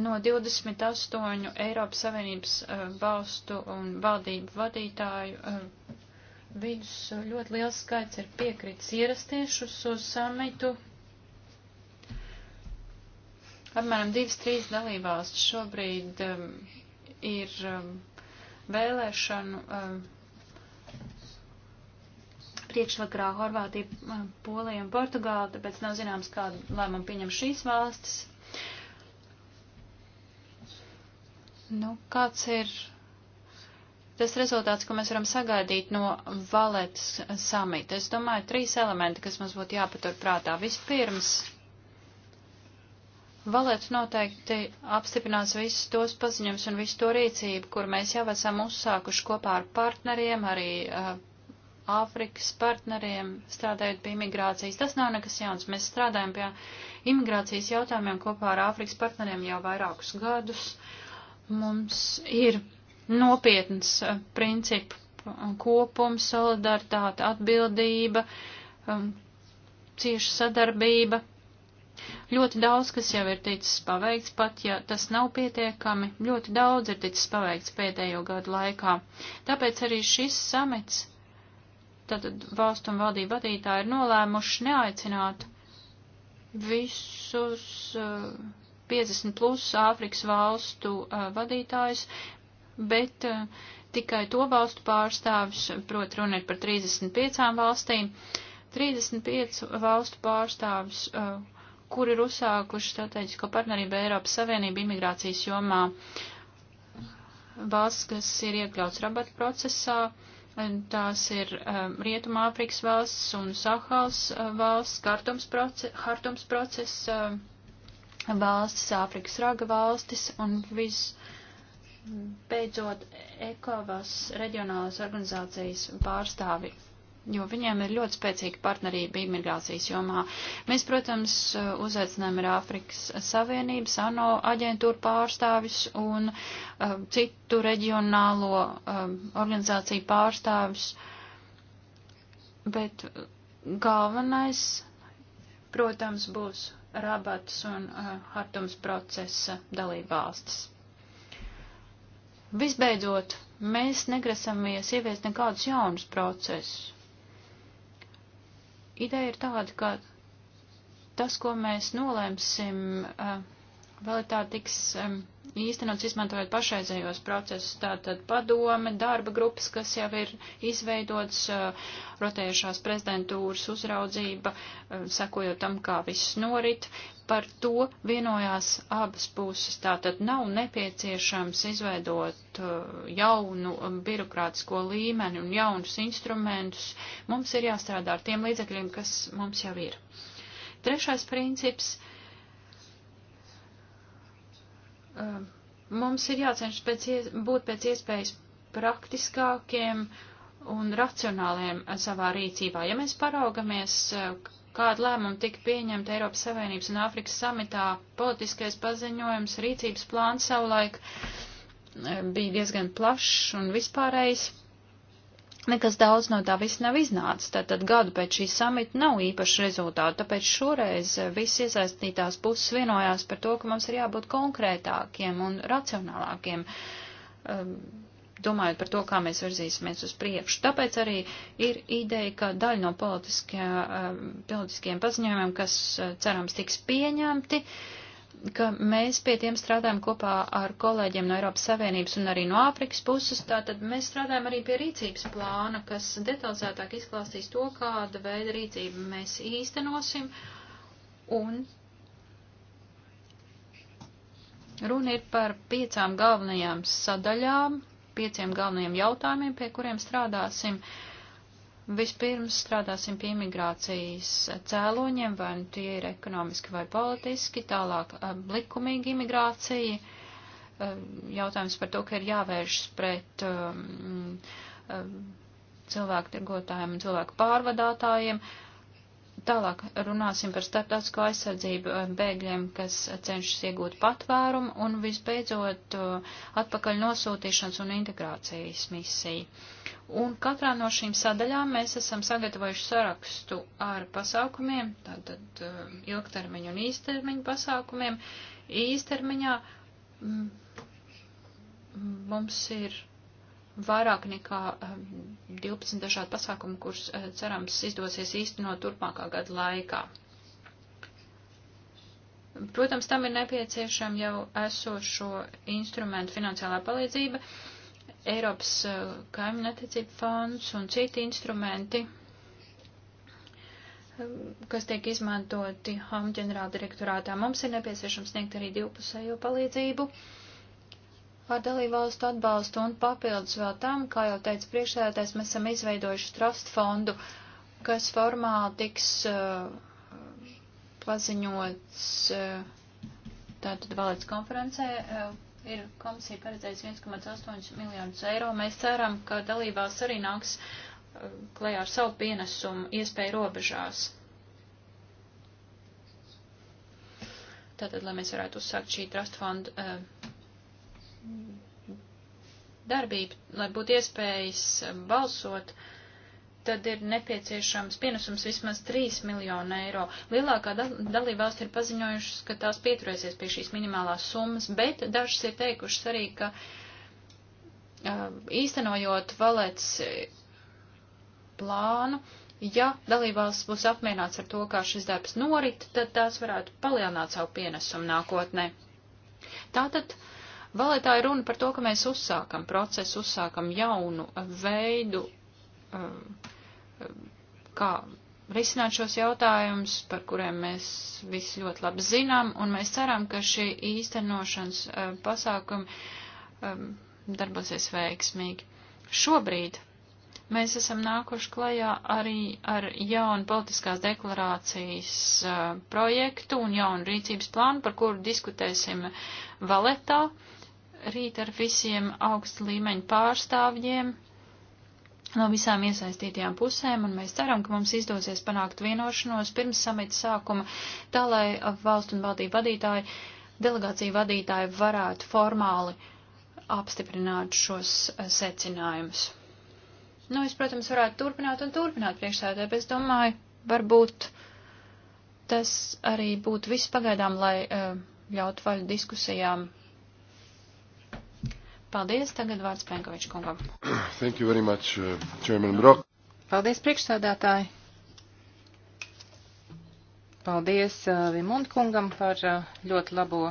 no 28 Eiropas Savienības uh, valstu un valdību vadītāju uh, eh, vidus eh, ļoti liels skaits ir piekritis ierasties uz, uz samitu. Apmēram 2-3 dalībvalstis šobrīd um, ir um, vēlēšanu um, priekšvakarā Horvātija, Polija un Portugāla, tāpēc nav zināms, kādu lēmumu pieņem šīs valstis Nu, kāds ir tas rezultāts, ko mēs varam sagaidīt no valets samita? Es domāju, trīs elementi, kas mums būtu jāpatur prātā. Vispirms, valets noteikti apstiprinās visus tos paziņums un visu to rīcību, kur mēs jau esam uzsākuši kopā ar partneriem, arī uh, Āfrikas partneriem, strādājot pie imigrācijas. Tas nav nekas jauns. Mēs strādājam pie imigrācijas jautājumiem kopā ar Āfrikas partneriem jau vairākus gadus. Uh, Mums ir nopietns eh, principu eh, kopums, solidaritāte, atbildība, um, cieša sadarbība. Ļoti daudz, kas jau ir ticis paveikts, pat ja tas nav pietiekami, ļoti daudz ir ticis paveikts pēdējo gadu laikā. Tāpēc arī šis samits, tad valstu un valdību vadītāji ir nolēmuši neaicināt visus uh, 50 plus Āfrikas valstu uh, vadītājus, bet uh, tikai to valstu pārstāvis, proti runa ir par 35 valstīm, 35 valstu pārstāvis, uh, kur ir uzsākuši strateģisko partnerību Eiropas Savienību imigrācijas jomā. Valsts, kas ir iekļauts rabata procesā, tās ir um, Rietumāfrikas valsts un Sahals uh, valsts, Hartums process, Hartums process uh, valstis, Āfrikas raga valstis un viss beidzot ECOVAS reģionālās organizācijas pārstāvi, jo viņiem ir ļoti spēcīga partnerība imigrācijas jomā. Mēs, protams, uzaicinām ir Āfrikas Savienības, ANO aģentūru pārstāvis un uh, citu reģionālo uh, organizāciju pārstāvis, bet galvenais, protams, būs Rabats un uh, Hartums procesa dalībvalstis. Visbeidzot, mēs negrasamies ieviest nekādus jaunus procesus. Ideja ir tāda, ka tas, ko mēs nolēmsim, uh, vēl ir tā tiks um, īstenots izmantojot pašreizējos procesus, tātad padome, darba grupas, kas jau ir izveidots, rotējušās prezidentūras uzraudzība, sekojot tam, kā viss norit. Par to vienojās abas puses, tātad nav nepieciešams izveidot jaunu birokrātisko līmeni un jaunus instrumentus. Mums ir jāstrādā ar tiem līdzekļiem, kas mums jau ir. Trešais princips Um, mums ir jācenšas pēc, būt pēc iespējas praktiskākiem un racionāliem uh, savā rīcībā. Ja mēs paraugamies, uh, kāda lēmuma tika pieņemta Eiropas Savienības un Āfrikas samitā, politiskais paziņojums, rīcības plāns savulaik uh, bija diezgan plašs un vispārējs nekas daudz no tā viss nav iznācis. Tātad gadu pēc šī samita nav īpaši rezultātu, tāpēc šoreiz eh, viss iesaistītās puses vienojās par to, ka mums ir jābūt konkrētākiem un racionālākiem. Um, domājot par to, kā mēs virzīsimies uz priekšu. Tāpēc arī ir ideja, ka daļa no politiskajiem ehm, paziņojumiem, kas eh, cerams tiks pieņemti, uh, ka mēs pie tiem strādājam kopā ar kolēģiem no Eiropas Savienības un arī no Āfrikas puses, tātad mēs strādājam arī pie rīcības plāna, kas detalizētāk izklāstīs to, kāda veida rīcību mēs īstenosim. Un runa ir par piecām galvenajām sadaļām, pieciem galvenajiem jautājumiem, pie kuriem strādāsim. Uh, Vispirms strādāsim pie imigrācijas cēloņiem, vai nu tie ir ekonomiski vai politiski, tālāk eh, likumīga imigrācija, eh, jautājums par to, ka ir jāvēršas pret eh, cilvēku tirgotājiem un cilvēku pārvadātājiem. Um, Tālāk runāsim par starptautisko aizsardzību eh, bēgļiem, kas cenšas iegūt patvērumu un visbeidzot eh, atpakaļ nosūtīšanas un integrācijas misiju. Un katrā no šīm sadaļām mēs esam sagatavojuši sarakstu ar pasākumiem, tātad eh, ilgtermiņu un īstermiņu pasākumiem. Īstermiņā mm, mums ir vairāk nekā 12 eh, dažādu pasākumu, kurus eh, cerams izdosies īstenot turpmākā gada laikā. Protams, tam ir nepieciešama jau esošo instrumentu finansiālā palīdzība, Eiropas eh, kaimiņattiecību fonds un citi instrumenti, kas tiek izmantoti HOM ģenerāldirektorātā. Mums ir nepieciešams sniegt arī divpusējo palīdzību. Uh, ar dalībvalstu atbalstu un papildus vēl tam, kā jau teica priekšsēdētājs, mēs esam izveidojuši trust fondu, kas formāli tiks uh, paziņots uh, tātad valets konferencē. Uh, ir komisija paredzējusi 1,8 miljonus eiro. Mēs ceram, ka dalībās arī nāks uh, klajā ar savu pienesumu iespēju robežās. Tātad, lai mēs varētu uzsākt šī trust fonda uh, darbību, lai būtu iespējas um, balsot, tad ir nepieciešams pienesums vismaz 3 miljonu eiro. Lielākā dal dalībvalsts ir paziņojušas, ka tās pieturēsies pie šīs minimālās summas, bet dažas ir teikušas arī, ka uh, īstenojot valets eh, plānu, ja dalībvalsts būs apmierināts ar to, kā šis darbs norit, tad tās varētu palielināt savu pienesumu nākotnē. Tātad uh, Vēl tā ir runa par to, ka mēs uzsākam procesu, uzsākam jaunu eh, veidu, eh, eh, kā risināt šos jautājumus, par kuriem mēs visi ļoti labi zinām, un mēs ceram, ka šī īstenošanas pasākumi darbosies veiksmīgi. Šobrīd mēs esam nākuši klajā arī ar jaunu politiskās deklarācijas projektu un jaunu rīcības plānu, par kuru diskutēsim valetā. Uh, rīt ar visiem augsta līmeņa pārstāvjiem no visām iesaistītajām pusēm, un mēs ceram, ka mums izdosies panākt vienošanos pirms samita sākuma, tā lai valstu un valdību vadītāji, delegāciju vadītāji varētu formāli apstiprināt šos eh, secinājumus. Nu, es, protams, varētu turpināt un turpināt priekšsēdē, bet es domāju, varbūt tas arī būtu viss pagaidām, lai eh, ļautu vaļu diskusijām Paldies, tagad vārds Penkoviča kungam. Thank you very much, uh, Chairman Brock. Paldies, priekšsādātāji. Paldies uh, Vimund kungam par uh, ļoti labo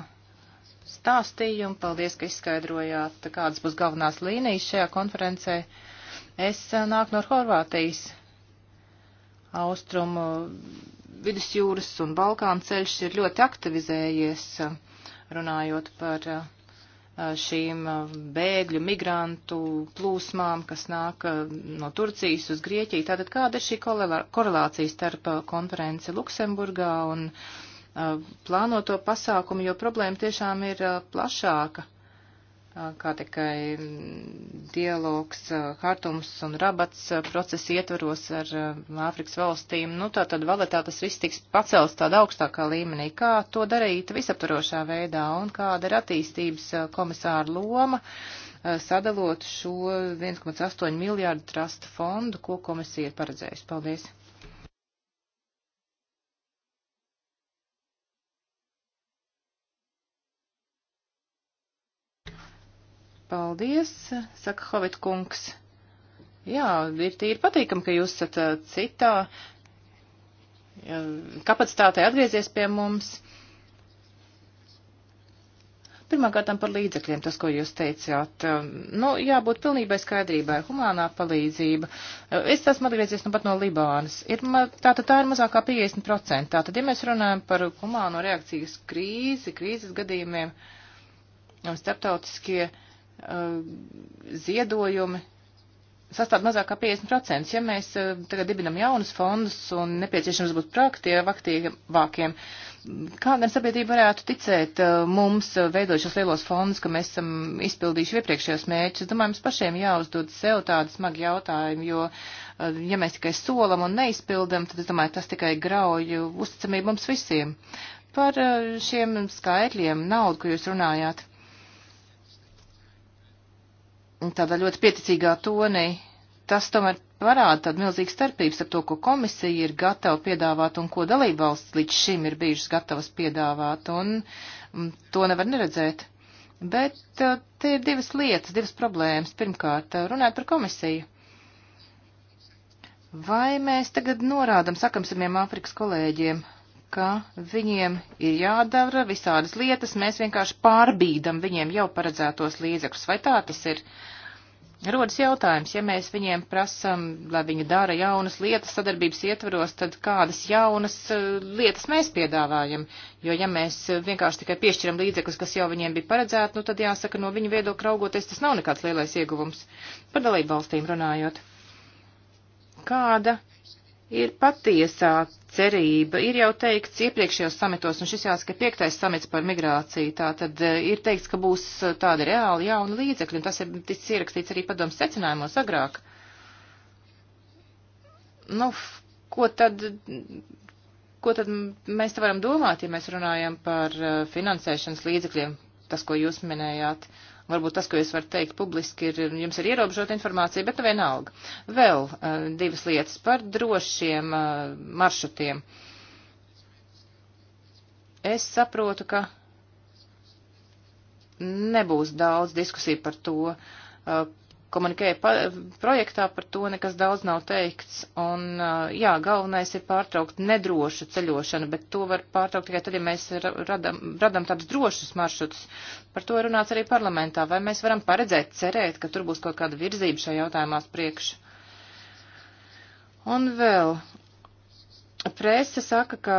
stāstījumu. Paldies, ka izskaidrojāt, kādas būs galvenās līnijas šajā konferencē. Es uh, nāku no Horvātijas. Austrumu vidusjūras un Balkānu ceļš ir ļoti aktivizējies, uh, runājot par uh, šīm bēgļu migrantu plūsmām, kas nāk no Turcijas uz Grieķiju. Tātad kāda ir šī korelācija starp konferenci Luksemburgā un plānoto pasākumu, jo problēma tiešām ir plašāka kā tikai dialogs eh, Hartums un Rabats eh, procesa ietvaros ar eh, Āfrikas valstīm. Nu, tā tad valetā tas viss tiks pacelts tādā augstākā līmenī. Kā to darīt visaptarošā veidā un kāda ir attīstības komisāra loma, sadalot šo 1,8 miljārdu trasta fondu, ko komisija ir paredzējusi? Paldies! Paldies, saka Hovet kungs. Jā, ir tīri patīkam, ka jūs esat citā kapacitātei atgriezies pie mums. Pirmkārt, par līdzekļiem, tas, ko jūs teicāt. Nu, jābūt pilnībai skaidrībai, humānā palīdzība. Es esmu atgriezies nu pat no Libānas. Ir, tātad tā ir mazākā 50%. Tātad, ja mēs runājam par humāno reakcijas krīzi, krīzes gadījumiem, starptautiskie uh, Uh, ziedojumi sastāv mazāk kā 50%. Ja mēs uh, tagad dibinam jaunus fondus un nepieciešams būt praktie, aktīvākiem, kā gan sabiedrība varētu ticēt uh, mums, veidojot šos lielos fondus, ka mēs esam izpildījuši iepriekšējos mērķus? Es domāju, mums pašiem jāuzdod sev tādu smagu jautājumu, jo, ja mēs tikai solam un neizpildam, tad es domāju, tas tikai grauj uzticamību mums visiem. Par šiem skaitļiem naudu, ko jūs runājāt tādā ļoti pieticīgā tonī, tas tomēr parāda tādu milzīgu starpību starp to, ko komisija ir gatava piedāvāt un ko dalībvalsts līdz šim ir bijušas gatavas piedāvāt, un mm, to nevar neredzēt. Bet te ir divas lietas, divas problēmas. Pirmkārt, runājot par komisiju. Vai mēs tagad norādam sakamsamiem Āfrikas kolēģiem, ka viņiem ir jādara visādas lietas, mēs vienkārši pārbīdam viņiem jau paredzētos līdzekļus. Vai tā tas ir? Rodas jautājums, ja mēs viņiem prasam, lai viņi dara jaunas lietas sadarbības ietvaros, tad kādas jaunas eh, lietas mēs piedāvājam? Jo ja mēs vienkārši tikai piešķiram līdzekļus, kas jau viņiem bija paredzēti, nu tad jāsaka, no viņu viedokļa raugoties, tas nav nekāds lielais ieguvums. Par dalību valstīm runājot. Kāda ir patiesā cerība. Ir jau teikts iepriekšējos samitos, un šis jāsaka piektais samits par migrāciju, tā tad eh, ir teikts, ka būs eh, tādi reāli jauni līdzekļi, un tas ir ticis ierakstīts arī padomu secinājumos agrāk. Nu, ko tad, ko tad mēs te varam domāt, ja mēs runājam par eh, finansēšanas līdzekļiem, tas, ko jūs minējāt? Uh, Varbūt tas, ko es varu teikt publiski, ir, jums ir ierobežota informācija, bet nu vienalga. Vēl uh, divas lietas par drošiem uh, maršrutiem. Es saprotu, ka nebūs daudz diskusiju par to, uh, komunikē projektā par to nekas daudz nav teikts. Un, uh, jā, galvenais ir pārtraukt nedrošu ceļošanu, bet to var pārtraukt tikai tad, ja mēs radam, radam tādus drošus maršrutus. Par to ir runāts arī parlamentā. Vai mēs varam paredzēt, cerēt, ka tur būs kaut kāda virzība šajā jautājumā priekš? Un vēl. Prese saka, ka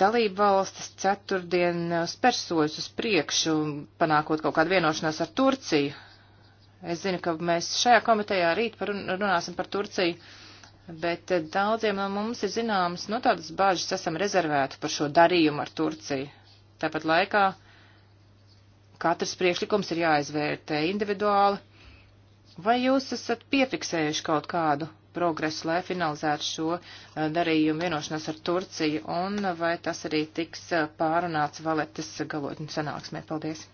dalība valstis ceturtdien spersojas uz priekšu, panākot kaut kādu vienošanos ar Turciju Es zinu, ka mēs šajā komitejā rīt par, runāsim par Turciju, bet eh, daudziem no mums ir zināmas, nu, tādas bāžas esam rezervēti par šo darījumu ar Turciju. Tāpat laikā katrs priekšlikums ir jāizvērtē individuāli. Vai jūs esat piefiksējuši kaut kādu progresu, lai finalizētu šo eh, darījumu vienošanos ar Turciju, un eh, vai tas arī tiks pārunāts valetas galotņu sanāksmē? Paldies!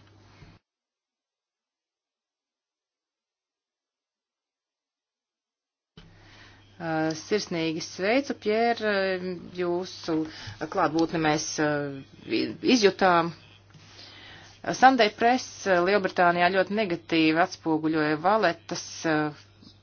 Eh, sirsnīgi sveicu, Pjēra, eh, jūsu klātbūtni mēs eh, izjutām. Sunday Press Lielbritānijā ļoti negatīvi atspoguļoja valetas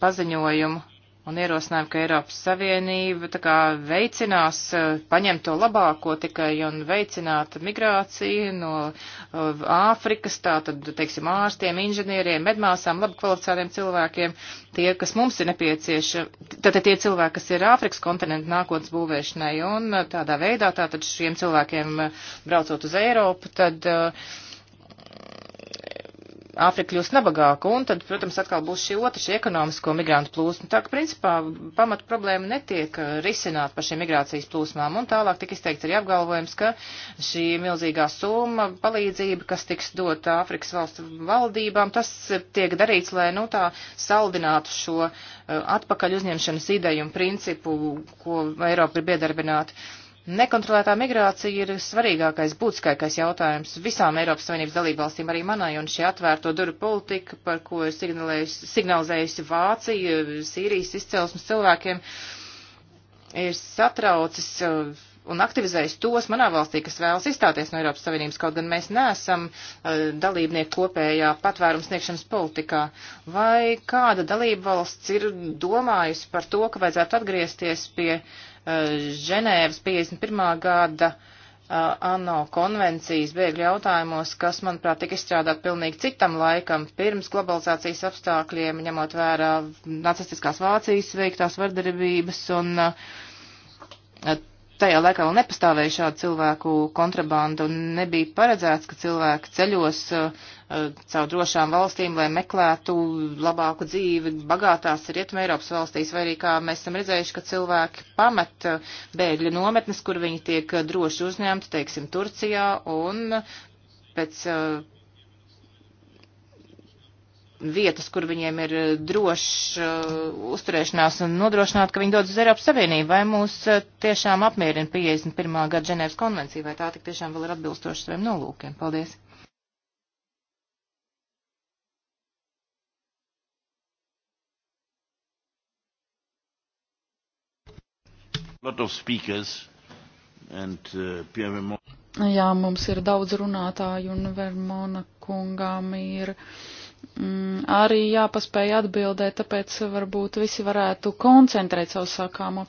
paziņojumu un ierosinājumu, ka Eiropas Savienība tā kā veicinās eh, paņemt to labāko tikai un veicināt migrāciju no eh, Āfrikas, tātad, teiksim, ārstiem, inženieriem, medmāsām, labi kvalificētiem cilvēkiem, tie, kas mums ir nepieciešami, tātad tie cilvēki, kas ir Āfrikas kontinentu nākotnes būvēšanai, un eh, tādā veidā, tātad šiem cilvēkiem braucot uz Eiropu, tad Āfrika kļūst nabagāka, un tad, protams, atkal būs šī otra, šī ekonomisko migrantu plūsma. Tā ka, principā, pamatu problēma netiek eh, risināt par šiem migrācijas plūsmām, un tālāk tika izteikts arī apgalvojums, ka šī milzīgā summa palīdzība, kas tiks dot Āfrikas valstu valdībām, tas tiek darīts, lai, nu, tā saldinātu šo eh, atpakaļ uzņemšanas ideju un principu, ko Eiropa ir biedarbināta. Nekontrolētā migrācija ir svarīgākais, būtiskākais jautājums visām Eiropas Savienības dalībvalstīm, arī manai, un šī atvērto duru politika, par ko ir signalizējusi Vācija, Sīrijas izcelsmes cilvēkiem, ir satraucis uh, un aktivizējis tos manā valstī, kas vēlas izstāties no Eiropas Savienības, kaut gan mēs neesam uh, dalībnieki kopējā patvērums sniegšanas politikā. Vai kāda dalībvalsts ir domājusi par to, ka vajadzētu atgriezties pie uh, Ženēvas 51. gada ANO konvencijas bēgļu jautājumos, kas, manuprāt, tika izstrādāt pilnīgi citam laikam, pirms globalizācijas apstākļiem, ņemot vērā nacistiskās Vācijas veiktās vardarbības un tajā laikā vēl nepastāvēja šādu cilvēku kontrabanda un nebija paredzēts, ka cilvēki ceļos uh, uh caur drošām valstīm, lai meklētu labāku dzīvi bagātās rietuma Eiropas valstīs, vai arī kā mēs esam redzējuši, ka cilvēki pamet uh, bēgļu nometnes, kur viņi tiek uh, droši uzņemti, teiksim, Turcijā, un pēc uh, vietas, kur viņiem ir droši uh, uzturēšanās un nodrošināt, ka viņi dodas uz Eiropas Savienību, vai mūs uh, tiešām apmierina 51. gada Ženēvas konvencija, vai tā tik tiešām vēl ir atbilstoši saviem nolūkiem. Paldies! Lot of speakers and uh, Pierre Vermont. Jā, mums ir daudz runātāju un Vermona kungām ir. Uh, mm, arī jāpaspēj atbildēt, tāpēc varbūt visi varētu koncentrēt savu sakāmu.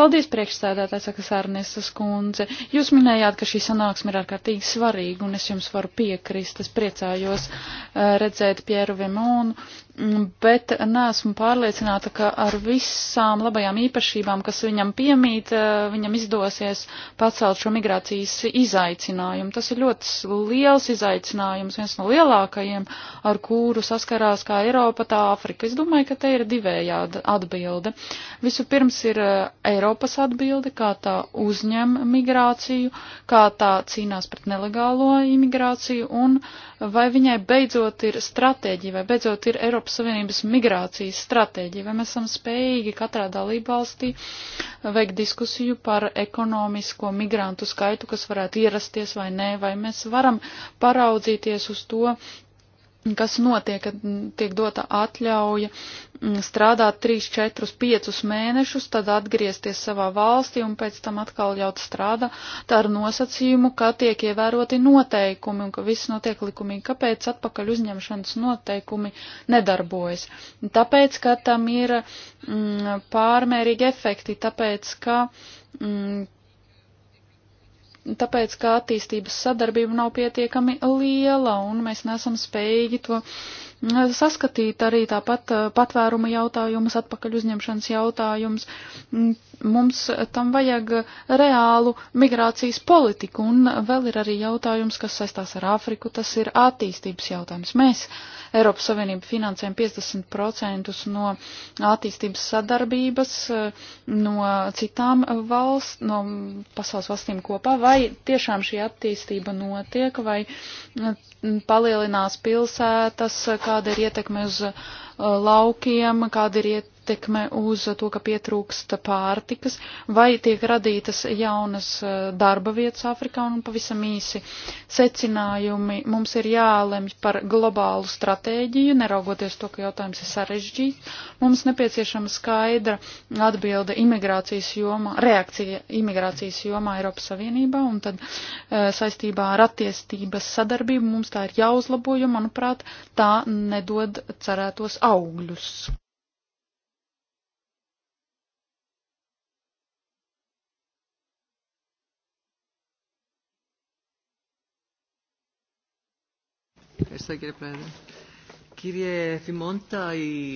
Paldies priekšstādātāji, saka Sārnesas kundze. Jūs minējāt, ka šī sanāksme ir ārkārtīgi svarīga, un es jums varu piekrist. Es priecājos uh, redzēt Pieru Vimonu Mm, bet neesmu pārliecināta, ka ar visām labajām īpašībām, kas viņam piemīt, eh, viņam izdosies pacelt šo migrācijas izaicinājumu. Tas ir ļoti liels izaicinājums, viens no lielākajiem, ar kuru saskarās kā Eiropa, tā Āfrika. Es domāju, ka te ir divējāda atbilde. Vispirms ir eh, Eiropas atbilde, kā tā uzņem migrāciju, kā tā cīnās pret nelegālo imigrāciju un uh, vai viņai beidzot ir stratēģija, vai beidzot ir Eiropas Savienības migrācijas stratēģija, vai mēs esam spējīgi katrā dalībvalstī veikt diskusiju par ekonomisko migrantu skaitu, kas varētu ierasties vai nē, vai mēs varam paraudzīties uz to, kas notiek, kad tiek dota atļauja mm, strādāt 3, 4, 5 mēnešus, tad atgriezties savā valstī un pēc tam atkal ļaut strādāt, tā ar nosacījumu, ka tiek ievēroti noteikumi un ka viss notiek likumīgi. Kāpēc atpakaļ uzņemšanas noteikumi nedarbojas? Tāpēc, ka tam ir mm, pārmērīgi efekti, tāpēc, ka mm, tāpēc, ka attīstības sadarbība nav pietiekami liela un mēs nesam spējīgi to mm, saskatīt arī tāpat eh, patvēruma jautājumus, atpakaļ uzņemšanas jautājumus. Mm, mums tam vajag reālu migrācijas politiku un vēl ir arī jautājums, kas saistās ar Āfriku, tas ir attīstības jautājums. Mēs Eiropas Savienība finansēm 50% no attīstības sadarbības eh, no citām valsts, no pasaules valstīm kopā, vai tiešām šī attīstība notiek, vai eh, palielinās pilsētas, kāda ir ietekme uz eh, laukiem, kāda ir ietekme ietekme uz to, ka pietrūkst pārtikas, vai tiek radītas jaunas eh, darba vietas Āfrikā un pavisam īsi secinājumi. Mums ir jālemj par globālu stratēģiju, neraugoties to, ka jautājums ir sarežģīts. Mums nepieciešama skaidra atbilde imigrācijas jomā, reakcija imigrācijas jomā Eiropas Savienībā un tad e, saistībā ar attiestības sadarbību mums tā ir jāuzlabo, jo, manuprāt, tā nedod cerētos augļus. Ευχαριστώ κύριε Πρόεδρε. Κύριε Θημόντα, η...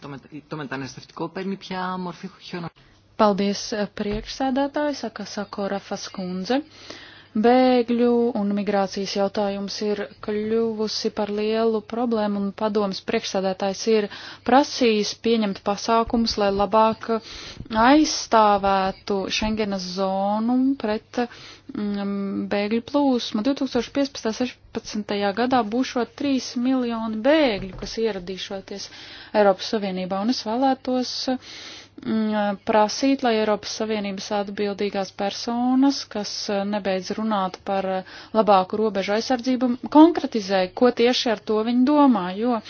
το, μετα... το μεταναστευτικό παίρνει πια μορφή χιονοπραξία. Paldies, priekšsēdētāji, saka Sakora Faskundze. Uh, Bēgļu un migrācijas jautājums ir kļuvusi par lielu problēmu, un padomas priekšsādētājs ir prasījis pieņemt pasākumus, lai labāk aizstāvētu Schengenas zonu pret mm, bēgļu plūsmu. 2015.16. gadā būšot 3 miljoni bēgļu, kas ieradīšoties Eiropas Savienībā, un es vēlētos. Uh, Mm, prasīt, lai Eiropas Savienības atbildīgās personas, kas nebeidz runāt par labāku robežu aizsardzību, konkretizē, ko tieši ar to viņi domā, jo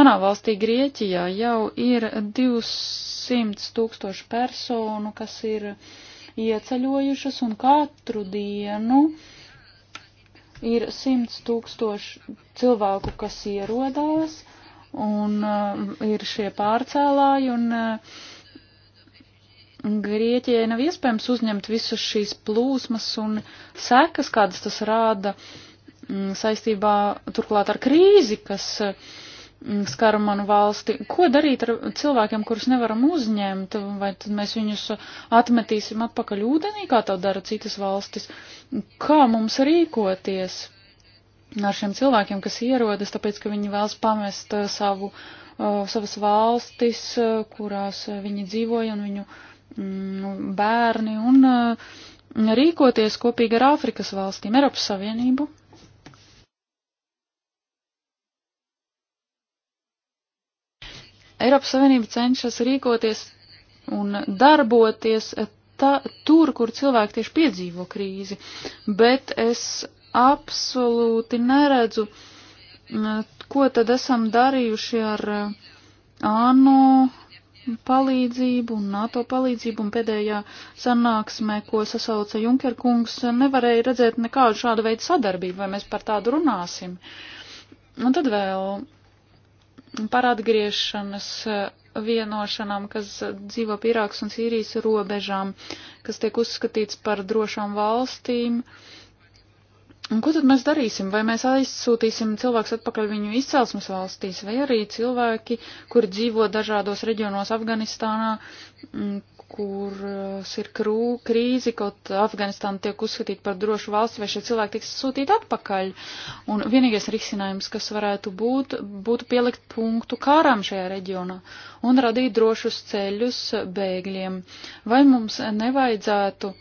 manā valstī Grieķijā jau ir 200 tūkstoši personu, kas ir ieceļojušas un katru dienu ir 100 tūkstoši cilvēku, kas ierodās un uh, ir šie pārcēlāji un uh, Grieķijai nav iespējams uzņemt visas šīs plūsmas un sekas, kādas tas rāda mm, saistībā turklāt ar krīzi, kas mm, skar manu valsti. Ko darīt ar cilvēkiem, kurus nevaram uzņemt, vai tad mēs viņus atmetīsim atpakaļ ūdenī, kā to dara citas valstis? Kā mums rīkoties ar šiem cilvēkiem, kas ierodas, tāpēc, ka viņi vēlas pamest uh, savu, uh, savas valstis, uh, kurās viņi dzīvoja un viņu uh, Nu, bērni un eh, rīkoties kopīgi ar Āfrikas valstīm, Eiropas Savienību. Eiropas Savienība cenšas rīkoties un darboties ta, tur, kur cilvēki tieši piedzīvo krīzi, bet es absolūti neredzu, eh, ko tad esam darījuši ar eh, ANO palīdzību un NATO palīdzību, un pēdējā sanāksmē, ko sasauca Junker kungs, nevarēja redzēt nekādu šādu veidu sadarbību, vai mēs par tādu runāsim. Un tad vēl par atgriešanas vienošanām, kas dzīvo pie Irākas un Sīrijas robežām, kas tiek uzskatīts par drošām valstīm. Uh, Un ko tad mēs darīsim? Vai mēs aizsūtīsim cilvēkus atpakaļ viņu izcelsmes valstīs, vai arī cilvēki, kuri dzīvo dažādos reģionos Afganistānā, mm, kuras uh, ir krū, krīzi, kaut Afganistāna tiek uzskatīta par drošu valsti, vai šie cilvēki tiks sūtīti atpakaļ. Un vienīgais risinājums, kas varētu būt, būtu pielikt punktu kāram šajā reģionā un radīt drošus ceļus bēgļiem. Vai mums nevajadzētu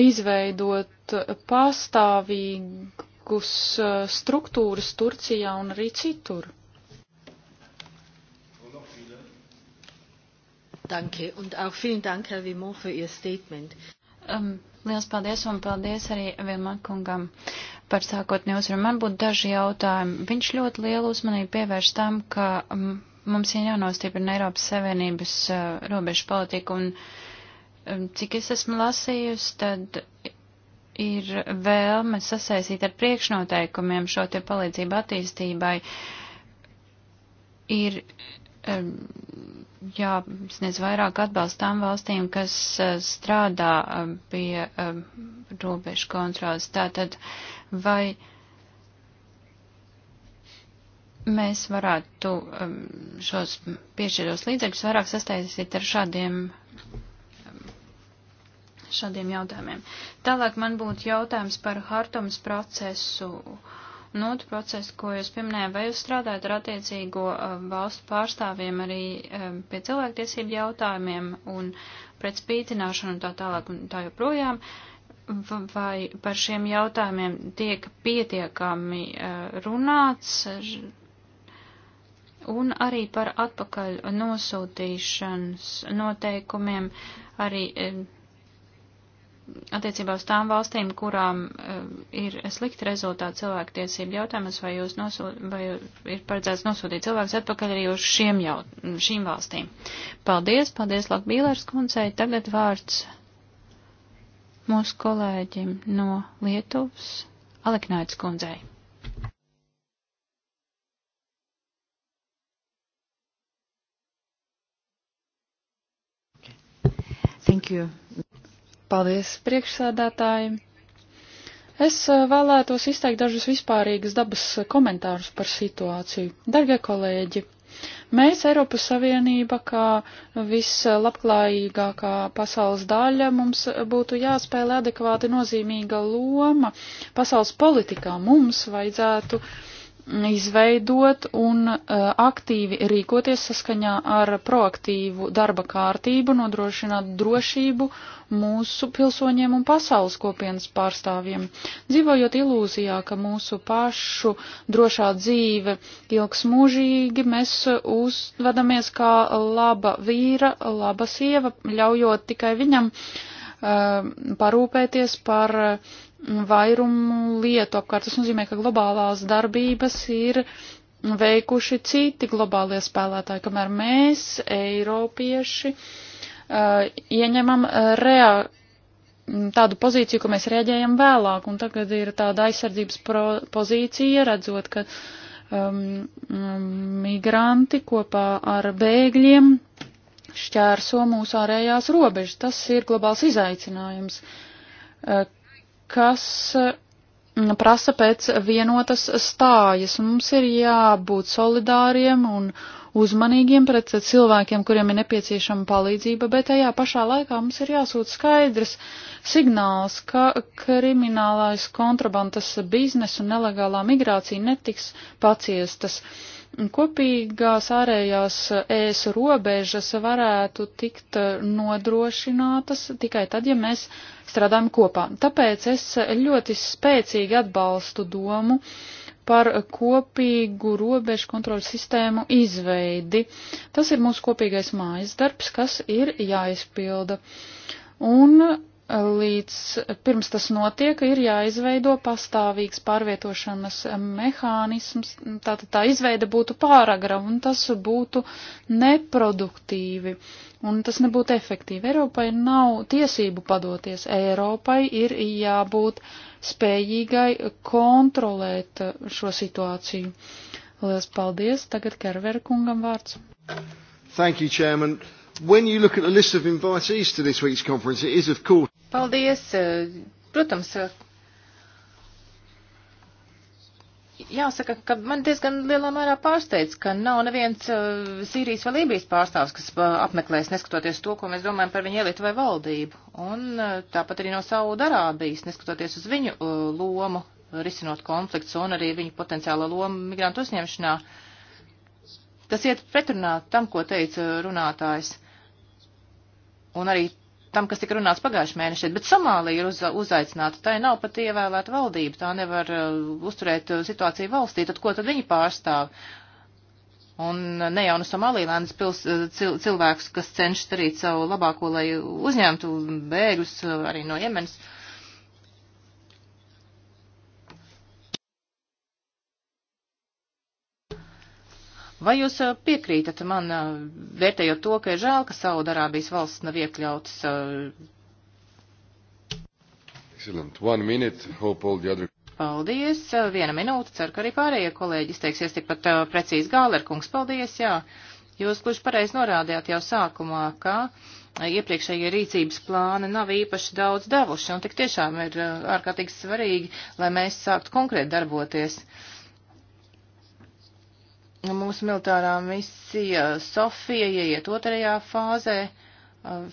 izveidot veidot pastāvīgus eh, struktūras Turcijā un arī citur. Danke und auch vielen Dank, Herr Vimon, für Ihr Statement. Um, liels paldies un paldies arī Vilmar kungam par sākotnēju uzrunu. Man būtu daži jautājumi. Viņš ļoti lielu uzmanību pievērš tam, ka um, mums ir jānostiprina Eiropas Savienības uh, robežu politika un um, cik es esmu lasījusi, tad ir vēlme sasaistīt ar priekšnoteikumiem šo te palīdzību attīstībai, ir jāsniedz vairāk atbalstu tām valstīm, kas eh, strādā pie robežu kontrolas. Tātad, vai mēs varētu šos piešķirtos līdzekļus vairāk sastaisīt ar šādiem šādiem jautājumiem. Tālāk man būtu jautājums par Hartums procesu. Notu nu, procesu, ko jūs pieminējāt, vai jūs strādājat ar attiecīgo eh, valstu pārstāvjiem arī eh, pie cilvēktiesību jautājumiem un pret spītināšanu un tā tālāk un tā joprojām, vai par šiem jautājumiem tiek pietiekami eh, runāts un arī par atpakaļ nosūtīšanas noteikumiem arī attiecībā uz tām valstīm, kurām uh, ir slikti rezultāti cilvēktiesību jautājumus, vai, jūs nosūd, vai ir paredzēts nosūtīt cilvēkus atpakaļ arī uz šiem jau, šīm valstīm. Paldies, paldies Lakbīlērs kundzei. Tagad vārds mūsu kolēģim no Lietuvas, Aleknaits kundzei. Thank you. Paldies, priekšsēdētāji! Es eh, vēlētos izteikt dažus vispārīgas dabas komentārus par situāciju. Dargie kolēģi, mēs Eiropas Savienība, kā vislabklājīgākā pasaules daļa, mums būtu jāspēlē adekvāti nozīmīga loma pasaules politikā. Mums vajadzētu uh, izveidot un eh, aktīvi rīkoties saskaņā ar proaktīvu darba kārtību, nodrošināt drošību mūsu pilsoņiem un pasaules kopienas pārstāvjiem. Dzīvojot ilūzijā, ka mūsu pašu drošā dzīve ilgs mūžīgi, mēs uzvedamies kā laba vīra, laba sieva, ļaujot tikai viņam eh, parūpēties par vairumu lietu apkārt. Tas nozīmē, ka globālās darbības ir veikuši citi globālie spēlētāji, kamēr mēs, eiropieši, eh, ieņemam eh, rea tādu pozīciju, ka mēs rēģējam vēlāk, un tagad ir tāda aizsardzības pozīcija, redzot, ka um, migranti kopā ar bēgļiem šķērso mūsu ārējās robežas. Tas ir globāls izaicinājums eh, kas mm, prasa pēc vienotas stājas. Mums ir jābūt solidāriem un uzmanīgiem pret cilvēkiem, kuriem ir nepieciešama palīdzība, bet tajā pašā laikā mums ir jāsūt skaidrs signāls, ka kriminālais kontrabandas biznes un nelegālā migrācija netiks paciestas. Uh, Kopīgās ārējās ēs robežas varētu tikt nodrošinātas tikai tad, ja mēs strādājam kopā. Tāpēc es ļoti spēcīgi atbalstu domu par kopīgu robežu kontrolu sistēmu izveidi. Tas ir mūsu kopīgais mājas darbs, kas ir jāizpilda. Un līdz pirms tas notiek, ir jāizveido pastāvīgs pārvietošanas mehānisms. Tātad tā izveida būtu pāragra un tas būtu neproduktīvi un tas nebūtu efektīvi. Eiropai nav tiesību padoties. Eiropai ir jābūt spējīgai kontrolēt šo situāciju. Lielas paldies. Tagad Kerverkungam vārds. Thank you, Chairman when you look at the list of invitees to this week's conference, it is of course. Paldies. Eh, protams, eh, jāsaka, ka man diezgan lielā mērā pārsteidz, ka nav neviens uh, Sīrijas vai Lībijas pārstāvs, kas uh, apmeklēs, neskatoties to, ko mēs domājam par viņu elitu vai valdību. Un uh, tāpat arī no Saudarābijas, neskatoties uz viņu uh, lomu risinot konflikts un arī viņu potenciālo lomu migrantu uzņemšanā. Tas iet pretrunā tam, ko teica runātājs un arī tam, kas tika runāts pagājušajā mēnešī, bet Somālija ir uz, uzaicināta, tai nav pat ievēlēta valdība, tā nevar uh, uzturēt uh, situāciju valstī, tad ko tad viņi pārstāv? Un uh, ne jau no Somālīlandes pils, uh, cil, cilvēks, kas cenšas darīt savu labāko, lai uzņemtu bēgļus uh, arī no Jemenas. Uh, Vai jūs piekrītat man, vērtējot to, ka ir žēl, ka Saudarābijas valsts nav iekļautas? Other... Paldies, viena minūte, ceru, ka arī pārējie kolēģi izteiksies tikpat precīzi. Gālerkungs, paldies, jā. Jūs gluži pareizi norādījāt jau sākumā, ka iepriekšējie rīcības plāni nav īpaši daudz devuši, un tik tiešām ir ārkārtīgi svarīgi, lai mēs sāktu konkrēti darboties. Uh, Mūsu militārā misija Sofija ieiet otrajā fāzē. Uh,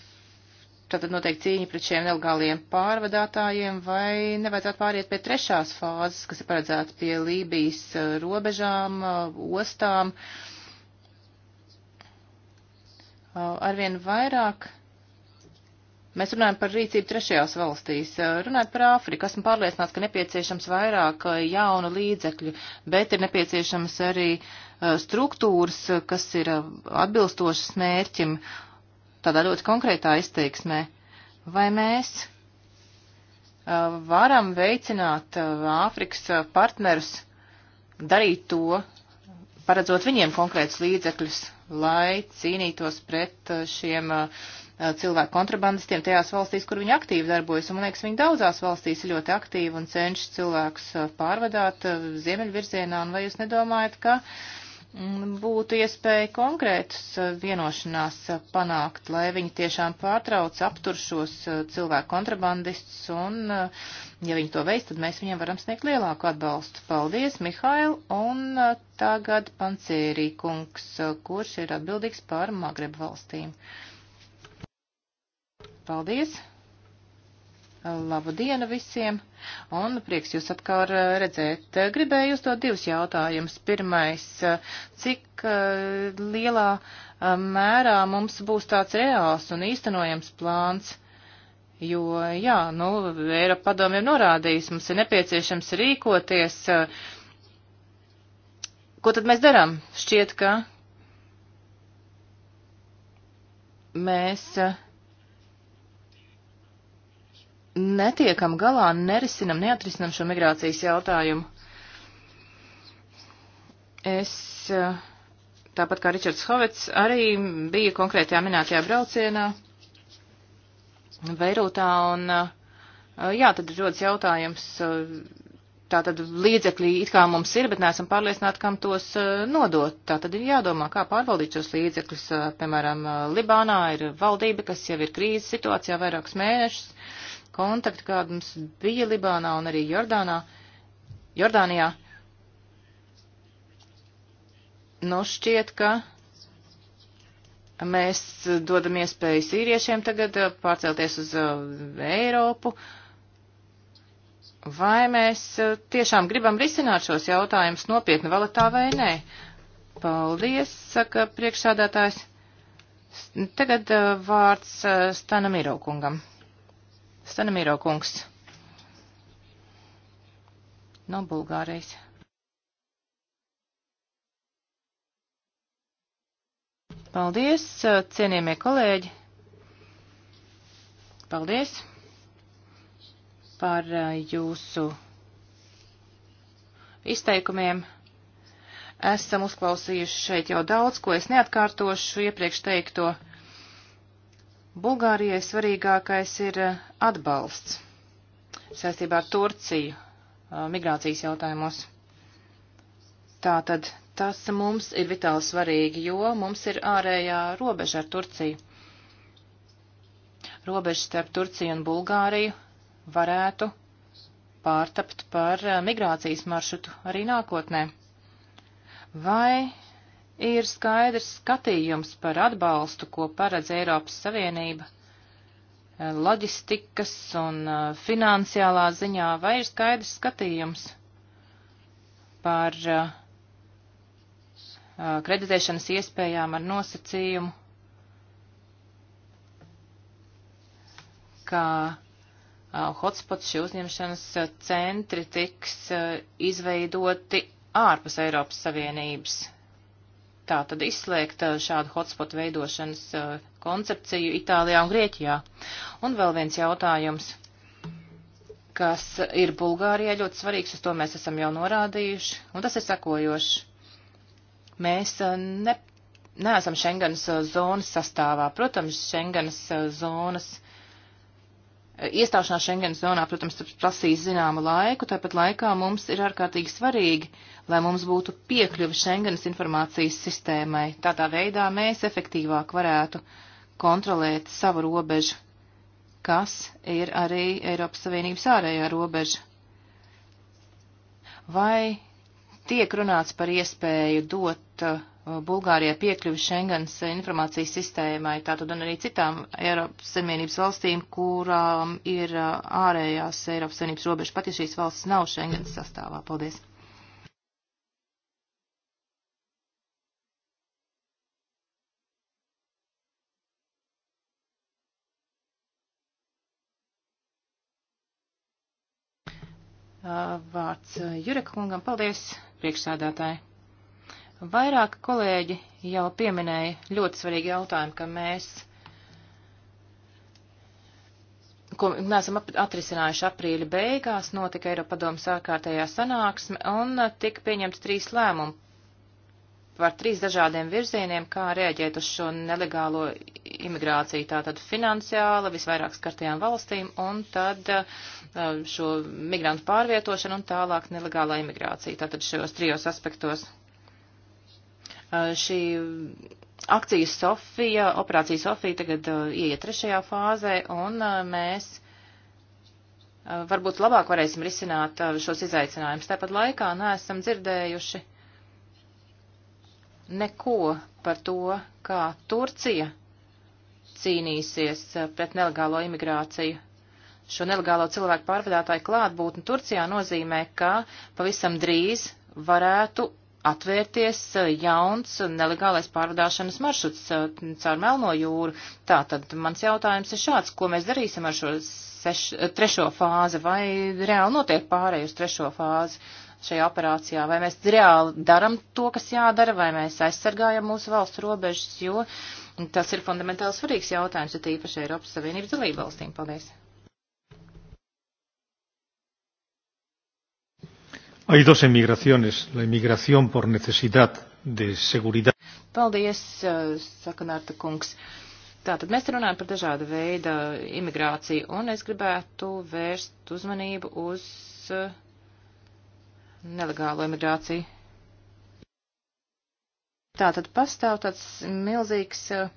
tātad notiek cīņa pret šiem nelegāliem pārvadātājiem, vai nevajadzētu pāriet pie trešās fāzes, kas ir paredzēta pie Lībijas uh, robežām, uh, ostām. Arvien vairāk Mēs runājam par rīcību trešajās valstīs, runājot par Āfriku. Esmu pārliecināts, ka nepieciešams vairāk jaunu līdzekļu, bet ir nepieciešams arī struktūras, kas ir atbilstošas mērķim, tādā ļoti konkrētā izteiksmē. Vai mēs varam veicināt Āfrikas partnerus darīt to, paredzot viņiem konkrētus līdzekļus, lai cīnītos pret šiem uh, Uh, cilvēku kontrabandistiem tajās valstīs, kur viņi aktīvi darbojas. Un, man liekas, viņi daudzās valstīs ir ļoti aktīvi un cenšas cilvēkus uh, pārvadāt uh, ziemeļvirzienā. Un vai jūs nedomājat, ka mm, būtu iespēja konkrētus vienošanās panākt, lai viņi tiešām pārtrauc aptur šos cilvēku kontrabandistus un, ja viņi to veids, tad mēs viņiem varam sniegt lielāku atbalstu. Paldies, Mihail, un tagad Pancērī kungs, kurš ir atbildīgs par Magreb valstīm. Uh, paldies! Labu dienu visiem, un prieks jūs atkal redzēt. Gribēju uzdot divus jautājumus. Pirmais, cik eh, lielā eh, mērā mums būs tāds reāls un īstenojams plāns? Jo, jā, nu, Eiropa padomju ir norādījis, mums ir nepieciešams rīkoties. Ko tad mēs darām? Šķiet, ka mēs. Uh, netiekam galā, nerisinam, neatrisinam šo migrācijas jautājumu. Es, eh, tāpat kā Ričards Hovets, arī biju konkrētajā minētajā braucienā Beirūtā, un eh, jā, tad rodas jautājums, eh, tātad līdzekļi it kā mums ir, bet neesam pārliecināti, kam tos nodot. Tātad ir jādomā, kā pārvaldīt šos līdzekļus. Piemēram, Libānā ir valdība, kas jau ir krīzes situācijā vairākus mēnešus kontakti, kāda mums bija Libānā un arī Jordānā, Jordānijā, nu šķiet, ka mēs dodam iespēju sīriešiem tagad eh, pārcelties uz eh, Eiropu. Vai mēs eh, tiešām gribam risināt šos jautājumus nopietni valetā vai nē? Paldies, saka priekšsādātājs. Tagad vārds Stanam Irokungam. Stanamīro kungs no Bulgārijas. Paldies, cienījamie kolēģi. Paldies par eh, jūsu izteikumiem. Esam uzklausījuši šeit jau daudz, ko es neatkārtošu iepriekš teikto. Bulgārijai svarīgākais ir eh, atbalsts saistībā ar Turciju eh, migrācijas jautājumos. Tātad tas mums ir vitāli svarīgi, jo mums ir ārējā robeža ar Turciju. Robeža starp Turciju un Bulgāriju varētu pārtapt par eh, migrācijas maršrutu arī nākotnē. Vai ir skaidrs skatījums par atbalstu, ko paredz Eiropas Savienība eh, loģistikas un eh, finansiālā ziņā, vai ir skaidrs skatījums par eh, kreditēšanas iespējām ar nosacījumu, ka hotspots šī uzņemšanas centri tiks izveidoti ārpus Eiropas Savienības tā tad izslēgt šādu hotspot veidošanas koncepciju Itālijā un Grieķijā. Un vēl viens jautājums, kas ir Bulgārijai ļoti svarīgs, uz to mēs esam jau norādījuši, un tas ir sekojošs. Mēs ne, neesam Schengenas zonas sastāvā. Protams, Schengenas zonas Iestāšanās Schengenas zonā, protams, prasīs zināmu laiku, tāpat laikā mums ir ārkārtīgi svarīgi, lai mums būtu piekļuvi Schengenas informācijas sistēmai. Tādā veidā mēs efektīvāk varētu kontrolēt savu robežu, kas ir arī Eiropas Savienības ārējā robeža. Vai tiek runāts par iespēju dot uh, Bulgārijai piekļuvi Schengens informācijas sistēmai, tātad un arī citām Eiropas Savienības valstīm, kurām ir uh, ārējās Eiropas Savienības robežas, pat ja šīs valstis nav Schengens sastāvā. Paldies! Uh, vārds uh, Jurek kungam, paldies, priekšsādātāji. Vairāki kolēģi jau pieminēja ļoti svarīgi jautājumu, ka mēs, ko neesam atrisinājuši aprīļa beigās, notika Eiropadomas ārkārtējā sanāksme un tika pieņemts trīs lēmumi par trīs dažādiem virzieniem, kā rēģēt uz šo nelegālo imigrāciju, tātad finansiāla, visvairāk skartajām valstīm un tad uh, šo migrantu pārvietošanu un tālāk nelegālā imigrācija. Tātad šajos trijos aspektos Uh, šī akcija Sofija, operācija Sofija tagad uh, ieiet trešajā fāzē, un uh, mēs varbūt labāk varēsim risināt šos izaicinājumus. Tāpat laikā neesam dzirdējuši neko par to, kā Turcija cīnīsies pret nelegālo imigrāciju. Šo nelegālo cilvēku pārvadātāju klātbūtni Turcijā nozīmē, ka pavisam drīz varētu atvērties eh, jauns nelegālais pārvadāšanas maršruts eh, caur Melno jūru. Tātad mans jautājums ir šāds, ko mēs darīsim ar šo seš, eh, trešo fāzi, vai reāli notiek pārēj uz trešo fāzi šajā operācijā, vai mēs reāli daram to, kas jādara, vai mēs aizsargājam mūsu valsts robežas, jo tas ir fundamentāli svarīgs jautājums, jo tīpaši Eiropas Savienības dalība valstīm. Paldies! Hay dos emigraciones, la emigración por necesidad de seguridad. Paldies, eh, saka Nārta kungs. Tātad mēs runājam par dažādu veidu imigrāciju, un es gribētu vērst uzmanību uz eh, nelegālo imigrāciju. Tātad pastāv tāds milzīgs uh,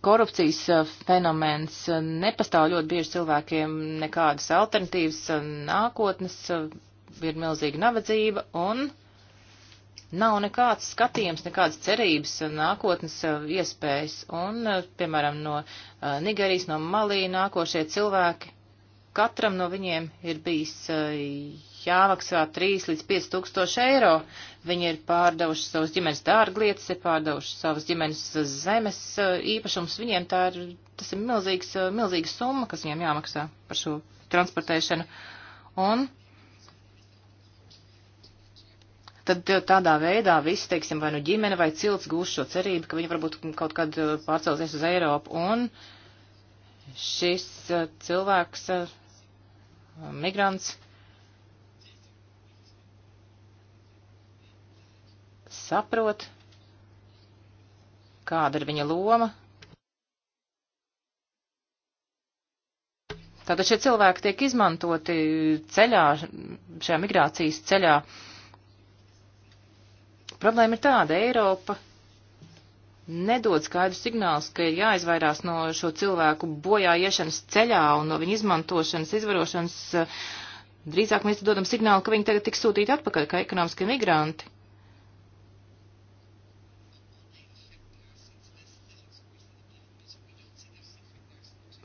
korupcijas eh, fenomens eh, nepastāv ļoti bieži cilvēkiem nekādas alternatīvas eh, nākotnes, ir milzīga nabadzība un nav nekāds skatījums, nekādas cerības nākotnes iespējas. Un, piemēram, no Nigerijas, no Malī nākošie cilvēki, katram no viņiem ir bijis jāmaksā 3 līdz 5 tūkstoši eiro. Viņi ir pārdevuši savus ģimenes dārglietas, ir pārdevuši savus ģimenes zemes eh, īpašums. Viņiem tā ir, tas ir milzīgs, eh, milzīga summa, kas viņiem jāmaksā par šo transportēšanu. Un tad eh, tādā veidā viss, teiksim, vai nu ģimene vai cilts gūs šo cerību, ka viņi varbūt kaut kad pārcelsies uz Eiropu. Un šis cilvēks, migrants, saprot, kāda ir viņa loma. Tātad šie cilvēki tiek izmantoti ceļā, šajā migrācijas ceļā. Problēma ir tāda, Eiropa nedod skaidru signālus, ka ir jāizvairās no šo cilvēku bojā iešanas ceļā un no viņa izmantošanas, izvarošanas. Drīzāk mēs dodam signālu, ka viņi tagad tiks sūtīti atpakaļ kā ekonomiski migranti.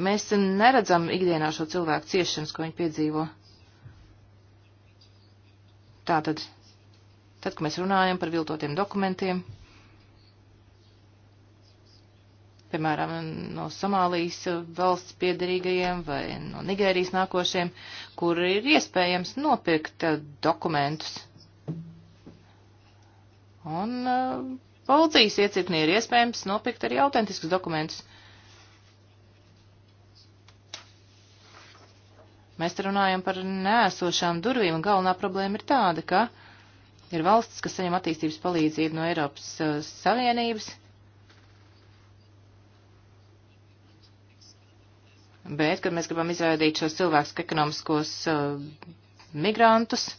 Mēs neredzam ikdienā šo cilvēku ciešanas, ko viņi piedzīvo. Tātad, tad, kad mēs runājam par viltotiem dokumentiem, piemēram, no Somālijas valsts piedarīgajiem vai no Nigērijas nākošiem, kur ir iespējams nopirkt eh, dokumentus. Un uh, policijas iecirknī ir iespējams nopirkt arī autentiskus dokumentus. Mēs te runājam par nēsošām durvīm, un galvenā problēma ir tāda, ka ir valsts, kas saņem attīstības palīdzību no Eiropas uh, Savienības, bet, kad mēs gribam izraidīt šos cilvēkus ekonomiskos uh, migrantus,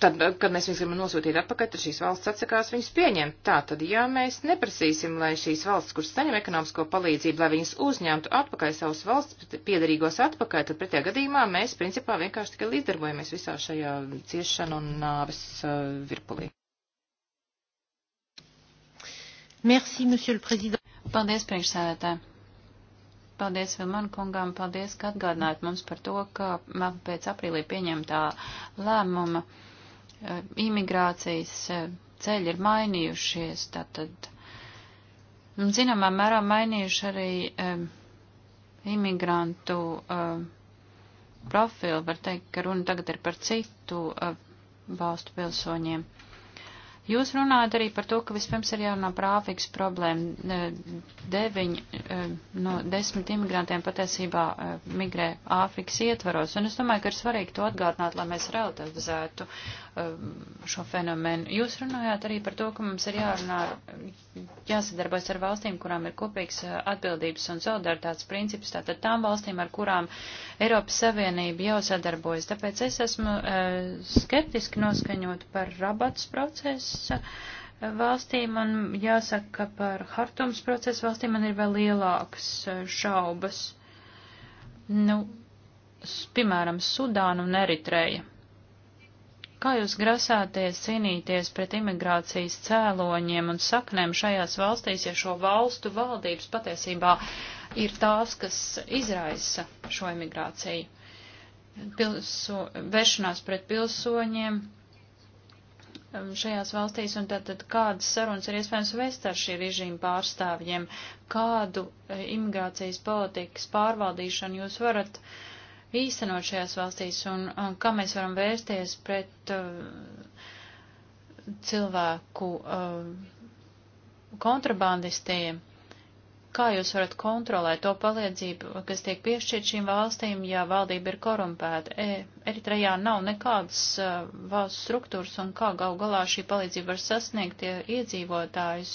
tad, kad mēs viņus gribam nosūtīt atpakaļ, tad šīs valsts atsakās viņus pieņemt. Tā tad, ja mēs neprasīsim, lai šīs valsts, kuras saņem ekonomisko palīdzību, lai viņus uzņemtu atpakaļ savus valsts piedarīgos atpakaļ, tad pretējā gadījumā mēs principā vienkārši tikai līdzdarbojamies visā šajā ciešanu un nāves uh, virpulī. Merci, monsieur le président. Paldies, priekšsēdētāji. Paldies Vilman kungam, paldies, ka atgādinājāt mums par to, ka pēc aprīlī pieņemtā lēmuma. Uh, Eh, imigrācijas eh, ceļi ir mainījušies, tātad, un nu, zināmā mērā mainījuši arī eh, imigrantu profilu, var teikt, ka runa tagad ir par citu valstu pilsoņiem. Jūs runājat arī par to, ka vispirms ir jārunā par Āfrikas problēmu. Deviņi e, no desmit imigrantiem patiesībā e, migrē Āfrikas ietvaros, un es domāju, ka ir svarīgi to atgādināt, lai mēs relativizētu e, šo fenomenu. Jūs runājāt arī par to, ka mums ir jārunā, jāsadarbojas ar valstīm, kurām ir kopīgs atbildības un solidaritātes princips, tātad tām valstīm, ar kurām Eiropas Savienība jau sadarbojas. Tāpēc es esmu skeptiski noskaņot par rabats procesu Eh, valstīm, un jāsaka, ka par Hartums procesu valstīm man ir vēl lielākas eh, šaubas. Nu, piemēram, Sudāna un Eritreja. Kā jūs grasāties cīnīties pret imigrācijas cēloņiem un saknēm šajās valstīs, ja šo valstu valdības patiesībā ir tās, kas izraisa šo imigrāciju? Pilso, vešanās pret pilsoņiem, Um, šajās valstīs, un tātad kādas sarunas ir iespējams vest ar šī režīma pārstāvjiem, kādu e, imigrācijas politikas pārvaldīšanu jūs varat īstenot šajās valstīs, un, un kā mēs varam vērsties pret uh, cilvēku uh, kontrabandistiem kā jūs varat kontrolēt to palīdzību, kas tiek piešķirt šīm valstīm, ja valdība ir korumpēta? E, Eritrejā nav nekādas uh, valsts struktūras, un kā gal galā šī palīdzība var sasniegt ja iedzīvotājus?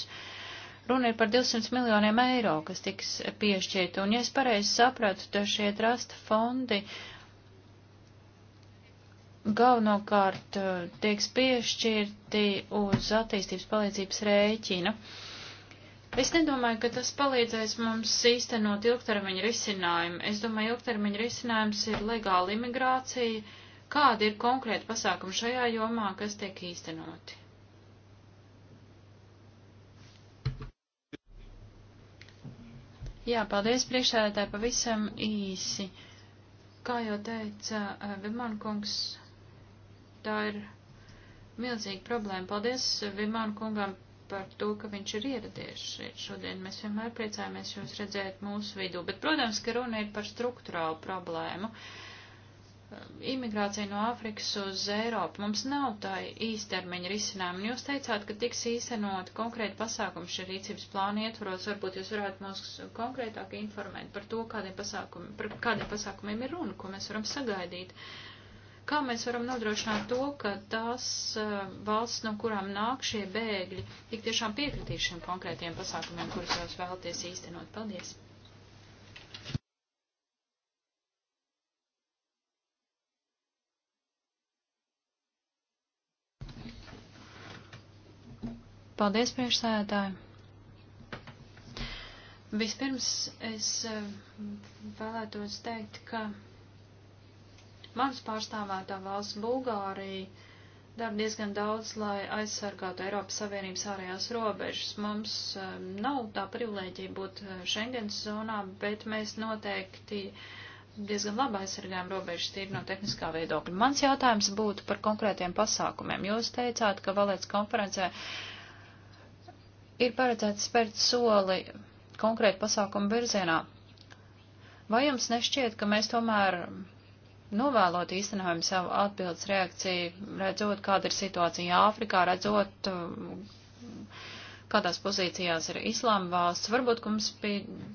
Runa ir par 200 miljoniem eiro, kas tiks piešķirta, un, ja es pareizi sapratu, tad šie trasta fondi galvenokārt uh, e, tiek piešķirti uz attīstības palīdzības rēķina. Uh, Es nedomāju, ka tas palīdzēs mums īstenot ilgtermiņa risinājumu. Es domāju, ilgtermiņa risinājums ir legāla imigrācija. Kādi ir konkrēti pasākumi šajā jomā, kas tiek īstenoti? Jā, paldies priekšsēdētāji pavisam īsi. Kā jau teica eh, Vimankungs, tā ir milzīga problēma. Paldies Vimankungam par to, ka viņš ir ieradies šeit šodien. Mēs vienmēr priecājamies jūs redzēt mūsu vidū, bet, protams, ka runa ir par struktūrālu problēmu. Imigrācija no Āfrikas uz Eiropu mums nav tā īstermiņa risinājuma. Jūs teicāt, ka tiks īstenot konkrēti pasākumi šī rīcības plāna ietvaros. Varbūt jūs varētu mūs konkrētāk informēt par to, kādiem pasākumiem, par kādiem pasākumiem ir runa, ko mēs varam sagaidīt. Uh, Kā mēs varam nodrošināt to, ka tās eh, valsts, no kurām nāk šie bēgļi, tik tiešām piekritīs šiem konkrētiem pasākumiem, kurus jūs vēlaties īstenot? Paldies! Paldies, priekšsēdētāji. Vispirms es eh, vēlētos teikt, ka Mans pārstāvētā valsts Bulgārija dara diezgan daudz, lai aizsargātu Eiropas Savienības ārējās robežas. Mums um, nav tā privilēģija būt uh, Schengens zonā, bet mēs noteikti diezgan labi aizsargājam robežas tīri no tehniskā viedokļa. Mans jautājums būtu par konkrētiem pasākumiem. Jūs teicāt, ka valēts konferencē ir paredzēts spērt soli konkrētu pasākumu virzienā. Vai jums nešķiet, ka mēs tomēr novēlot īstenojumu savu atbildes reakciju, redzot, kāda ir situācija Āfrikā, redzot, uh, kādās pozīcijās ir islāma valsts. Varbūt, ka mums bija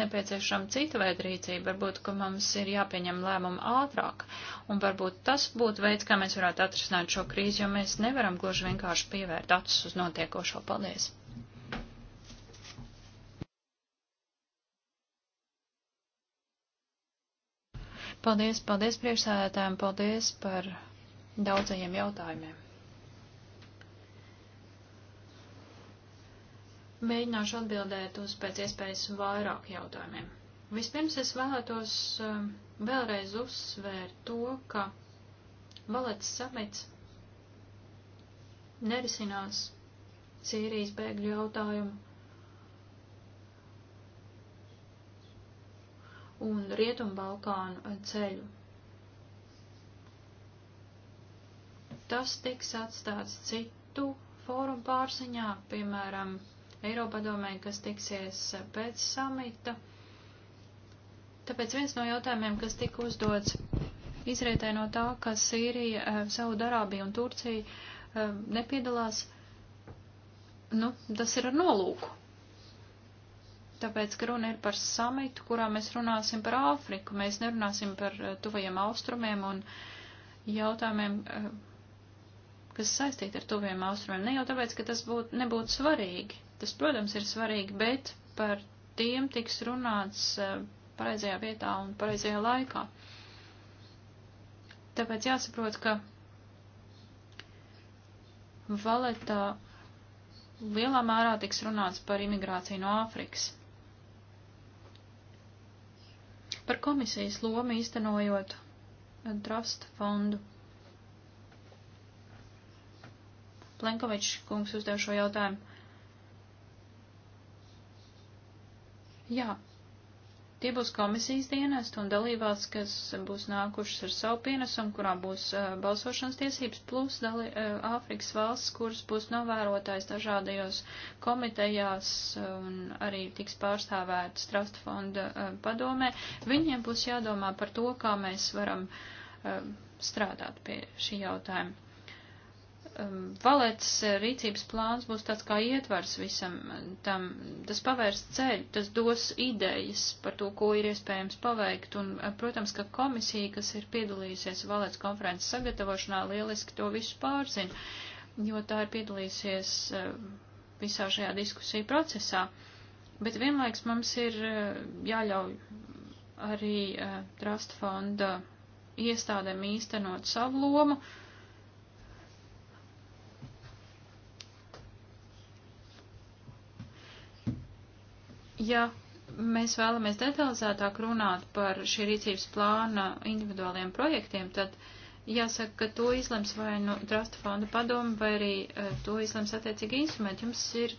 nepieciešama cita veida rīcība, varbūt, ka mums ir jāpieņem lēmumu ātrāk. Un varbūt tas būtu veids, kā mēs varētu atrisināt šo krīzi, jo mēs nevaram gluži vienkārši pievērt acis uz notiekošo. Paldies! Paldies, paldies priekšsēdētājiem, paldies par daudzajiem jautājumiem. Mēģināšu atbildēt uz pēc iespējas vairāk jautājumiem. Vispirms es vēlētos um, vēlreiz uzsvērt to, ka Valets samits nerisinās Sīrijas bēgļu jautājumu un Rietumu Balkānu ceļu. Tas tiks atstāts citu fórumu pārziņā, piemēram, Eiropadomē, kas tiksies pēc samita. Tāpēc viens no jautājumiem, kas tika uzdots, izrietē no tā, ka Sīrija, eh, Saudarābija un Turcija eh, nepiedalās, nu, tas ir ar nolūku tāpēc, ka runa ir par samitu, kurā mēs runāsim par Āfriku, mēs nerunāsim par eh, tuvajiem austrumiem un jautājumiem, eh, kas saistīti ar tuviem austrumiem. Ne jau tāpēc, ka tas būt, nebūtu svarīgi, tas, protams, ir svarīgi, bet par tiem tiks runāts eh, pareizajā vietā un pareizajā laikā. Tāpēc jāsaprot, ka valetā lielā mērā tiks runāts par imigrāciju no Āfrikas. Par komisijas lomu īstenojot trust fondu. Plenkovičs kungs uzdev šo jautājumu. Jā, Tie būs komisijas dienesti un dalībās, kas būs nākušas ar savu pienesumu, kurām būs uh, balsošanas tiesības, plus dali, uh, Āfrikas valsts, kuras būs novērotājs dažādajos komitejās un arī tiks pārstāvētas Trust fonda uh, padomē. Viņiem būs jādomā par to, kā mēs varam strādāt pie šī jautājuma. Um, valets eh, rīcības plāns būs tāds kā ietvars visam eh, tam, tas pavērs ceļu, tas dos idejas par to, ko ir iespējams paveikt, un, eh, protams, ka komisija, kas ir piedalījusies Valets konferences sagatavošanā, lieliski to visu pārzina, jo tā ir piedalījusies visā šajā diskusiju procesā, bet vienlaiks mums ir jāļauj arī Trust fonda iestādēm īstenot savu lomu, Ja mēs vēlamies detalizētāk runāt par šī rīcības plāna individuāliem projektiem, tad jāsaka, ka to izlems vai nu Trust fonda padomu, vai arī e, to izlems attiecīgi instrumenti. Jums ir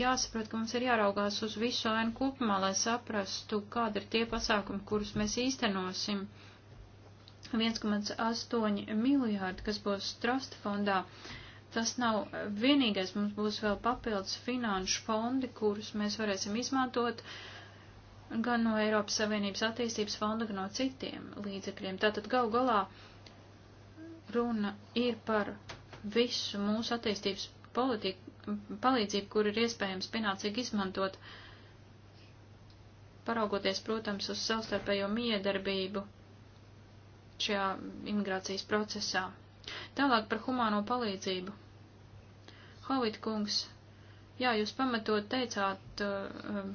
jāsaprot, ka mums ir jāraugās uz visu ainu kopumā, lai saprastu, kāda ir tie pasākumi, kurus mēs īstenosim. 1,8 miljārdi, kas būs Trust fondā, uh, tas nav vienīgais. Mums būs vēl papildus finanšu fondi, kurus mēs varēsim izmantot gan no Eiropas Savienības attīstības fonda, gan no citiem līdzekļiem. Tātad gal galā runa ir par visu mūsu attīstības politiku, palīdzību, kur ir iespējams pienācīgi izmantot, paraugoties, protams, uz savstarpējo miedarbību šajā imigrācijas procesā. Tālāk par humāno palīdzību. Hovit kungs, jā, jūs pamatot teicāt uh, um,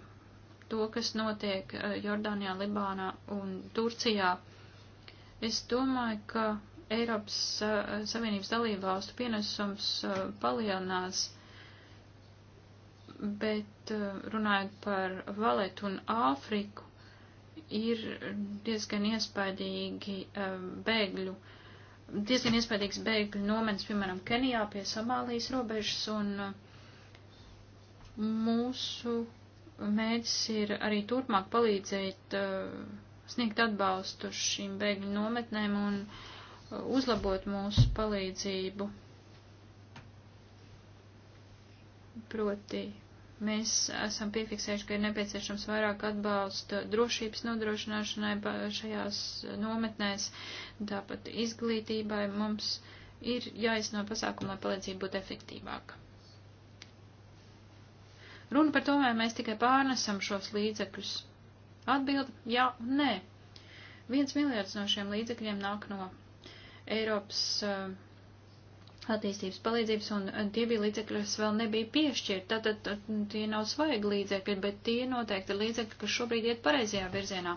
to, kas notiek uh, Jordānijā, Libānā un Turcijā. Es domāju, ka Eiropas uh, Savienības dalībvalstu pienesums uh, palielinās, bet uh, runājot par Valetu un Āfriku, ir diezgan iespaidīgi uh, bēgļu uh, diezgan iespējams bēgļu nometnes, piemēram, Kenijā pie Somālijas robežas, un uh, mūsu mērķis ir arī turpmāk palīdzēt uh, sniegt atbalstu šīm bēgļu nometnēm un uh, uzlabot mūsu palīdzību. Proti Mēs esam piefiksējuši, ka ir nepieciešams vairāk atbalsta drošības nodrošināšanai šajās nometnēs, tāpat izglītībai. Mums ir jāizno pasākumu, lai palīdzība būtu efektīvāka. Runa par to, vai mēs tikai pārnesam šos līdzekļus. Atbildi - jā un nē. Viens miljards no šiem līdzekļiem nāk no Eiropas uh, attīstības palīdzības, un, un tie bija līdzekļi, kas vēl nebija piešķirti. Tātad tie nav svaigi līdzekļi, bet tie noteikti ir līdzekļi, kas šobrīd iet pareizajā virzienā.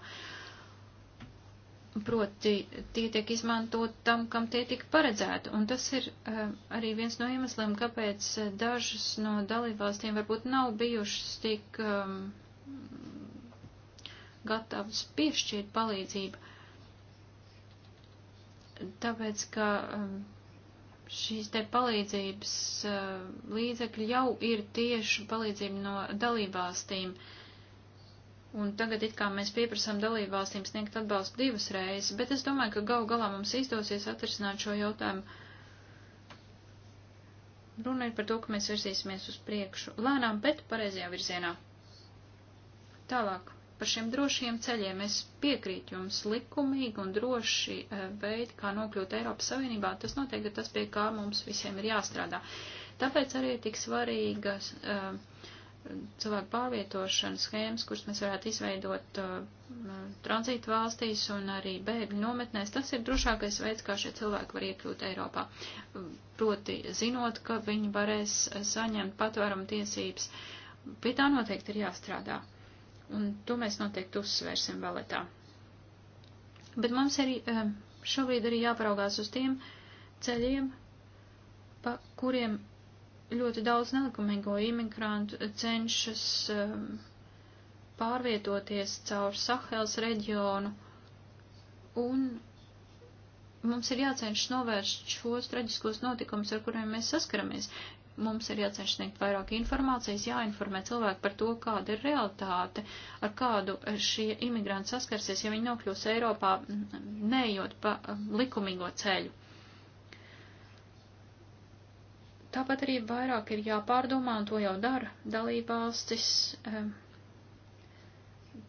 Proti, tie tiek izmantot tam, kam tie tika paredzēti. Un tas ir uh, arī viens no iemesliem, kāpēc eh, dažas no dalībvalstīm varbūt nav bijušas tik um, gatavas piešķirt palīdzību. Tāpēc, ka um, šīs te palīdzības eh, līdzekļi jau ir tieši palīdzība no dalībvalstīm. Un tagad it kā mēs pieprasām dalībvalstīm sniegt atbalstu divas reizes, bet es domāju, ka gau galā mums izdosies atrisināt šo jautājumu. Runa ir par to, ka mēs virzīsimies uz priekšu lēnām, bet pareizajā virzienā. Tālāk par šiem drošiem ceļiem. Es piekrītu jums likumīgi un droši eh, veidi, kā nokļūt Eiropas Savienībā. Tas noteikti ir tas, pie kā mums visiem ir jāstrādā. Tāpēc arī ir tik svarīgas eh, cilvēku pārvietošanas schēmas, kuras mēs varētu izveidot eh, tranzītu valstīs un arī bēgļu nometnēs. Tas ir drošākais veids, kā šie cilvēki var iekļūt Eiropā. Proti, zinot, ka viņi varēs saņemt patvērumu tiesības. Pie tā noteikti ir jāstrādā un to mēs noteikti uzsvērsim baletā. Bet mums arī eh, šobrīd arī jāparaugās uz tiem ceļiem, pa kuriem ļoti daudz nelikumīgo imigrantu cenšas eh, pārvietoties caur Sahels reģionu, un mums ir jācenšas novērst šos traģiskos notikumus, ar kuriem mēs saskaramies, mums ir jācenš sniegt vairāk informācijas, jāinformē cilvēki par to, kāda ir realitāte, ar kādu šie imigranti saskarsies, ja viņi nokļūs Eiropā, neejot pa um, likumīgo ceļu. Tāpat arī vairāk ir jāpārdomā, un to jau dara dalībvalstis, um,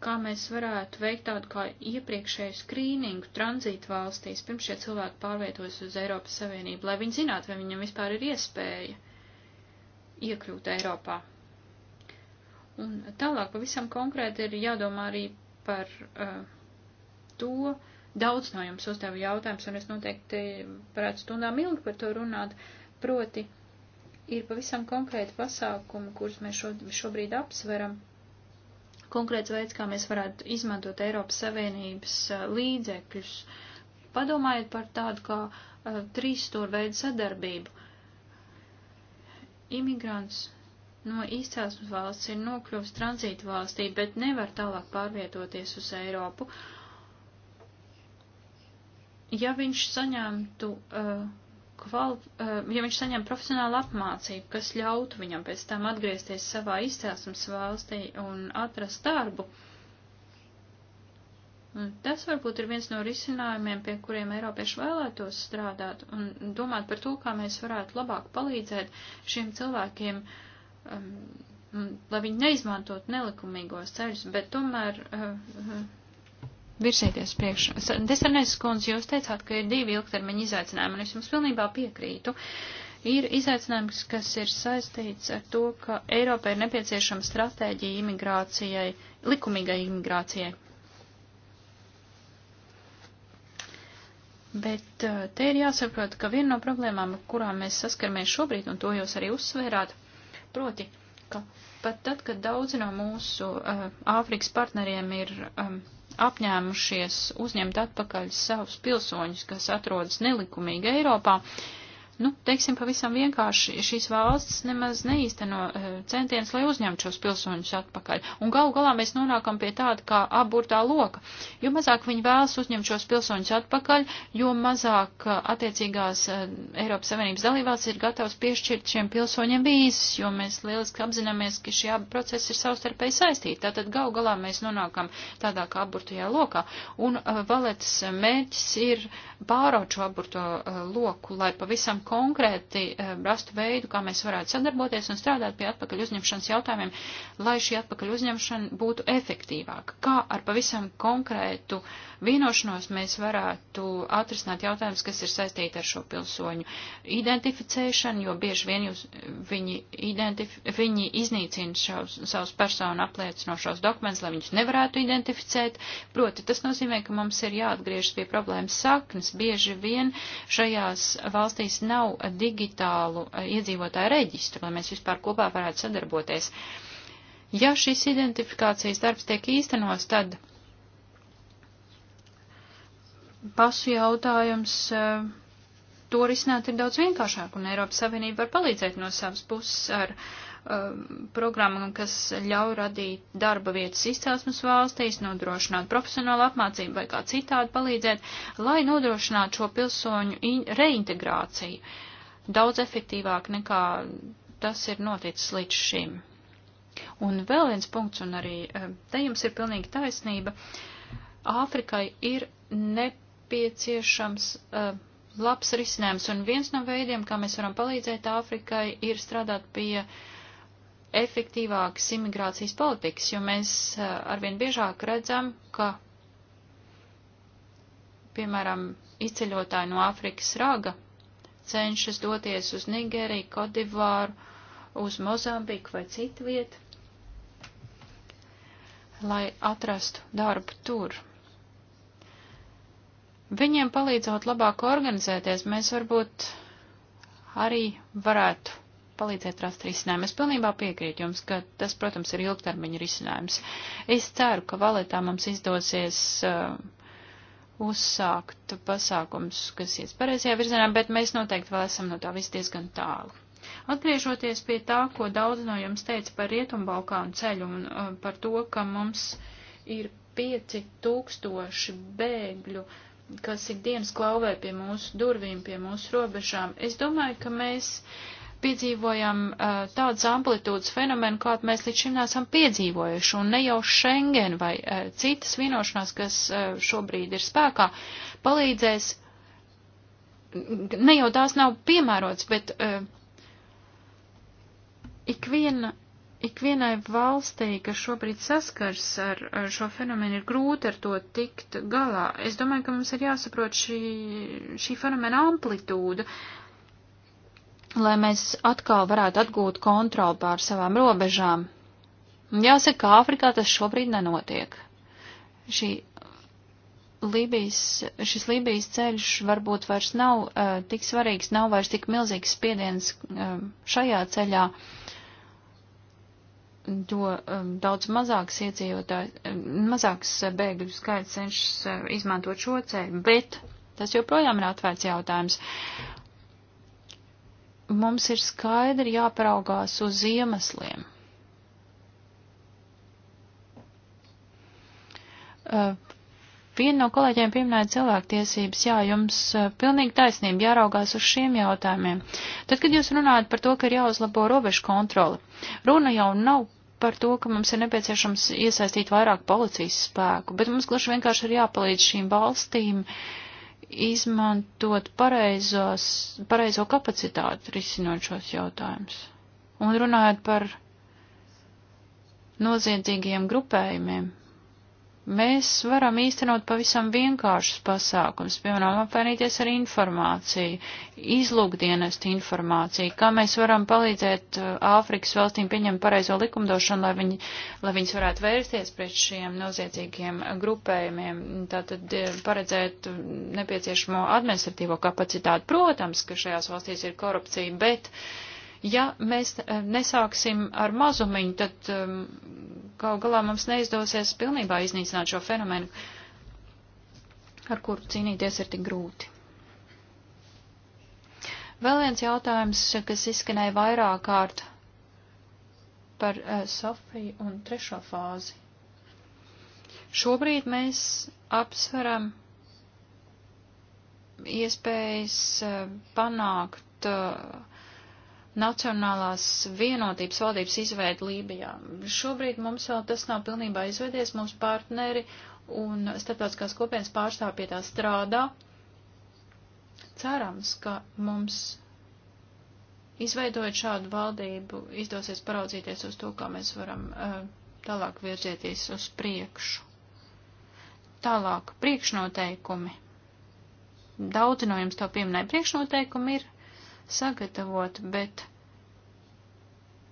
kā mēs varētu veikt tādu kā iepriekšēju skrīningu tranzītu valstīs, pirms šie cilvēki pārvietojas uz Eiropas Savienību, lai viņi zinātu, vai viņam vispār ir iespēja iekļūt Eiropā. Un tālāk pavisam konkrēti ir jādomā arī par uh, to, daudz no jums uzdeva jautājums, un es noteikti varētu stundām ilgi par to runāt, proti ir pavisam konkrēti pasākumi, kurus mēs šo, šobrīd apsveram, konkrēts veids, kā mēs varētu izmantot Eiropas Savienības uh, līdzekļus. Padomājiet par tādu kā uh, eh, trīs stūra veidu sadarbību imigrants no izcelsmes valsts ir nokļuvis tranzītu valstī, bet nevar tālāk pārvietoties uz Eiropu. Ja viņš saņemtu, uh, kval, uh, ja viņš saņem profesionālu apmācību, kas ļautu viņam pēc tam atgriezties savā izcelsmes valstī un atrast darbu, uh, Un tas varbūt ir viens no risinājumiem, pie kuriem Eiropieši vēlētos strādāt un domāt par to, kā mēs varētu labāk palīdzēt šiem cilvēkiem, um, lai viņi neizmantot nelikumīgos ceļus, bet tomēr uh, uh, virsieties priekš. Desarnēs skundz, jūs teicāt, ka ir divi ilgtermiņa izaicinājumi, un es jums pilnībā piekrītu. Ir izaicinājums, kas ir saistīts ar to, ka Eiropai ir nepieciešama stratēģija imigrācijai, likumīgai imigrācijai Bet eh, te ir jāsaprot, ka viena no problēmām, ar kurām mēs saskaramies šobrīd, un to jūs arī uzsvērāt, proti, ka pat tad, kad daudzi no mūsu uh, Āfrikas partneriem ir um, apņēmušies uzņemt atpakaļ savus pilsoņus, kas atrodas nelikumīgi Eiropā, uh, Nu, teiksim, pavisam vienkārši šīs valsts nemaz neīsteno eh, centienus, lai uzņemtu šos pilsoņus atpakaļ. Un galu galā mēs nonākam pie tāda kā aburtā loka. Jo mazāk viņi vēlas uzņemt šos pilsoņus atpakaļ, jo mazāk eh, attiecīgās eh, Eiropas Savienības dalībās ir gatavs piešķirt šiem pilsoņiem vīzas, jo mēs lieliski apzināmies, ka šie abi procesi ir savstarpēji saistīti. Tātad galu galā mēs nonākam tādā kā aburtajā lokā. Un valetas mērķis ir pāraut šo aburto loku, lai pavisam konkrēti eh, rastu veidu, kā mēs varētu sadarboties un strādāt pie atpakaļ uzņemšanas jautājumiem, lai šī atpakaļ uzņemšana būtu efektīvāka. Kā ar pavisam konkrētu uh, vienošanos mēs varētu atrisināt jautājumus, kas ir saistīti ar šo pilsoņu identificēšanu, jo bieži vien jūs, viņi, identif viņi iznīcina šaus, savus personu apliecinošos dokumentus, lai viņus nevarētu identificēt. Proti, tas nozīmē, ka mums ir jāatgriežas pie problēmas saknes. Bieži vien šajās valstīs nav digitālu eh, iedzīvotāju reģistru, lai mēs vispār kopā varētu sadarboties. Ja šis identifikācijas darbs tiek īstenos, tad pasu jautājums eh, to risināt ir daudz vienkāršāk, un Eiropas Savienība var palīdzēt no savas puses ar um, programmām, kas ļauj radīt darba vietas izcelsmes valstīs, nodrošināt profesionālu apmācību vai kā citādi palīdzēt, lai nodrošinātu šo pilsoņu reintegrāciju daudz efektīvāk nekā tas ir noticis līdz šim. Un vēl viens punkts, un arī eh, te jums ir pilnīgi taisnība, Āfrikai ir nepieciešams nepieciešams uh, labs risinājums, un viens no veidiem, kā mēs varam palīdzēt Āfrikai, ir strādāt pie efektīvākas imigrācijas politikas, jo mēs eh, arvien biežāk redzam, ka, piemēram, izceļotāji no Āfrikas raga cenšas doties uz Nigeriju, Kodivāru, uz Mozambiku vai citu vietu, lai atrastu darbu tur viņiem palīdzot labāk organizēties, mēs varbūt arī varētu palīdzēt rast risinājumu. Es pilnībā piekrītu jums, ka tas, protams, ir ilgtermiņa risinājums. Es ceru, ka valetā mums izdosies uh, uzsākt pasākums, kas iet pareizajā virzienā, bet mēs noteikti vēl esam no tā viss diezgan tālu. Atgriežoties pie tā, ko daudz no jums teica par Rietumbalkānu ceļu un uh, par to, ka mums ir 5000 bēgļu uh, kas ikdienas klauvē pie mūsu durvīm, pie mūsu robežām. Es domāju, ka mēs piedzīvojam uh, tādas amplitūdas fenomenu, kādu mēs līdz šim nesam piedzīvojuši, un ne jau Schengen vai uh, citas vienošanās, kas uh, šobrīd ir spēkā, palīdzēs, ne jau tās nav piemērots, bet uh, ikviena ikvienai valstī, kas šobrīd saskars ar, ar šo fenomenu, ir grūti ar to tikt galā. Es domāju, ka mums ir jāsaprot šī, šī fenomena amplitūda, lai mēs atkal varētu atgūt kontroli pār savām robežām. Jāsaka, ka Āfrikā tas šobrīd nenotiek. Šī Lībijas, šis Lībijas ceļš varbūt vairs nav uh, tik svarīgs, nav vairs tik milzīgs spiediens uh, šajā ceļā. Uh, jo um, daudz mazāks iedzīvotājs, um, mazāks bēgļu skaits cenšas uh, izmantot šo ceļu, bet tas joprojām ir atvērts jautājums. Mums ir skaidri jāparaugās uz iemesliem. Uh, Viena no kolēģiem pieminēja cilvēktiesības, jā, jums uh, pilnīgi taisnība jāraugās uz šiem jautājumiem. Tad, kad jūs runājat par to, ka ir jāuzlabo robežu kontroli, runa jau nav par to, ka mums ir nepieciešams iesaistīt vairāk policijas spēku, bet mums gluži vienkārši ir jāpalīdz šīm valstīm izmantot pareizos, pareizo kapacitāti risinot šos jautājumus. Un runājot par noziedzīgiem grupējumiem, mēs varam īstenot pavisam vienkāršus pasākums, piemēram, apvainīties ar informāciju, izlūkdienest informāciju, kā mēs varam palīdzēt uh, Āfrikas valstīm pieņemt pareizo likumdošanu, lai, viņi, lai viņas varētu vērsties pret šiem noziedzīgiem grupējumiem, tātad uh, paredzēt uh, nepieciešamo administratīvo kapacitāti. Protams, ka šajās valstīs ir korupcija, bet ja mēs nesāksim ar mazumiņu, tad um, Gal galā mums neizdosies pilnībā iznīcināt šo fenomenu, ar kuru cīnīties ir tik grūti. Vēl viens jautājums, kas izskanēja vairāk kārt par uh, Sofiju un trešo fāzi. Šobrīd mēs apsveram iespējas uh, panākt uh, Nacionālās vienotības valdības izveidi Lībijā. Šobrīd mums vēl tas nav pilnībā izveidies, mums partneri un starptautiskās kopienas pārstāv pie tā strādā. Cerams, ka mums izveidojot šādu valdību izdosies paraudzīties uz to, kā mēs varam uh, tālāk virzieties uz priekšu. Tālāk, priekšnoteikumi. Daudz no jums to pieminēja. Priekšnoteikumi ir sagatavot, bet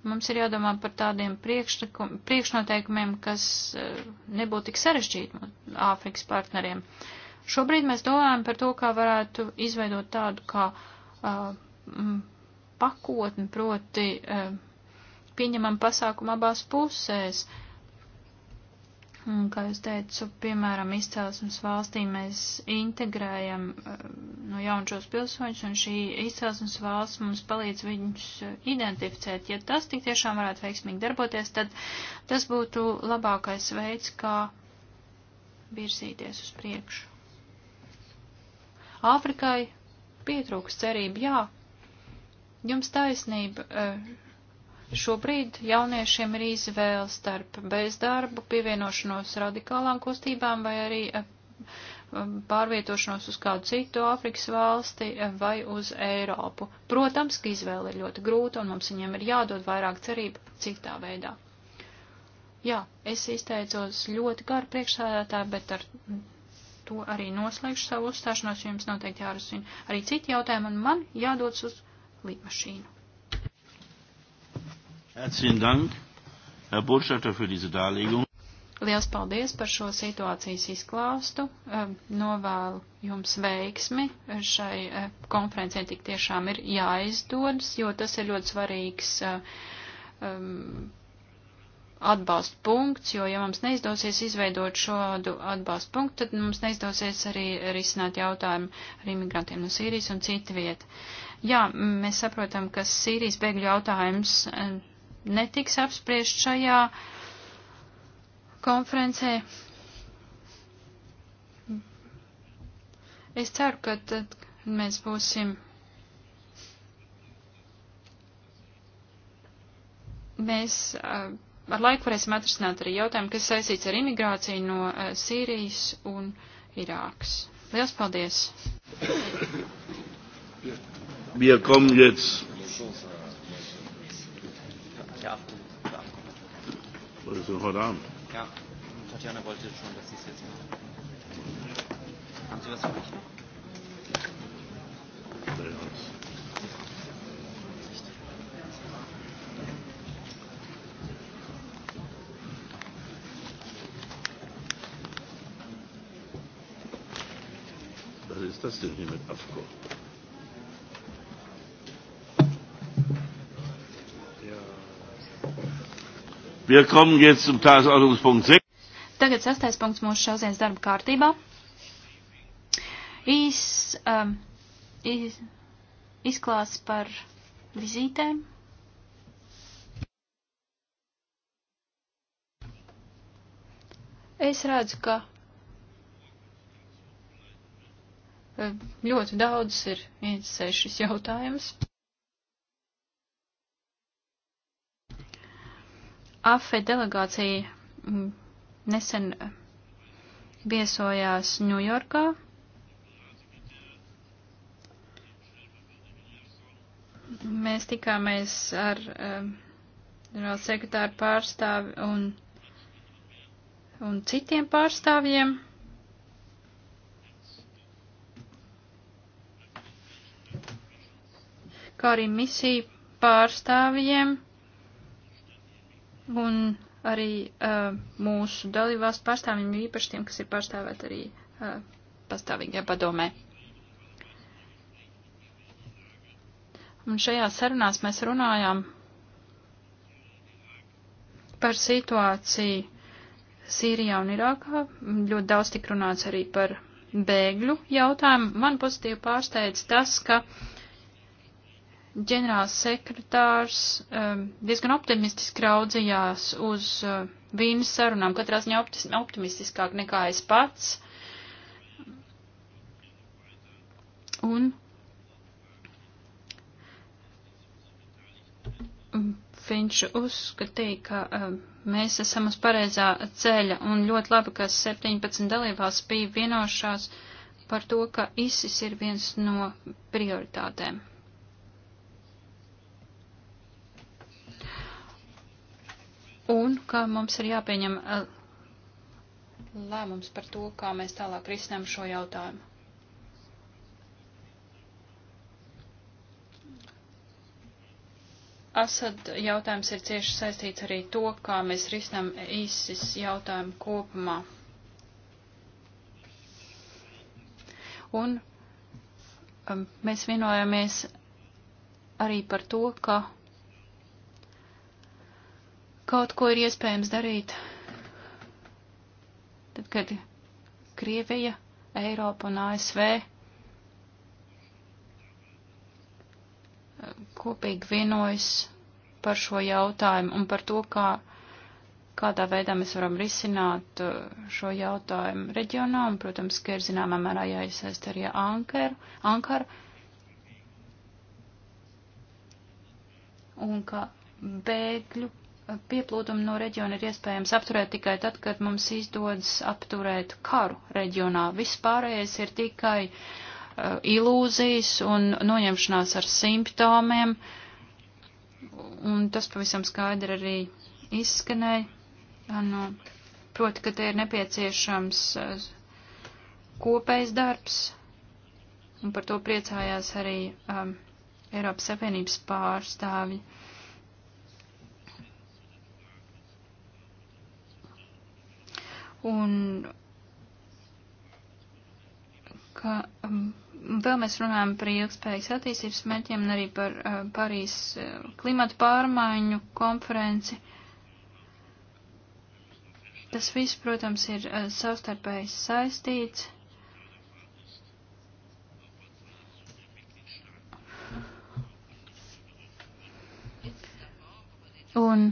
Mums ir jādomā par tādiem priekšnoteikumiem, kas eh, nebūtu tik sarežģīti Āfrikas partneriem. Šobrīd mēs domājam par to, kā varētu izveidot tādu kā uh, pakotni, proti uh, pieņemam pasākumu abās pusēs. Uh, Un, kā jūs teicu, piemēram, izcelsmes valstī mēs integrējam eh, no jaunu šos pilsoņus, un šī izcelsmes valsts mums palīdz viņus eh, identificēt. Ja tas tik tiešām varētu veiksmīgi darboties, tad tas būtu labākais veids, kā virzīties uz priekšu. Āfrikai pietrūks cerība, jā, jums taisnība. Uh, Šobrīd jauniešiem ir izvēle starp bezdarbu, pievienošanos radikālām kustībām vai arī eh, pārvietošanos uz kādu citu Āfrikas valsti eh, vai uz Eiropu. Protams, ka izvēle ir ļoti grūta un mums viņiem ir jādod vairāk cerību citā veidā. Jā, es izteicos ļoti garu priekšsēdētāju, bet ar to arī noslēgšu savu uzstāšanos, jo jums noteikti jārasina arī citi jautājumi, un man jādodas uz līdmašīnu. Herzlichen Dank, Herr Botschafter, für diese Darlegung. Liels paldies par šo situācijas izklāstu. Eh, novēlu jums veiksmi. Šai eh, konferencē tik tiešām ir jāizdodas, jo tas ir ļoti svarīgs eh, atbalsta punkts, jo ja mums neizdosies izveidot šādu atbalsta punktu, tad mums neizdosies arī risināt jautājumu ar imigrantiem no Sīrijas un citu vietu. Jā, mēs saprotam, ka Sīrijas bēgļu jautājums netiks apspriest šajā konferencē. Es ceru, ka tad mēs būsim. Mēs uh, ar laiku varēsim atrisināt arī jautājumu, kas saistīts ar imigrāciju no uh, Sīrijas un Irākas. Lielas paldies! Wir kommen jetzt Was ist denn heute Abend? Ja, Tatjana wollte schon, dass Sie es jetzt machen. Haben Sie was für mich noch? Was ist das denn hier mit AFCO? Wir kommen jetzt zum Tagesordnungspunkt 6. Tagad sastais punkts mūsu šodienas darba kārtībā. Īs, um, iz, izklās par vizītēm. Es redzu, ka um, ļoti daudz ir interesējušas jautājums. AFE delegācija mm, nesen viesojās Ņujorkā. Mēs tikāmies ar ģenerāla sekretāru pārstāvi un, un citiem pārstāvjiem. kā arī misiju pārstāvjiem Un arī uh, mūsu dalībvalstu pārstāvjiem īpaši tiem, kas ir pārstāvēt arī uh, pastāvīgajā padomē. Un šajā sarunās mēs runājām par situāciju Sīrijā un Irākā. Ļoti daudz tik runāts arī par bēgļu jautājumu. Man pozitīvi pārsteidz tas, ka uh, ģenerāls sekretārs um, diezgan optimistiski raudzījās uz uh, vīnas sarunām, katrā ziņā optimistiskāk nekā es pats. Un um, viņš uzskatīja, ka um, mēs esam uz pareizā ceļa un ļoti labi, ka 17 dalībās bija vienošās par to, ka ISIS ir viens no prioritātēm. un ka mums ir jāpieņem eh, lēmums par to, kā mēs tālāk risinām šo jautājumu. Asad jautājums ir cieši saistīts arī to, kā mēs risinām īsis jautājumu kopumā. Un eh, mēs vienojamies arī par to, ka kaut ko ir iespējams darīt, tad, kad Krievija, Eiropa un ASV eh, kopīgi vienojas par šo jautājumu un par to, kā, kādā veidā mēs varam risināt eh, šo jautājumu reģionā, un, protams, ka ir zināmā mērā jāiesaist arī Ankara, Ankara, un ka bēgļu pieplūdumu no reģiona ir iespējams apturēt tikai tad, kad mums izdodas apturēt karu reģionā. Viss pārējais ir tikai uh, ilūzijas un noņemšanās ar simptomiem, un tas pavisam skaidri arī izskanēja. Ano, proti, ka te ir nepieciešams uh, kopējs darbs, un par to priecājās arī um, Eiropas Savienības pārstāvji. Uh, un ka um, vēl mēs runājam par ilgspējas attīstības mērķiem un arī par uh, Parīs uh, klimatu pārmaiņu konferenci. Tas viss, protams, ir uh, savstarpēji saistīts. Un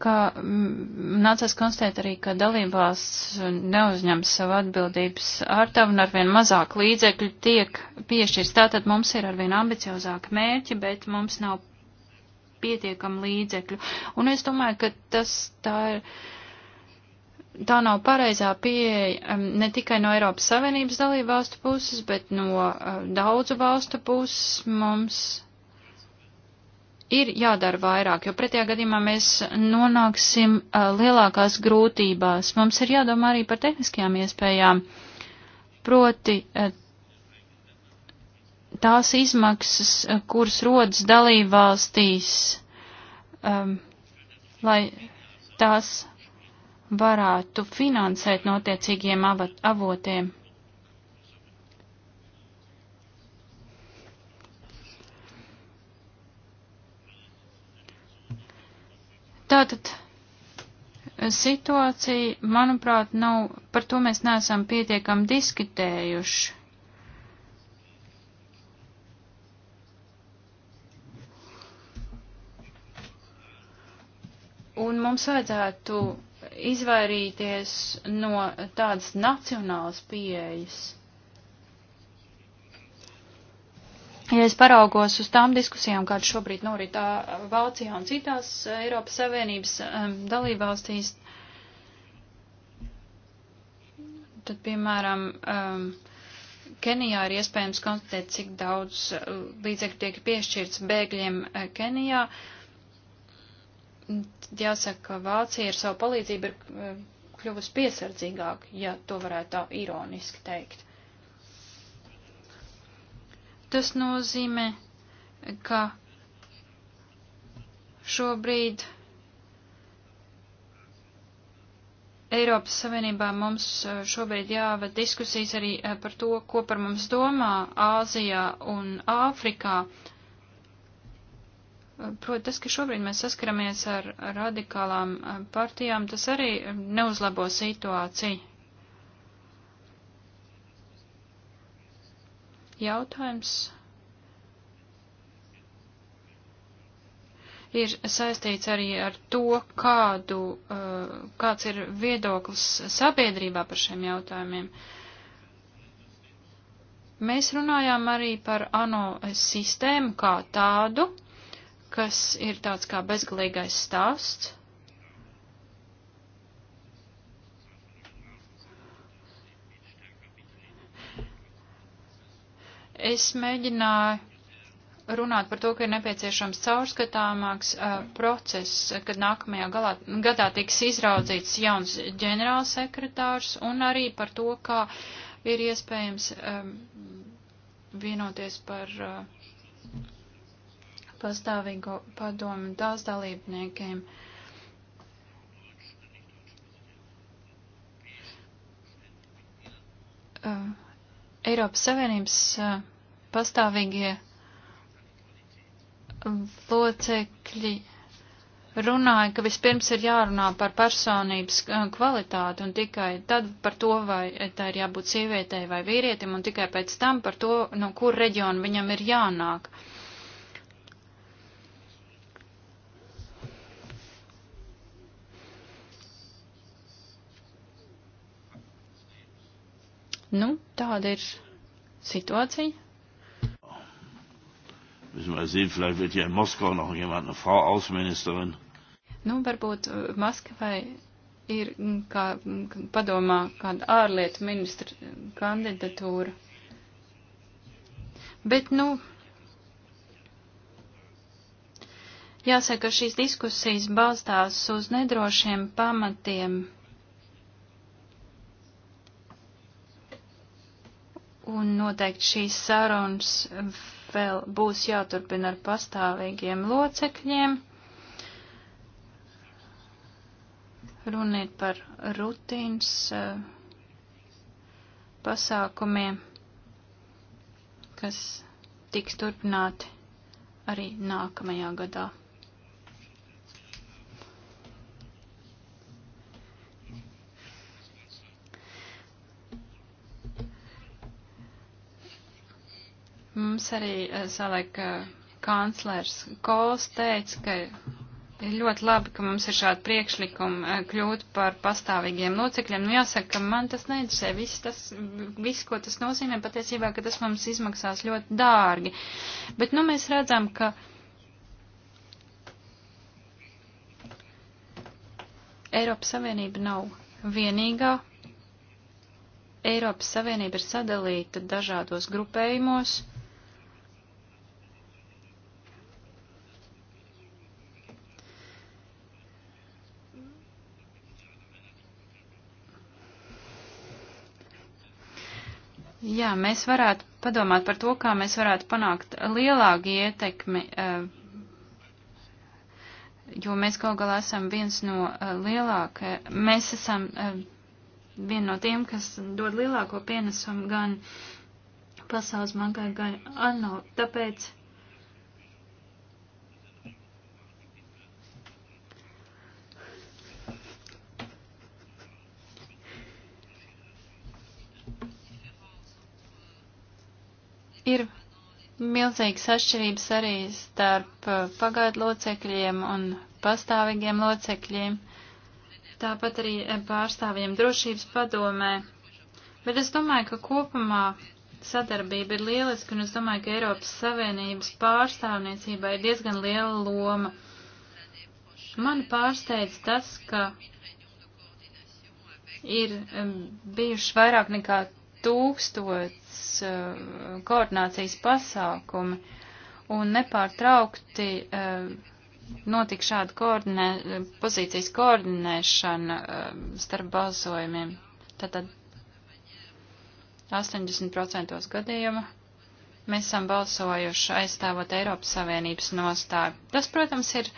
kā mm, nācās konstatēt arī, ka dalībās neuzņem savu atbildības ārtavu un arvien mazāk līdzekļu tiek piešķirts. Tātad mums ir arvien ambiciozāki mērķi, bet mums nav pietiekam līdzekļu. Un es domāju, ka tas tā ir. Tā nav pareizā pieeja um, ne tikai no Eiropas Savienības dalību valstu puses, bet no uh, daudzu valstu puses mums ir jādara vairāk, jo pretējā gadījumā mēs nonāksim uh, lielākās grūtībās. Mums ir jādomā arī par tehniskajām iespējām, proti uh, tās izmaksas, uh, kuras rodas dalībvalstīs, um, lai tās varētu finansēt notiecīgiem avotiem. Tātad eh, situācija, manuprāt, nav, par to mēs neesam pietiekam diskutējuši. Un mums vajadzētu izvairīties no tādas nacionālas pieejas. Ja es paraugos uz tām diskusijām, kādas šobrīd norit Vācijā un citās Eiropas Savienības dalībvalstīs, tad, piemēram, Kenijā ir iespējams konstatēt, cik daudz līdzekļu tiek piešķirts bēgļiem Kenijā. Jāsaka, ka Vācija ar savu palīdzību ir kļuvusi piesardzīgāk, ja to varētu tā ironiski teikt. Tas nozīmē, ka šobrīd Eiropas Savienībā mums uh, šobrīd jāved diskusijas arī uh, par to, ko par mums domā Āzijā un Āfrikā. Uh, proti, tas, ka šobrīd mēs saskaramies ar radikālām partijām, tas arī um, neuzlabo situāciju. jautājums ir saistīts arī ar to, kādu, uh, kāds ir viedoklis sabiedrībā par šiem jautājumiem. Mēs runājām arī par ANO sistēmu kā tādu, kas ir tāds kā bezgalīgais stāsts. Es mēģināju runāt par to, ka ir nepieciešams caurskatāmāks uh, process, kad nākamajā galā, gadā tiks izraudzīts jauns ģenerālsekretārs un arī par to, kā ir iespējams um, vienoties par uh, pastāvīgo padomu tās dalībniekiem. Uh, Eiropas Savienības pastāvīgie locekļi runāja, ka vispirms ir jārunā par personības eh, kvalitāti un tikai tad par to, vai tā ir jābūt sievietei vai vīrietim, un tikai pēc tam par to, no kur reģiona viņam ir jānāk. Nu, tāda ir situācija. Mal sehen, vielleicht wird ja in Moskau noch jemand, eine Frau Außenministerin. Nu, varbūt eh, Maskavai ir mm, kā, mm, padomā kāda ārlietu ministra eh, kandidatūra. Bet, nu, jāsaka, šīs diskusijas balstās uz nedrošiem pamatiem. Un noteikti šīs sarunas vēl būs jāturpina ar pastāvīgiem locekļiem. Runiet par rutīnas eh, pasākumiem, kas tiks turpināti arī nākamajā gadā. Mums arī eh, savulaik eh, kanclers Kols teica, ka ir ļoti labi, ka mums ir šādi priekšlikumi eh, kļūt par pastāvīgiem locekļiem. Nu, jāsaka, ka man tas neinteresē. Viss, tas, viss, ko tas nozīmē, patiesībā, ka tas mums izmaksās ļoti dārgi. Bet, nu, mēs redzam, ka. Eiropas Savienība nav vienīgā. Eiropas Savienība ir sadalīta dažādos grupējumos, Jā, mēs varētu padomāt par to, kā mēs varētu panākt lielāku ietekmi, eh, jo mēs kaut galā esam viens no eh, lielākajiem, mēs esam eh, viena no tiem, kas dod lielāko pienesumu gan Pasaules bankai, gan ANO. Tāpēc Ir milzīgas atšķirības arī starp uh, pagaidu locekļiem un pastāvīgiem locekļiem, tāpat arī eh, pārstāvjiem drošības padomē. Bet es domāju, ka kopumā sadarbība ir lieliska, un es domāju, ka Eiropas Savienības pārstāvniecībai ir diezgan liela loma. Man pārsteidz tas, ka ir um, bijuši vairāk nekā tūkstots uh, koordinācijas pasākumi un nepārtraukti uh, eh, notika šāda koordinē, pozīcijas koordinēšana uh, starp balsojumiem. Tātad 80% gadījuma mēs esam balsojuši aizstāvot Eiropas Savienības nostāju. Tas, protams, ir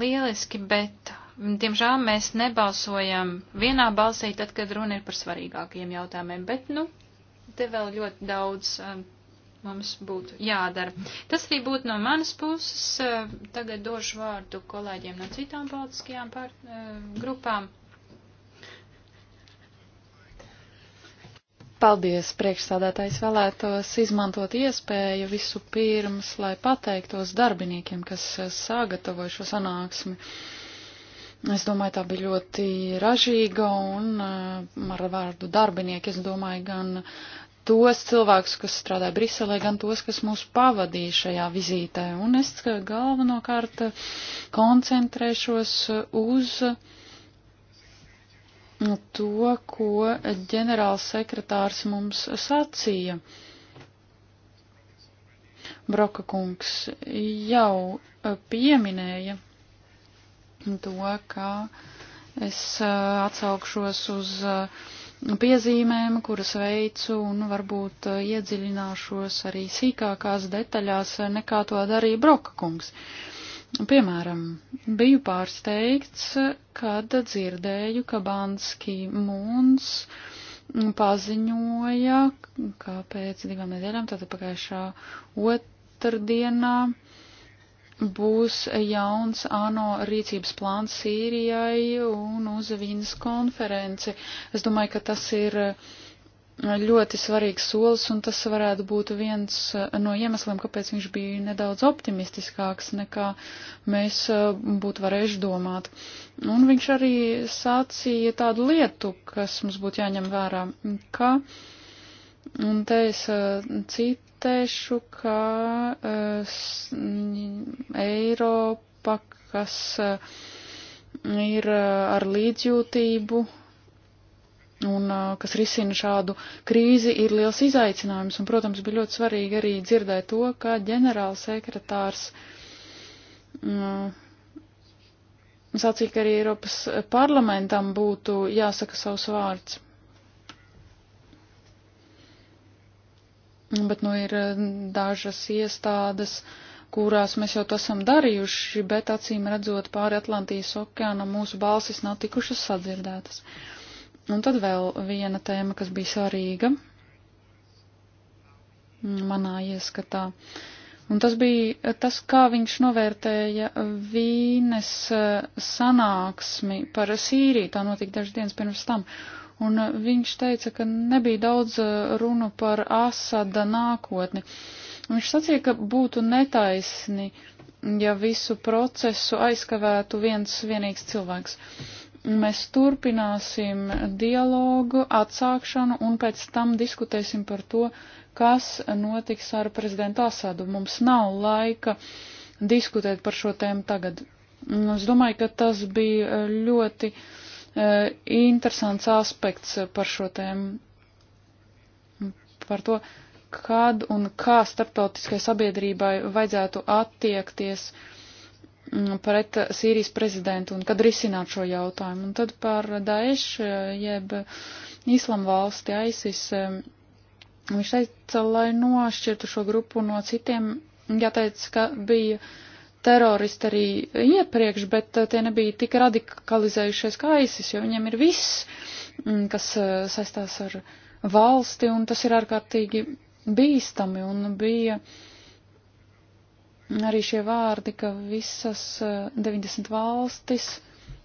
lieliski, bet Diemžēl mēs nebalsojam vienā balsī, tad, kad runa ir par svarīgākiem jautājumiem, bet, nu, te vēl ļoti daudz um, mums būtu jādara. Tas arī būtu no manas puses. Uh, tagad došu vārdu kolēģiem no citām politiskajām pār, uh, grupām. Paldies, priekšstādātājs vēlētos izmantot iespēju visu pirms, lai pateiktos darbiniekiem, kas uh, sagatavoja šo sanāksmi. Uh, Es domāju, tā bija ļoti ražīga un eh, ar vārdu darbinieki. Es domāju, gan tos cilvēkus, kas strādāja Briselē, gan tos, kas mūs pavadīja šajā vizītē. Un es eh, galvenokārt koncentrēšos uz mm, to, ko ģenerāls sekretārs mums sacīja. Broka kungs jau eh, pieminēja to, ka es eh, atsaukšos uz eh, piezīmēm, kuras veicu, un varbūt eh, iedziļināšos arī sīkākās detaļās, nekā to darīja Broka kungs. Piemēram, biju pārsteigts, kad dzirdēju, ka Banski Mūns paziņoja, ka pēc divām nedēļām, tātad pagājušā otrdienā, būs jauns ANO rīcības plāns Sīrijai un uz Vīnas konferenci. Es domāju, ka tas ir ļoti svarīgs solis, un tas varētu būt viens no iemesliem, kāpēc viņš bija nedaudz optimistiskāks, nekā mēs uh, būtu varējuši domāt. Un viņš arī sācīja tādu lietu, kas mums būtu jāņem vērā, ka uh, Un te es eh, citēšu, ka eh, Eiropa, kas eh, ir ar līdzjūtību un kas risina šādu krīzi, ir liels izaicinājums. Un, protams, bija ļoti svarīgi arī dzirdēt to, ka ģenerālsekretārs mm, sacīja, ka arī Eiropas parlamentam būtu jāsaka savs vārds. bet nu ir eh, dažas iestādes, kurās mēs jau to esam darījuši, bet acīm redzot pāri Atlantijas okeānam mūsu balsis nav tikušas sadzirdētas. Un tad vēl viena tēma, kas bija svarīga manā ieskatā. Un tas bija eh, tas, kā viņš novērtēja Vīnes eh, sanāksmi par Sīriju, tā notika dažas dienas pirms tam un uh, viņš teica, ka nebija daudz uh, runu par Asada nākotni. Viņš sacīja, ka būtu netaisni, ja visu procesu aizkavētu viens vienīgs cilvēks. Mēs turpināsim dialogu, atsākšanu un pēc tam diskutēsim par to, kas notiks ar prezidentu Asadu. Mums nav laika diskutēt par šo tēmu tagad. Es domāju, ka tas bija uh, ļoti uh, Eh, interesants aspekts par šo tēmu, par to, kad un kā starptautiskai sabiedrībai vajadzētu attiekties mm, pret Sīrijas prezidentu un kad risināt šo jautājumu. Un tad par Daesh, eh, jeb Islam valsti ISIS, eh, viņš teica, lai nošķirtu šo grupu no citiem, jāteica, ka bija uh, teroristi arī iepriekš, bet uh, tie nebija tik radikalizējušies kā ISIS, jo viņiem ir viss, mm, kas uh, saistās ar valsti, un tas ir ārkārtīgi bīstami, un bija arī šie vārdi, ka visas 90 uh, valstis,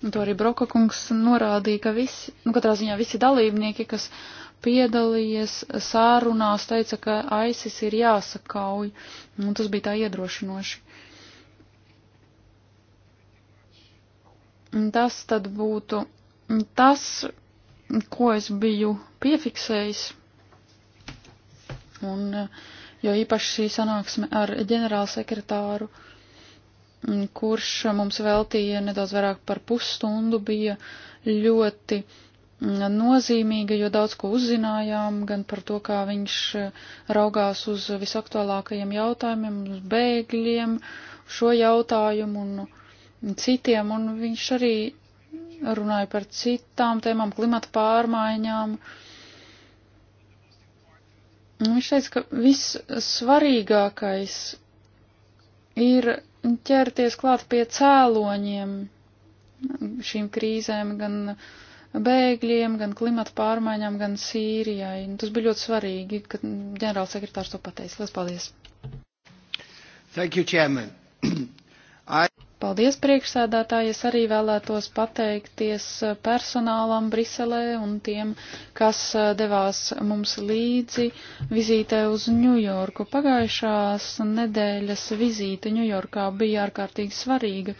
un to arī Broka kungs norādīja, ka visi, nu katrā ziņā visi dalībnieki, kas piedalījies sārunās, teica, ka ISIS ir jāsakauj, un tas bija tā iedrošinoši. Tas tad būtu tas, ko es biju piefiksējis. Un, jo īpaši šī sanāksme ar ģenerālsekretāru, kurš mums veltīja nedaudz vairāk par pusstundu, bija ļoti nozīmīga, jo daudz ko uzzinājām, gan par to, kā viņš raugās uz visaktuālākajiem jautājumiem, uz bēgļiem, šo jautājumu un citiem, un viņš arī runāja par citām tēmām, klimata pārmaiņām. Un viņš teica, ka vissvarīgākais ir ķerties klāt pie cēloņiem šīm krīzēm, gan bēgļiem, gan klimata pārmaiņām, gan Sīrijai. Un tas bija ļoti svarīgi, kad ģenerālsekretārs to pateica. Lielas paldies! Thank you, Chairman. I... Paldies priekšsēdētāji, es arī vēlētos pateikties eh, personālam Briselē un tiem, kas eh, devās mums līdzi vizītē uz Ņujorku. Pagājušās nedēļas vizīte Ņujorkā bija ārkārtīgi svarīga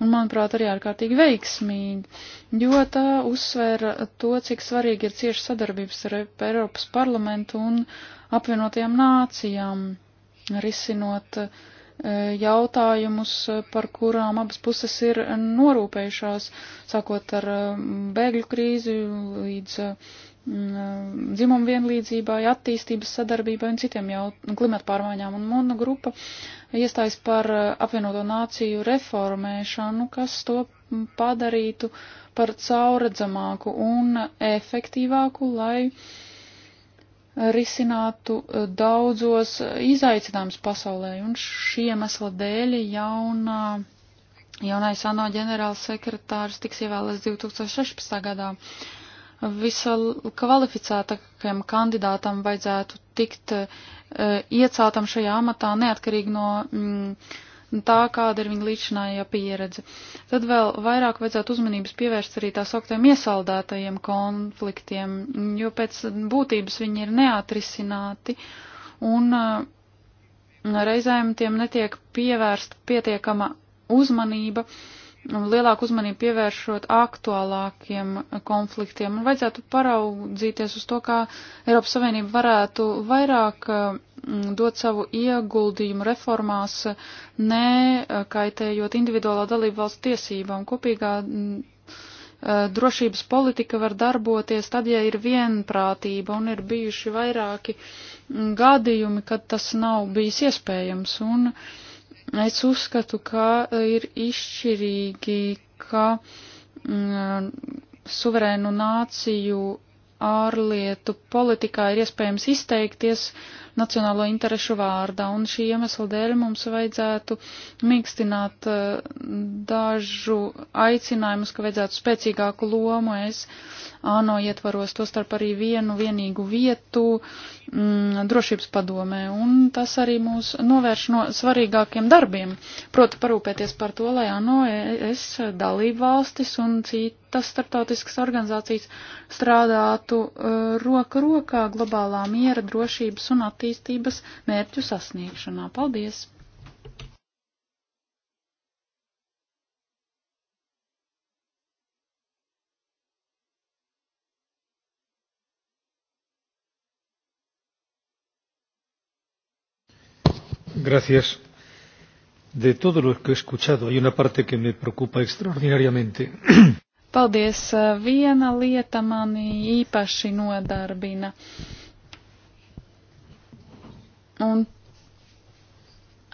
un, manuprāt, arī ārkārtīgi veiksmīga, jo tā uzsver to, cik svarīgi ir cieša sadarbības ar Eiropas parlamentu un apvienotajām nācijām, risinot uh, E, jautājumus, par kurām abas puses ir norūpējušās, sākot ar mm, bēgļu krīzi līdz mm, dzimumu vienlīdzībai, attīstības sadarbībai un citiem jau klimata pārmaiņām. Un mana grupa iestājas par e, apvienoto nāciju reformēšanu, kas to padarītu par cauredzamāku un efektīvāku, lai uh, risinātu eh, daudzos eh, izaicinājumus pasaulē, un šī iemesla dēļ jaunā, jaunais ANO ģenerāls sekretārs tiks ievēlēts 2016. gadā. Visa kvalificētākajam kandidātam vajadzētu tikt uh, eh, iecātam šajā amatā neatkarīgi no mm, Nu, tā, kāda ir viņa līdzinājā pieredze. Tad vēl vairāk vajadzētu uzmanības pievērst arī tā sauktiem iesaldētajiem konfliktiem, jo pēc būtības viņi ir neatrisināti un uh, reizēm tiem netiek pievērst pietiekama uzmanība. Uh, lielāku uzmanību pievēršot aktuālākiem konfliktiem un vajadzētu paraudzīties uz to, kā Eiropas Savienība varētu vairāk mm, dot savu ieguldījumu reformās, ne kaitējot individuālā dalību valsts tiesībām. Kopīgā mm, e, drošības politika var darboties tad, ja ir vienprātība un ir bijuši vairāki mm, gadījumi, kad tas nav bijis iespējams. Un, uh, Es uzskatu, ka e, ir izšķirīgi, ka mm, suverēnu nāciju ārlietu politikā ir iespējams izteikties uh, nacionālo interešu vārdā, un šī iemesla dēļ mums vajadzētu mīkstināt eh, dažu aicinājumus, ka vajadzētu spēcīgāku lomu es ANO ietvaros, to starp arī vienu vienīgu vietu mm, drošības padomē, un tas arī mūs novērš no svarīgākiem darbiem, proti parūpēties par to, lai ANO e, es dalību valstis un citas starptautiskas organizācijas strādātu uh, roka rokā globālā miera, drošības un attīstības attīstības mērķu sasniegšanā. Paldies! Gracias. De todo lo que he escuchado, hay una parte que me preocupa extraordinariamente. Paldies. Viena lieta mani īpaši nodarbina. Uh, Un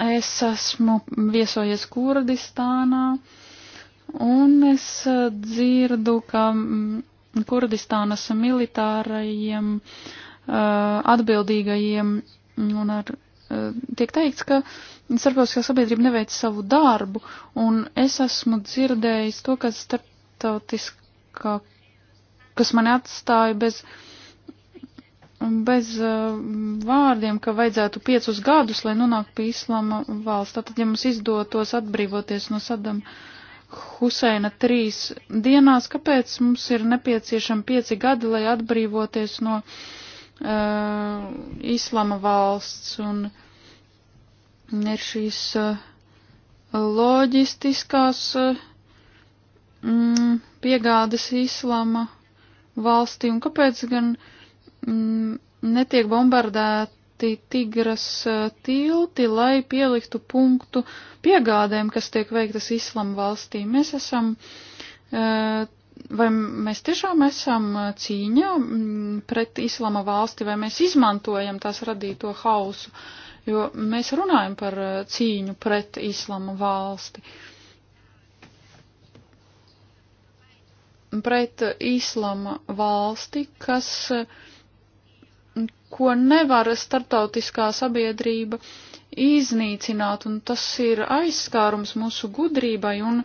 es esmu viesojies Kurdistānā, un es eh, dzirdu, ka mm, Kurdistānas militārajiem eh, atbildīgajiem un ar eh, tiek teikts, ka starptautiskā sabiedrība neveic savu darbu, un es esmu dzirdējis to, ka starptautiskā, kas mani atstāja bez uh, bez eh, vārdiem, ka vajadzētu piecus gadus, lai nonāktu pie islama valsts. Tātad, ja mums izdotos atbrīvoties no Sadam Huseina trīs dienās, kāpēc mums ir nepieciešami pieci gadi, lai atbrīvoties no uh, eh, islama valsts? Un ir šīs uh, loģistiskās uh, mm, piegādes islama valstī, un kāpēc gan uh, Mm, netiek bombardēti Tigras eh, tilti, lai pieliktu punktu piegādēm, kas tiek veiktas islamu valstīm. Mēs esam, eh, vai mēs tiešām esam eh, cīņā mm, pret islama valsti, vai mēs izmantojam tās radīto hausu, jo mēs runājam par cīņu pret islama valsti. Pret islama valsti, kas uh, ko nevar starptautiskā sabiedrība iznīcināt, un tas ir aizskārums mūsu gudrībai, un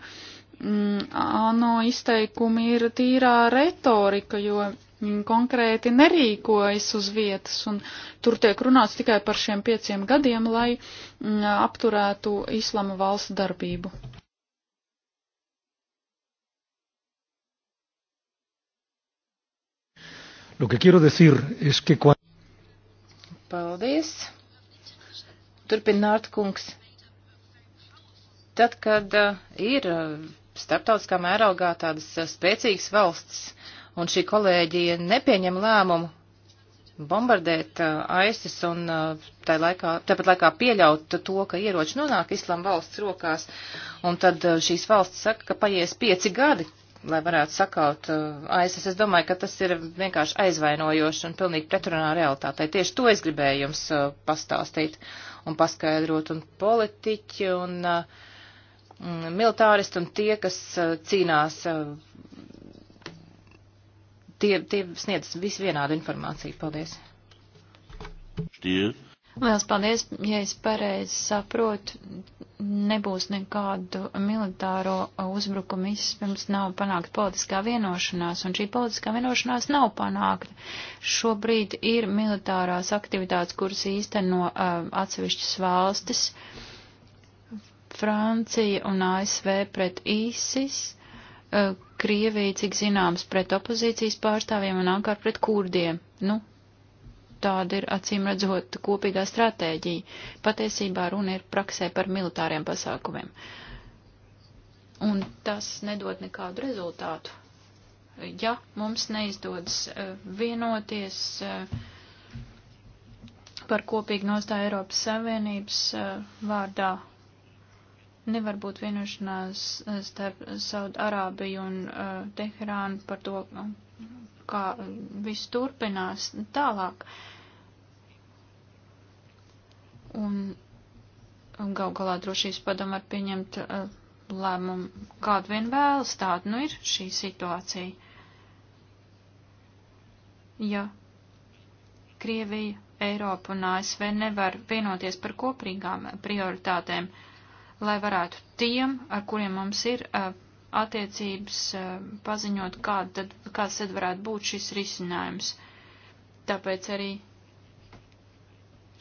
mm, ANO izteikumi ir tīrā retorika, jo viņi konkrēti nerīkojas uz vietas, un tur tiek runāts tikai par šiem pieciem gadiem, lai mm, apturētu islama valsts darbību. Lo que quiero decir es que cuando Paldies. Turpināt, kungs. Tad, kad uh, ir uh, starptautiskā mērogā tādas uh, spēcīgas valstis, un šī kolēģija nepieņem lēmumu bombardēt ISIS un tā laikā, tāpat laikā pieļaut to, ka ieroči nonāk islām valsts rokās, un tad šīs valsts saka, ka paies pieci gadi, lai varētu sakaut uh, ASS. Es domāju, ka tas ir vienkārši aizvainojoši un pilnīgi pretrunā realitātei. Tieši to es gribēju jums uh, pastāstīt un paskaidrot un politiķi un uh, mm, militāristi un tie, kas cīnās, tie, tie sniedz visvienādu informāciju. Paldies. Stīl. Liels paldies, ja es pareizi saprotu, nebūs nekādu militāro uzbrukumu, vispirms nav panākt politiskā vienošanās, un šī politiskā vienošanās nav panākta. Šobrīd ir militārās aktivitātes, kuras īsteno uh, atsevišķas valstis, Francija un ASV pret ISIS, uh, Krievija, cik zināms, pret opozīcijas pārstāvjiem un Ankar pret kurdiem. Nu, tāda ir acīm redzot kopīgā stratēģija. Patiesībā runa ir praksē par militāriem pasākumiem. Un tas nedod nekādu rezultātu. Ja mums neizdodas e, vienoties e, par kopīgu nostāju Eiropas Savienības e, vārdā, nevar būt vienošanās starp Saudārābiju un Teherānu par to, kā viss turpinās tālāk. Un gal galā drošības padomā var pieņemt uh, lēmumu, kādu vien vēlas, tāda nu ir šī situācija. Ja Krievija, Eiropa un ASV nevar vienoties par kopīgām prioritātēm, lai varētu tiem, ar kuriem mums ir uh, attiecības eh, paziņot, kād tad, kāds tad varētu būt šis risinājums. Tāpēc arī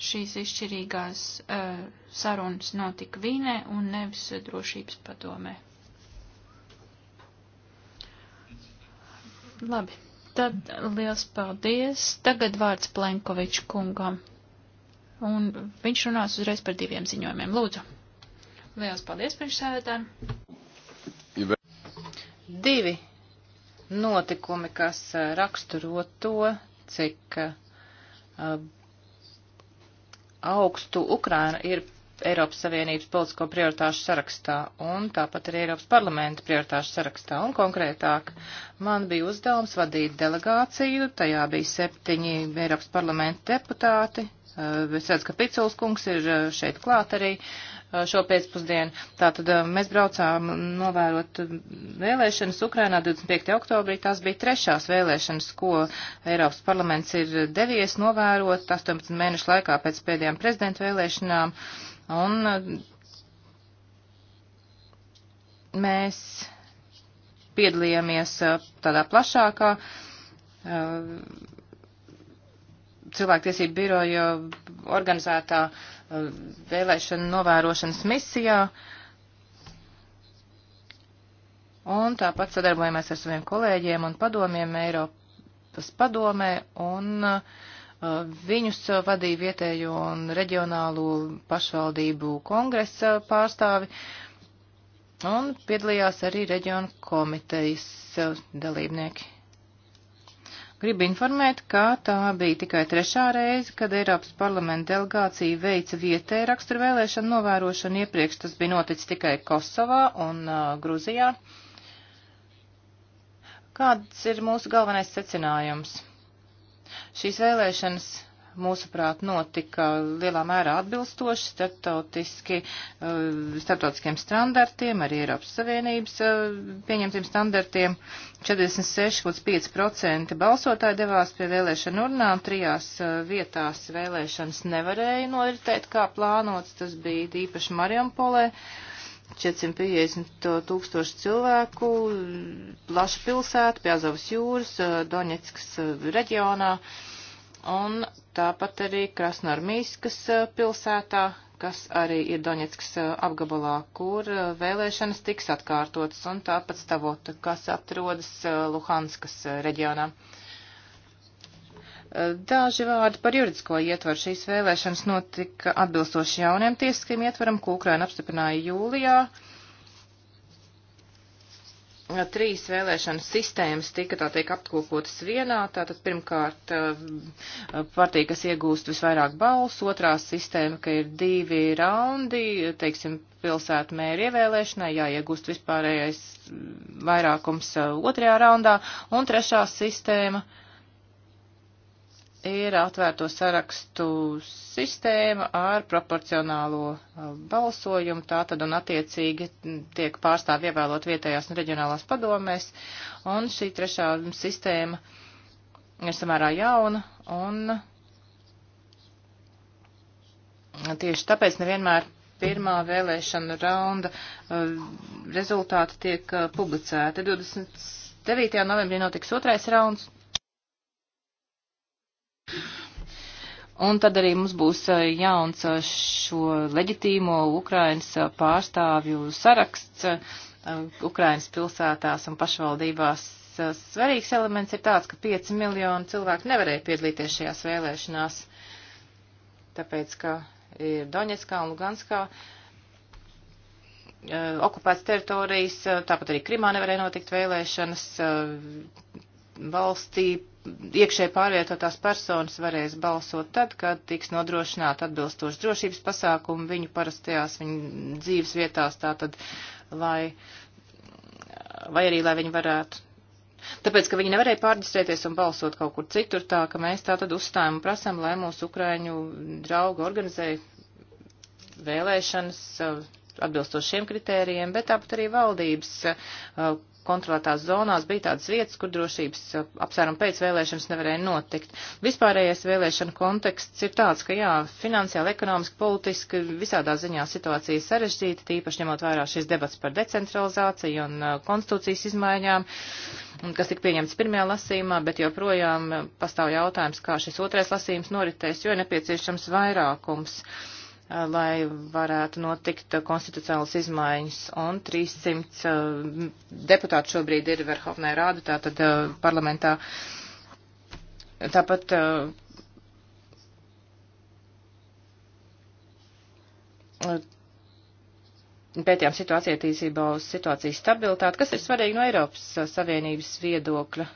šīs izšķirīgās uh, sarunas notika Vīnē un nevis drošības padomē. Labi, tad liels paldies. Tagad vārds Plenkoviču kungam. Un viņš runās uzreiz par diviem ziņojumiem. Lūdzu. Liels paldies priekšsēdētājiem divi notikumi, kas raksturo to, cik uh, augstu Ukraina ir Eiropas Savienības politisko prioritāšu sarakstā un tāpat arī Eiropas parlamenta prioritāšu sarakstā. Un konkrētāk, man bija uzdevums vadīt delegāciju, tajā bija septiņi Eiropas parlamenta deputāti. Es redzu, ka Piculs kungs ir šeit klāt arī. Uh, Uh, šo pēcpusdienu. Tātad uh, mēs braucām novērot uh, vēlēšanas Ukrainā 25. oktobrī. Tās bija trešās vēlēšanas, ko Eiropas parlaments ir devies novērot 18 mēnešu laikā pēc pēdējām prezidenta vēlēšanām. Un mēs piedalījāmies tādā plašākā cilvēktiesību biroja organizētā uh, Uh, vēlēšana novērošanas misijā. Un tāpat sadarbojamies ar saviem kolēģiem un padomiem Eiropas padomē un uh, Viņus vadīja vietējo un reģionālo pašvaldību kongresa pārstāvi un piedalījās arī reģionu komitejas dalībnieki. Gribu informēt, ka tā bija tikai trešā reize, kad Eiropas parlamenta delegācija veica vietēju raksturu vēlēšanu novērošanu. Iepriekš tas bija noticis tikai Kosovā un uh, Gruzijā. Kāds ir mūsu galvenais secinājums? Šīs vēlēšanas mūsuprāt, notika lielā mērā atbilstoši eh, starptautiskiem standartiem, arī Eiropas Savienības eh, pieņemtiem standartiem. 46,5% balsotāji devās pie vēlēšanu urnām, trijās eh, vietās vēlēšanas nevarēja noritēt kā plānots, tas bija īpaši Marijampolē. 450 tūkstoši cilvēku, plaša pilsēta pie Azovas jūras, Doņetskas reģionā. Uh, un tāpat arī Krasnormīskas eh, pilsētā, kas arī ir Doņetskas eh, apgabalā, kur eh, vēlēšanas tiks atkārtotas, un tāpat Stavota, kas atrodas Luhanskas reģionā. Daži vārdi par juridisko ietvaru. Šīs vēlēšanas notika atbilstoši jauniem tiesiskiem ietvaram, ko Ukraina apstiprināja jūlijā. Uh, trīs vēlēšanu sistēmas tika tā teikt apkopotas vienā. Tātad pirmkārt eh, partija, kas iegūst visvairāk balsu, otrā sistēma, ka ir divi raundi, teiksim, pilsētu mēri ievēlēšanai, jāiegūst vispārējais mm, vairākums eh, otrajā raundā, un trešā sistēma. Uh, ir atvērto sarakstu sistēma ar proporcionālo uh, balsojumu, tā tad un attiecīgi tiek pārstāv ievēlot vietējās un reģionālās padomēs, un šī trešā sistēma ir samērā jauna, un tieši tāpēc nevienmēr pirmā vēlēšana raunda uh, rezultāti tiek uh, publicēti. 29. novembrī notiks otrais rauns Un tad arī mums būs jauns šo leģitīmo Ukrainas pārstāvju saraksts Ukrainas pilsētās un pašvaldībās. Svarīgs elements ir tāds, ka 5 miljoni cilvēku nevarēja piedalīties šajās vēlēšanās, tāpēc, ka ir Doņetskā un Luganskā okupēts teritorijas, tāpat arī Krimā nevarēja notikt vēlēšanas valstī iekšē pārvietotās personas varēs balsot tad, kad tiks nodrošināta atbilstoši drošības pasākumi viņu parastajās viņu dzīves vietās, tātad, lai, vai arī, lai viņi varētu. Tāpēc, ka viņi nevarēja pārģistrēties un balsot kaut kur citur, tā ka mēs tātad uzstājam un prasam, lai mūsu ukraiņu draugi organizē vēlēšanas uh, atbilstoši šiem kritērijiem, bet tāpat arī valdības uh, kontrolētās zonās bija tādas vietas, kur drošības eh, apsvērumu pēc vēlēšanas nevarēja notikt. Vispārējais vēlēšana konteksts ir tāds, ka jā, finansiāli, ekonomiski, politiski visādā ziņā situācija ir sarežģīta, tīpaši ņemot vērā šīs debats par decentralizāciju un eh, konstitūcijas izmaiņām kas tika pieņemts pirmajā lasījumā, bet joprojām eh, pastāv jautājums, kā šis otrais lasījums noritēs, jo ir nepieciešams vairākums. Uh, Uh, lai varētu notikt konstitucionālas izmaiņas. Un 300 uh, deputāti šobrīd ir Verhovnē rādu, tātad uh, parlamentā. Tāpat pētījām situāciju attīstībā uz situācijas stabilitāti, kas ir svarīgi no Eiropas Savienības viedokļa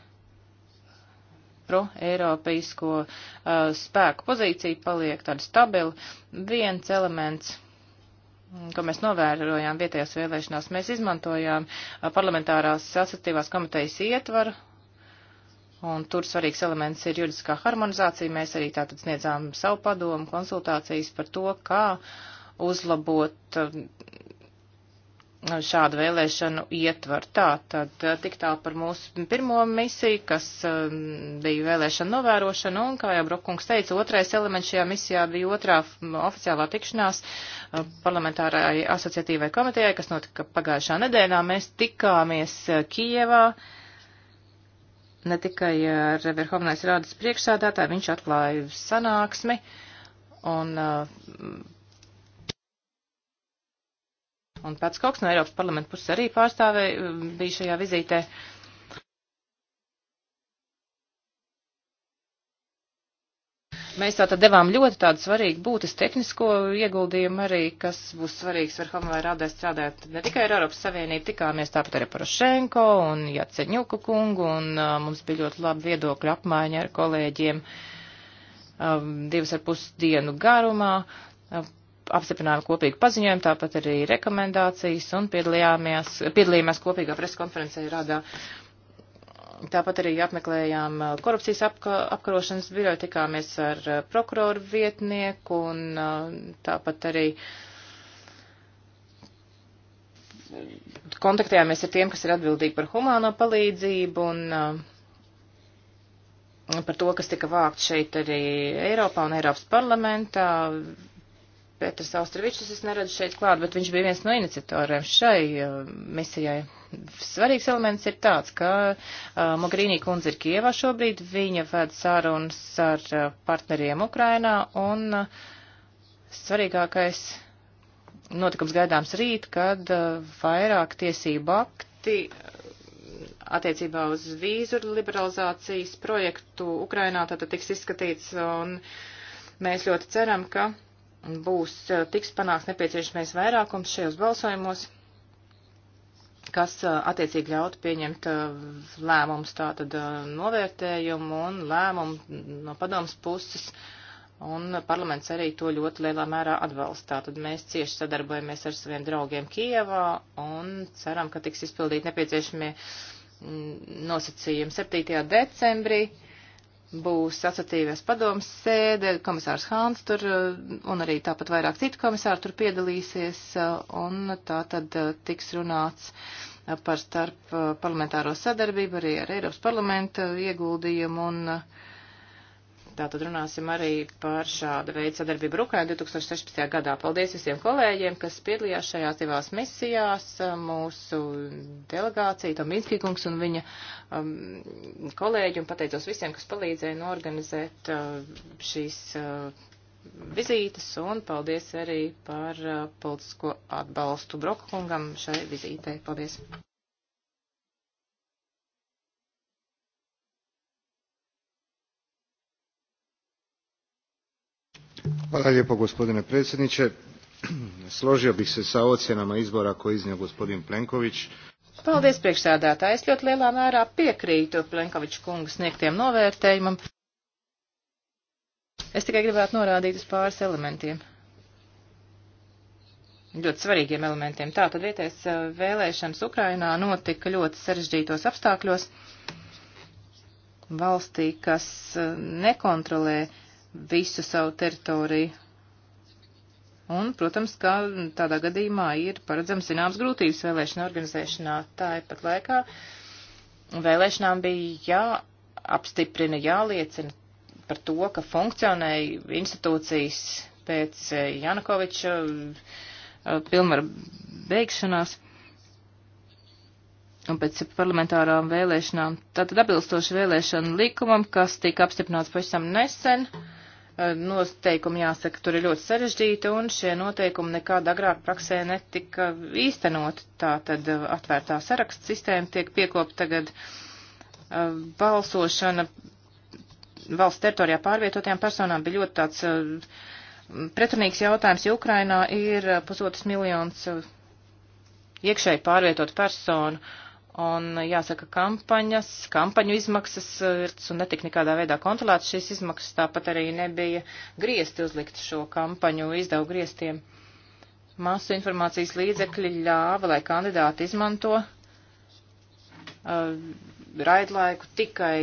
proeiropeisko uh, spēku pozīcija paliek tāda stabila. Viens elements, mm, ko mēs novērojām vietējās vēlēšanās, mēs izmantojām uh, parlamentārās asatīvās komitejas ietvaru. Un tur svarīgs elements ir juridiskā harmonizācija. Mēs arī tātad sniedzām savu padomu, konsultācijas par to, kā uzlabot uh, šādu vēlēšanu ietvaru. Tā tad eh, tik tālu par mūsu pirmo misiju, kas um, bija vēlēšana novērošana, un, kā jau Brokungs teica, otrais elements šajā misijā bija otrā oficiālā tikšanās uh, parlamentārai asociatīvai komitejai, kas notika pagājušā nedēļā. Mēs tikāmies uh, Kijevā. Ne tikai ar Verhovnais rādas priekšsādātāju, viņš atklāja sanāksmi, un uh, un pats Koks no Eiropas parlamenta puses arī pārstāvēja, um, bija šajā vizītē. Mēs tātad devām ļoti tādu svarīgu būtis tehnisko ieguldījumu arī, kas būs svarīgs var Hamlai rādē strādāt ne tikai ar Eiropas Savienību, tikāmies tāpat arī Porošenko un Jaceņuku kungu, un uh, mums bija ļoti laba viedokļa apmaiņa ar kolēģiem um, divas ar pus dienu garumā. Uh, apstiprinājām kopīgu paziņojumu, tāpat arī rekomendācijas un piedalījāmies kopīgā preskonferencē radā. Tāpat arī apmeklējām uh, korupcijas apka, apkarošanas biroju, tikāmies ar uh, prokuroru vietnieku un uh, tāpat arī kontaktējāmies ar tiem, kas ir atbildīgi par humāno palīdzību un uh, par to, kas tika vākt šeit arī Eiropā un Eiropas parlamentā. Pēters Austravičs, es neredzu šeit klāt, bet viņš bija viens no iniciatoriem šai uh, misijai. Svarīgs elements ir tāds, ka uh, Mogrīnī kundze ir Kievā šobrīd, viņa ved sarunas ar uh, partneriem Ukrainā un uh, svarīgākais notikums gaidāms rīt, kad uh, vairāk tiesību akti uh, attiecībā uz vīzu liberalizācijas projektu Ukrainā tātad tiks izskatīts, un mēs ļoti ceram, ka būs, tiks panāks nepieciešamais vairākums šajos balsojumos, kas attiecīgi ļautu pieņemt lēmumus, tātad novērtējumu un lēmumu no padomas puses, un parlaments arī to ļoti lielā mērā atbalsta. Tātad mēs cieši sadarbojamies ar saviem draugiem Kievā un ceram, ka tiks izpildīt nepieciešamie mm, nosacījumi 7. decembrī būs asociatīvās padomas sēde, komisārs Hāns tur eh, un arī tāpat vairāk citu komisāru tur piedalīsies eh, un tā tad eh, tiks runāts par starp parlamentāro sadarbību arī ar Eiropas parlamenta ieguldījumu un uh, Tātad runāsim arī par šādu veidu sadarbību Rukai 2016. gadā. Paldies visiem kolēģiem, kas piedalījās šajās divās misijās. Mūsu delegācija, Tom Inskīkungs un viņa um, kolēģi, un pateicos visiem, kas palīdzēja norganizēt uh, šīs uh, vizītes, un paldies arī par uh, politisko atbalstu Brokkungam šai vizītei. Paldies! Hvala lijepo gospodine predsjedniče. Složio bih se sa ocjenama izbora koje iznio gospodin Plenković. Paldies, priekšsēdētāji. Es ļoti lielā mērā piekrītu Plenkoviča kungas sniegtiem novērtējumam. Es tikai gribētu norādīt uz pāris elementiem. Ļoti svarīgiem elementiem. Tā tad vietēs eh, vēlēšanas Ukrainā notika ļoti sarežģītos apstākļos valstī, kas eh, nekontrolē visu savu teritoriju. Un, protams, kā tādā gadījumā ir paredzams zināms grūtības vēlēšana organizēšanā. Tāpat laikā vēlēšanām bija jāapstiprina, jāliecina par to, ka funkcionēja institūcijas pēc eh, Janukoviča eh, pilnvaru beigšanās un pēc parlamentārām vēlēšanām. Tātad atbilstoši vēlēšanu likumam, kas tika apstiprināts pavisam nesen. Uh, noteikumi jāsaka tur ir ļoti sarežģīti, un šie noteikumi nekad agrāk praksē netika īstenot. Tā tad uh, atvērtā saraksta sistēma tiek piekopa tagad uh, balsošana valsts teritorijā pārvietotajām personām bija ļoti tāds uh, pretrunīgs jautājums, jo Ukrainā ir pusotras miljonas iekšēji pārvietotu personu, Un jāsaka, kampaņas, kampaņu izmaksas eh, un netika nekādā veidā kontrolēts šīs izmaksas, tāpat arī nebija griezti uzlikt šo kampaņu izdevu grieztiem. Masu informācijas līdzekļi ļāva, lai kandidāti izmanto uh, raidlaiku tikai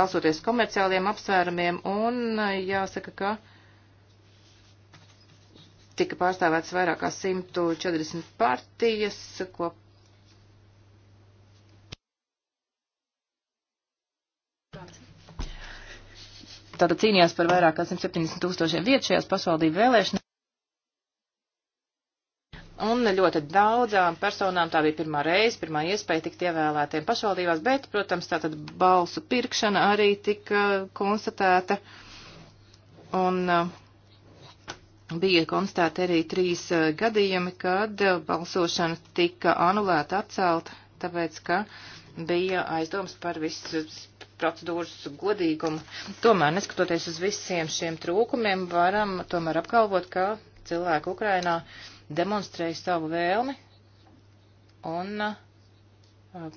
balsoties komerciāliem apsvērumiem un uh, jāsaka, ka tika pārstāvētas vairāk kā 140 partijas, ko tātad cīnījās par vairāk kā 170 tūkstošiem vietu šajās pašvaldību vēlēšanās. Un ļoti daudzām personām tā bija pirmā reize, pirmā iespēja tikt ievēlētiem pašvaldībās, bet, protams, tātad balsu pirkšana arī tika konstatēta. Un uh, bija konstatēti arī trīs eh, gadījumi, kad eh, balsošana tika anulēta, atcelta, tāpēc, ka bija aizdoms par visas procedūras godīgumu. Tomēr, neskatoties uz visiem šiem trūkumiem, varam tomēr apgalvot, ka cilvēki Ukrainā demonstrēja savu vēlmi un eh,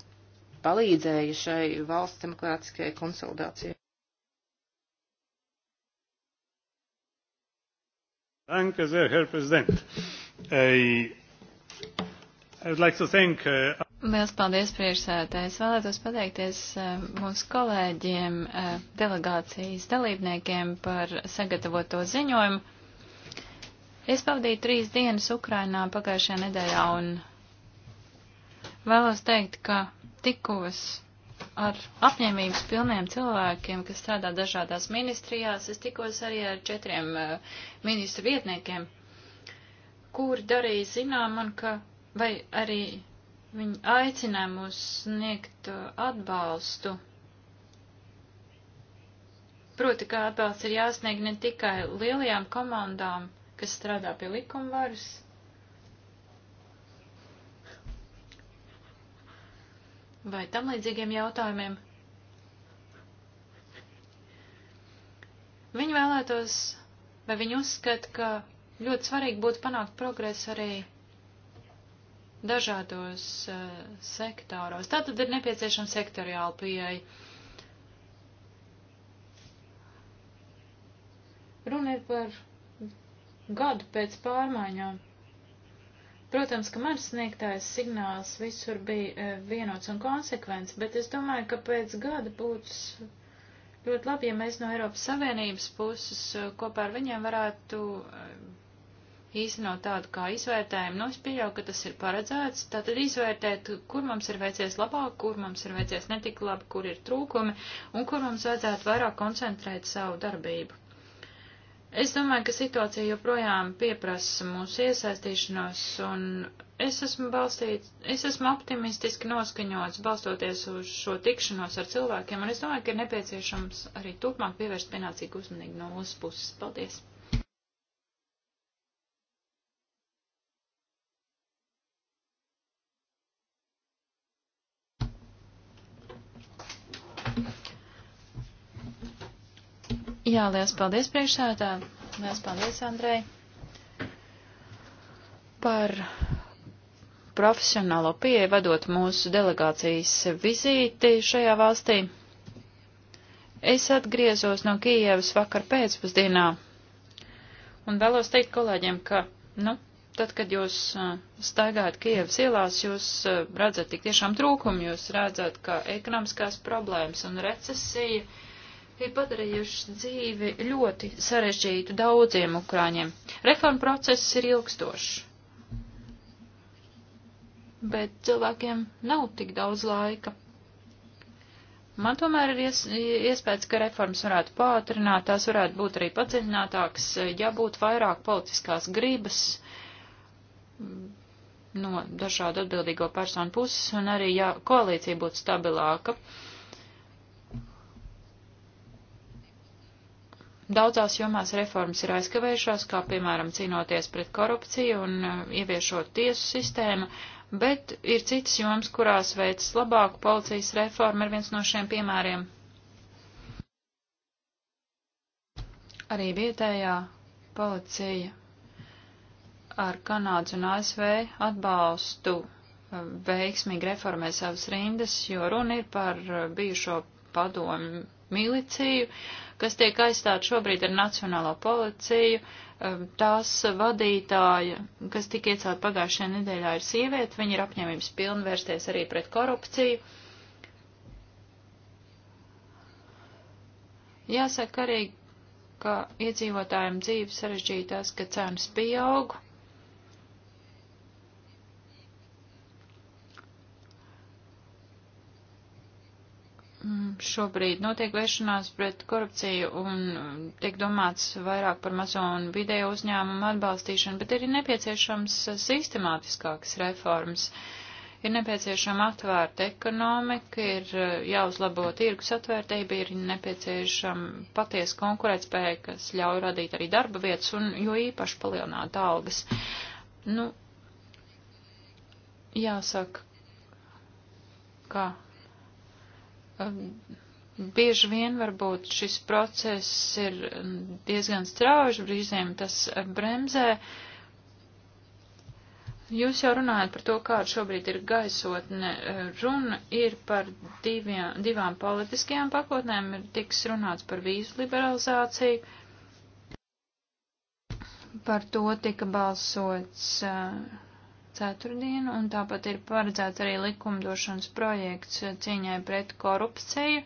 palīdzēja šai valsts demokrātiskajai konsolidācijai. Danke sehr, Herr Präsident. Äh, I... Like thank, uh... Liels paldies, priekšsēdētājs. Vēlētos pateikties uh, mūsu kolēģiem, uh, delegācijas dalībniekiem par sagatavoto ziņojumu. Es pavadīju trīs dienas Ukrainā pagājušajā nedēļā un vēlos teikt, ka tikos ar apņēmības pilniem cilvēkiem, kas strādā dažādās ministrijās. Es tikos arī ar četriem eh, ministru vietniekiem, kuri darīja zinām man, ka vai arī viņi aicināja mūs sniegt eh, atbalstu. Proti, ka atbalsts ir jāsniegt ne tikai lielajām komandām, kas strādā pie likumvaras, vai tam līdzīgiem jautājumiem. Viņi vēlētos, vai viņi uzskata, ka ļoti svarīgi būtu panākt progresu arī dažādos uh, sektoros. Tātad ir nepieciešama sektoriāla pieeja. Runa ir par gadu pēc pārmaiņām. Protams, ka man sniegtājs signāls visur bija e, vienots un konsekvents, bet es domāju, ka pēc gada būtu ļoti labi, ja mēs no Eiropas Savienības puses e, kopā ar viņiem varētu e, īstenot tādu kā izvērtējumu. Nu, es pieļauju, ka tas ir paredzēts. Tātad izvērtēt, kur mums ir veicies labāk, kur mums ir veicies netik labi, kur ir trūkumi un kur mums vajadzētu vairāk koncentrēt savu darbību. Es domāju, ka situācija joprojām pieprasa mūsu iesaistīšanos, un es esmu balstīts, es esmu optimistiski noskaņots, balstoties uz šo tikšanos ar cilvēkiem, un es domāju, ka ir nepieciešams arī turpmāk pievērst pienācīgu uzmanību no mūsu puses. Paldies! Jā, liels paldies priekšsēdā. Liels paldies, Andrei, par profesionālo pieeju vadot mūsu delegācijas vizīti šajā valstī. Es atgriezos no Kijevas vakar pēcpusdienā un vēlos teikt kolēģiem, ka, nu, tad, kad jūs staigājat Kievas ielās, jūs redzat tik tiešām trūkumu, jūs redzat, ka ekonomiskās problēmas un recesija ir padarījušas dzīvi ļoti sarežģītu daudziem ukrāņiem. Reforma process ir ilgstošs, bet cilvēkiem nav tik daudz laika. Man tomēr ir ies, iespējas, ka reformas varētu pātrināt, tās varētu būt arī padziļinātākas, ja būtu vairāk politiskās gribas no dažādu atbildīgo personu puses, un arī, ja koalīcija būtu stabilāka. Uh, Daudzās jomās reformas ir aizkavējušās, kā piemēram cīnoties pret korupciju un uh, ieviešot tiesu sistēmu, bet ir citas jomas, kurās veids labāku policijas reformu ir viens no šiem piemēriem. Arī vietējā policija ar Kanādas un ASV atbalstu uh, veiksmīgi reformē savas rindas, jo runa ir par uh, bijušo padomu miliciju, kas tiek aizstāt šobrīd ar Nacionālo policiju. Um, tās vadītāja, kas tika iecelt pagājušajā nedēļā, ir sieviete. Viņa ir apņēmības pilna vērsties arī pret korupciju. Jāsaka arī, ka iedzīvotājiem dzīves sarežģītās, ka cenas pieauga. Mm, šobrīd notiek vēršanās pret korupciju un mm, tiek domāts vairāk par mazo un vidēju uzņēmumu atbalstīšanu, bet ir nepieciešams sistemātiskākas reformas. Ir nepieciešama atvērta ekonomika, ir mm, jāuzlabo tirgus atvērtība, ir nepieciešama patiesa konkurētspēja, kas ļauj radīt arī darba vietas un jo īpaši palielināt algas. Nu, jāsaka, ka Ehm, bieži vien varbūt šis process ir ehm, diezgan strauji, brīžiem tas ehm, bremzē. Jūs jau runājat par to, kāda šobrīd ir gaisotne. Runa ir par diviem, divām politiskajām pakotnēm, ir tiks runāts par vīzu liberalizāciju. Par to tika balsots. Uh, ceturtdienu, un tāpat ir paredzēts arī likumdošanas projekts cīņai pret korupciju.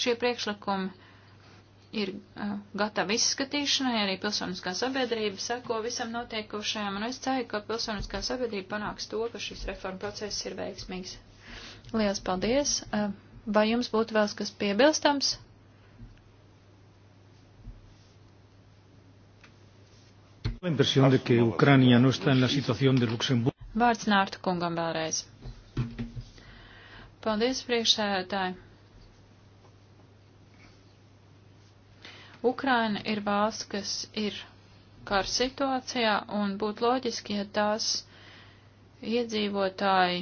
Šie priekšlikumi ir uh, gatavi izskatīšanai, arī pilsoniskā sabiedrība seko visam notiekošajam, un es ceru, ka pilsoniskā sabiedrība panāks to, ka šis reforma process ir veiksmīgs. Lielas paldies! Uh, vai jums būtu vēl kas piebilstams? La impresión de que Ucrania no está en la situación de Luxemburgo. Vārds Nārta kungam vēlreiz. Paldies, priekšsēdētāji. Ukraina ir valsts, kas ir kara situācijā, un būtu loģiski, ja tās iedzīvotāji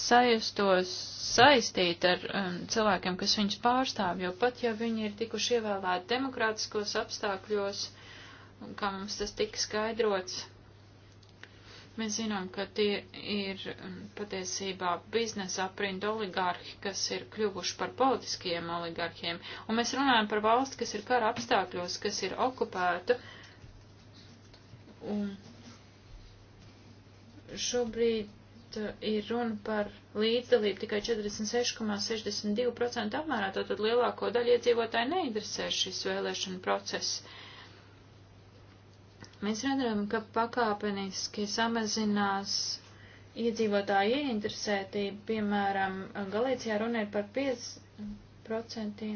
sajustos saistīti ar um, cilvēkiem, kas viņus pārstāv, jo pat ja viņi ir tikuši ievēlēti demokrātiskos apstākļos, kā mums tas tika skaidrots, Mēs zinām, ka tie ir um, patiesībā biznesa aprinda oligārhi, kas ir kļuvuši par politiskiem oligarhiem. Un mēs runājam par valsti, kas ir kara apstākļos, kas ir okupēta. Un šobrīd uh, ir runa par līdzdalību tikai 46,62% apmērā, tātad lielāko daļu iedzīvotāju neinteresē šis vēlēšana process. Mēs redzam, ka pakāpeniski samazinās iedzīvotāju ieinteresētība, piemēram, Galīcijā runa ir par 5%.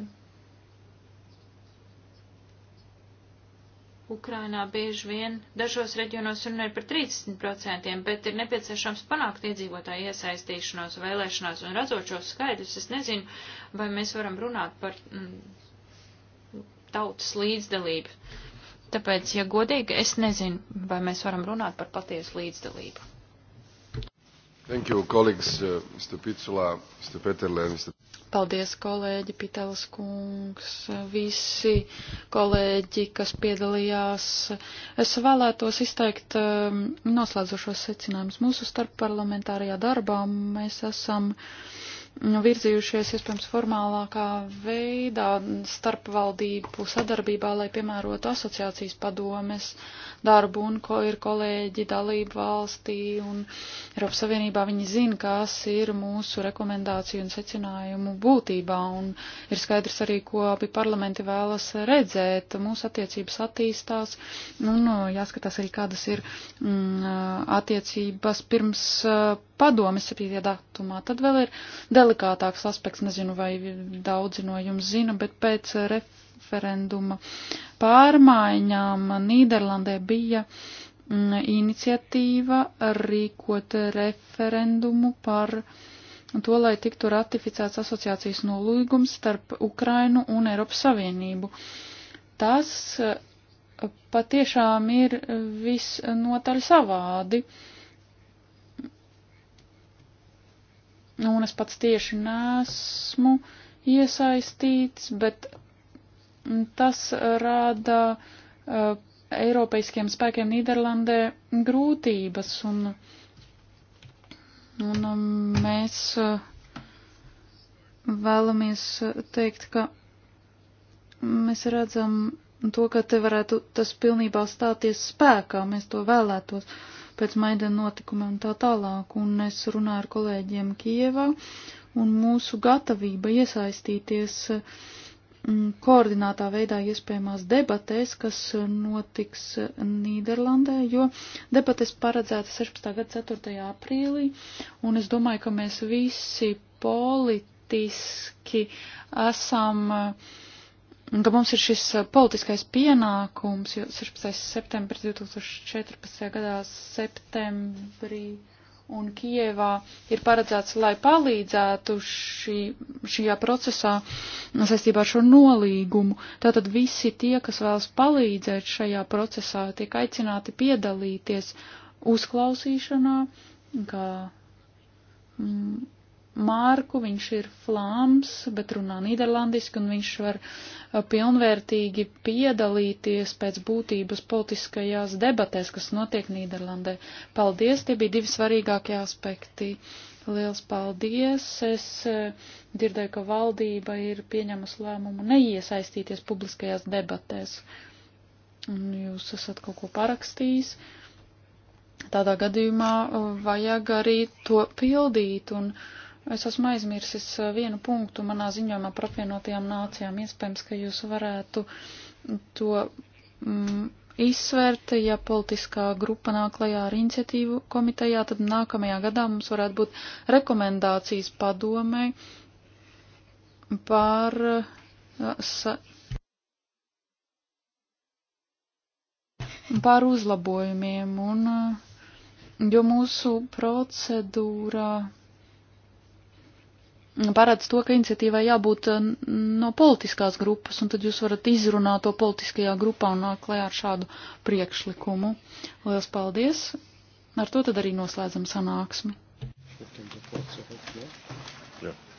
Ukrainā bieži vien dažos reģionos runa ir par 30%, bet ir nepieciešams panākt iedzīvotāju iesaistīšanos vēlēšanās un redzot šos skaidrus, es nezinu, vai mēs varam runāt par mm, tautas līdzdalību. Tāpēc, ja godīgi, es nezinu, vai mēs varam runāt par patiesu līdzdalību. Thank you, colleagues, uh, Mr. Pitsula, Mr. Peterle, Mr. Paldies, kolēģi, Pitēlis kungs, visi kolēģi, kas piedalījās. Es vēlētos izteikt um, noslēdzošos secinājumus. Mūsu starpparlamentārajā darbā mēs esam uh, Nu, virzījušies, iespējams, formālākā veidā starpvaldību sadarbībā, lai piemērotu asociācijas padomes darbu un ko ir kolēģi dalību valstī un Eiropas Savienībā. Viņi zina, kas ir mūsu rekomendāciju un secinājumu būtībā un ir skaidrs arī, ko abi parlamenti vēlas redzēt. Mūsu attiecības attīstās un nu, jāskatās arī, kādas ir mm, attiecības pirms. Uh, padomes 7. datumā. Tad vēl ir delikātāks aspekts, nezinu, vai daudzi no jums zina, bet pēc referenduma pārmaiņām Nīderlandē bija mm, iniciatīva rīkot referendumu par to, lai tiktu ratificēts asociācijas nolīgums starp Ukrainu un Eiropas Savienību. Tas eh, patiešām ir visnotaļ savādi. Uh, un es pats tieši nesmu iesaistīts, bet tas rada uh, eh, Eiropaiskiem spēkiem Nīderlandē grūtības, un, un um, mēs eh, vēlamies teikt, ka mēs redzam to, ka te varētu tas pilnībā stāties spēkā, mēs to vēlētos. Uh, pēc Maidana notikumiem un tā tālāk. Un es runāju ar kolēģiem Kievā, un mūsu gatavība iesaistīties mm, koordinātā veidā iespējamās debatēs, kas notiks Nīderlandē, jo debates paredzēta 16. gada 4. aprīlī, un es domāju, ka mēs visi politiski esam uh, un ka mums ir šis politiskais pienākums, jo 16. septembris 2014. gadā septembrī un Kievā ir paredzēts, lai palīdzētu šī, šajā procesā saistībā ar šo nolīgumu. Tātad visi tie, kas vēlas palīdzēt šajā procesā, tiek aicināti piedalīties uzklausīšanā, kā mm, Mārku, viņš ir flāms, bet runā nīderlandiski, un viņš var uh, pilnvērtīgi piedalīties pēc būtības politiskajās debatēs, kas notiek Nīderlandē. Paldies, tie bija divi svarīgākie aspekti. Liels paldies! Es uh, dzirdēju, ka valdība ir pieņemusi lēmumu neiesaistīties publiskajās debatēs. Un jūs esat kaut ko parakstījis. Tādā gadījumā uh, vajag arī to pildīt un uh, Es esmu aizmirsis eh, vienu punktu manā ziņojumā par apvienotajām nācijām. Iespējams, ka jūs varētu to mm, izsvērt, ja politiskā grupa nāk lajā ar iniciatīvu komitejā, tad nākamajā gadā mums varētu būt rekomendācijas padomē par eh, sa, par uzlabojumiem, un, eh, jo mūsu procedūra parāds to, ka iniciatīvai jābūt eh, no politiskās grupas, un tad jūs varat izrunāt to politiskajā grupā un nāk klajā ar šādu priekšlikumu. Lielas paldies! Ar to tad arī noslēdzam sanāksmi. Yeah.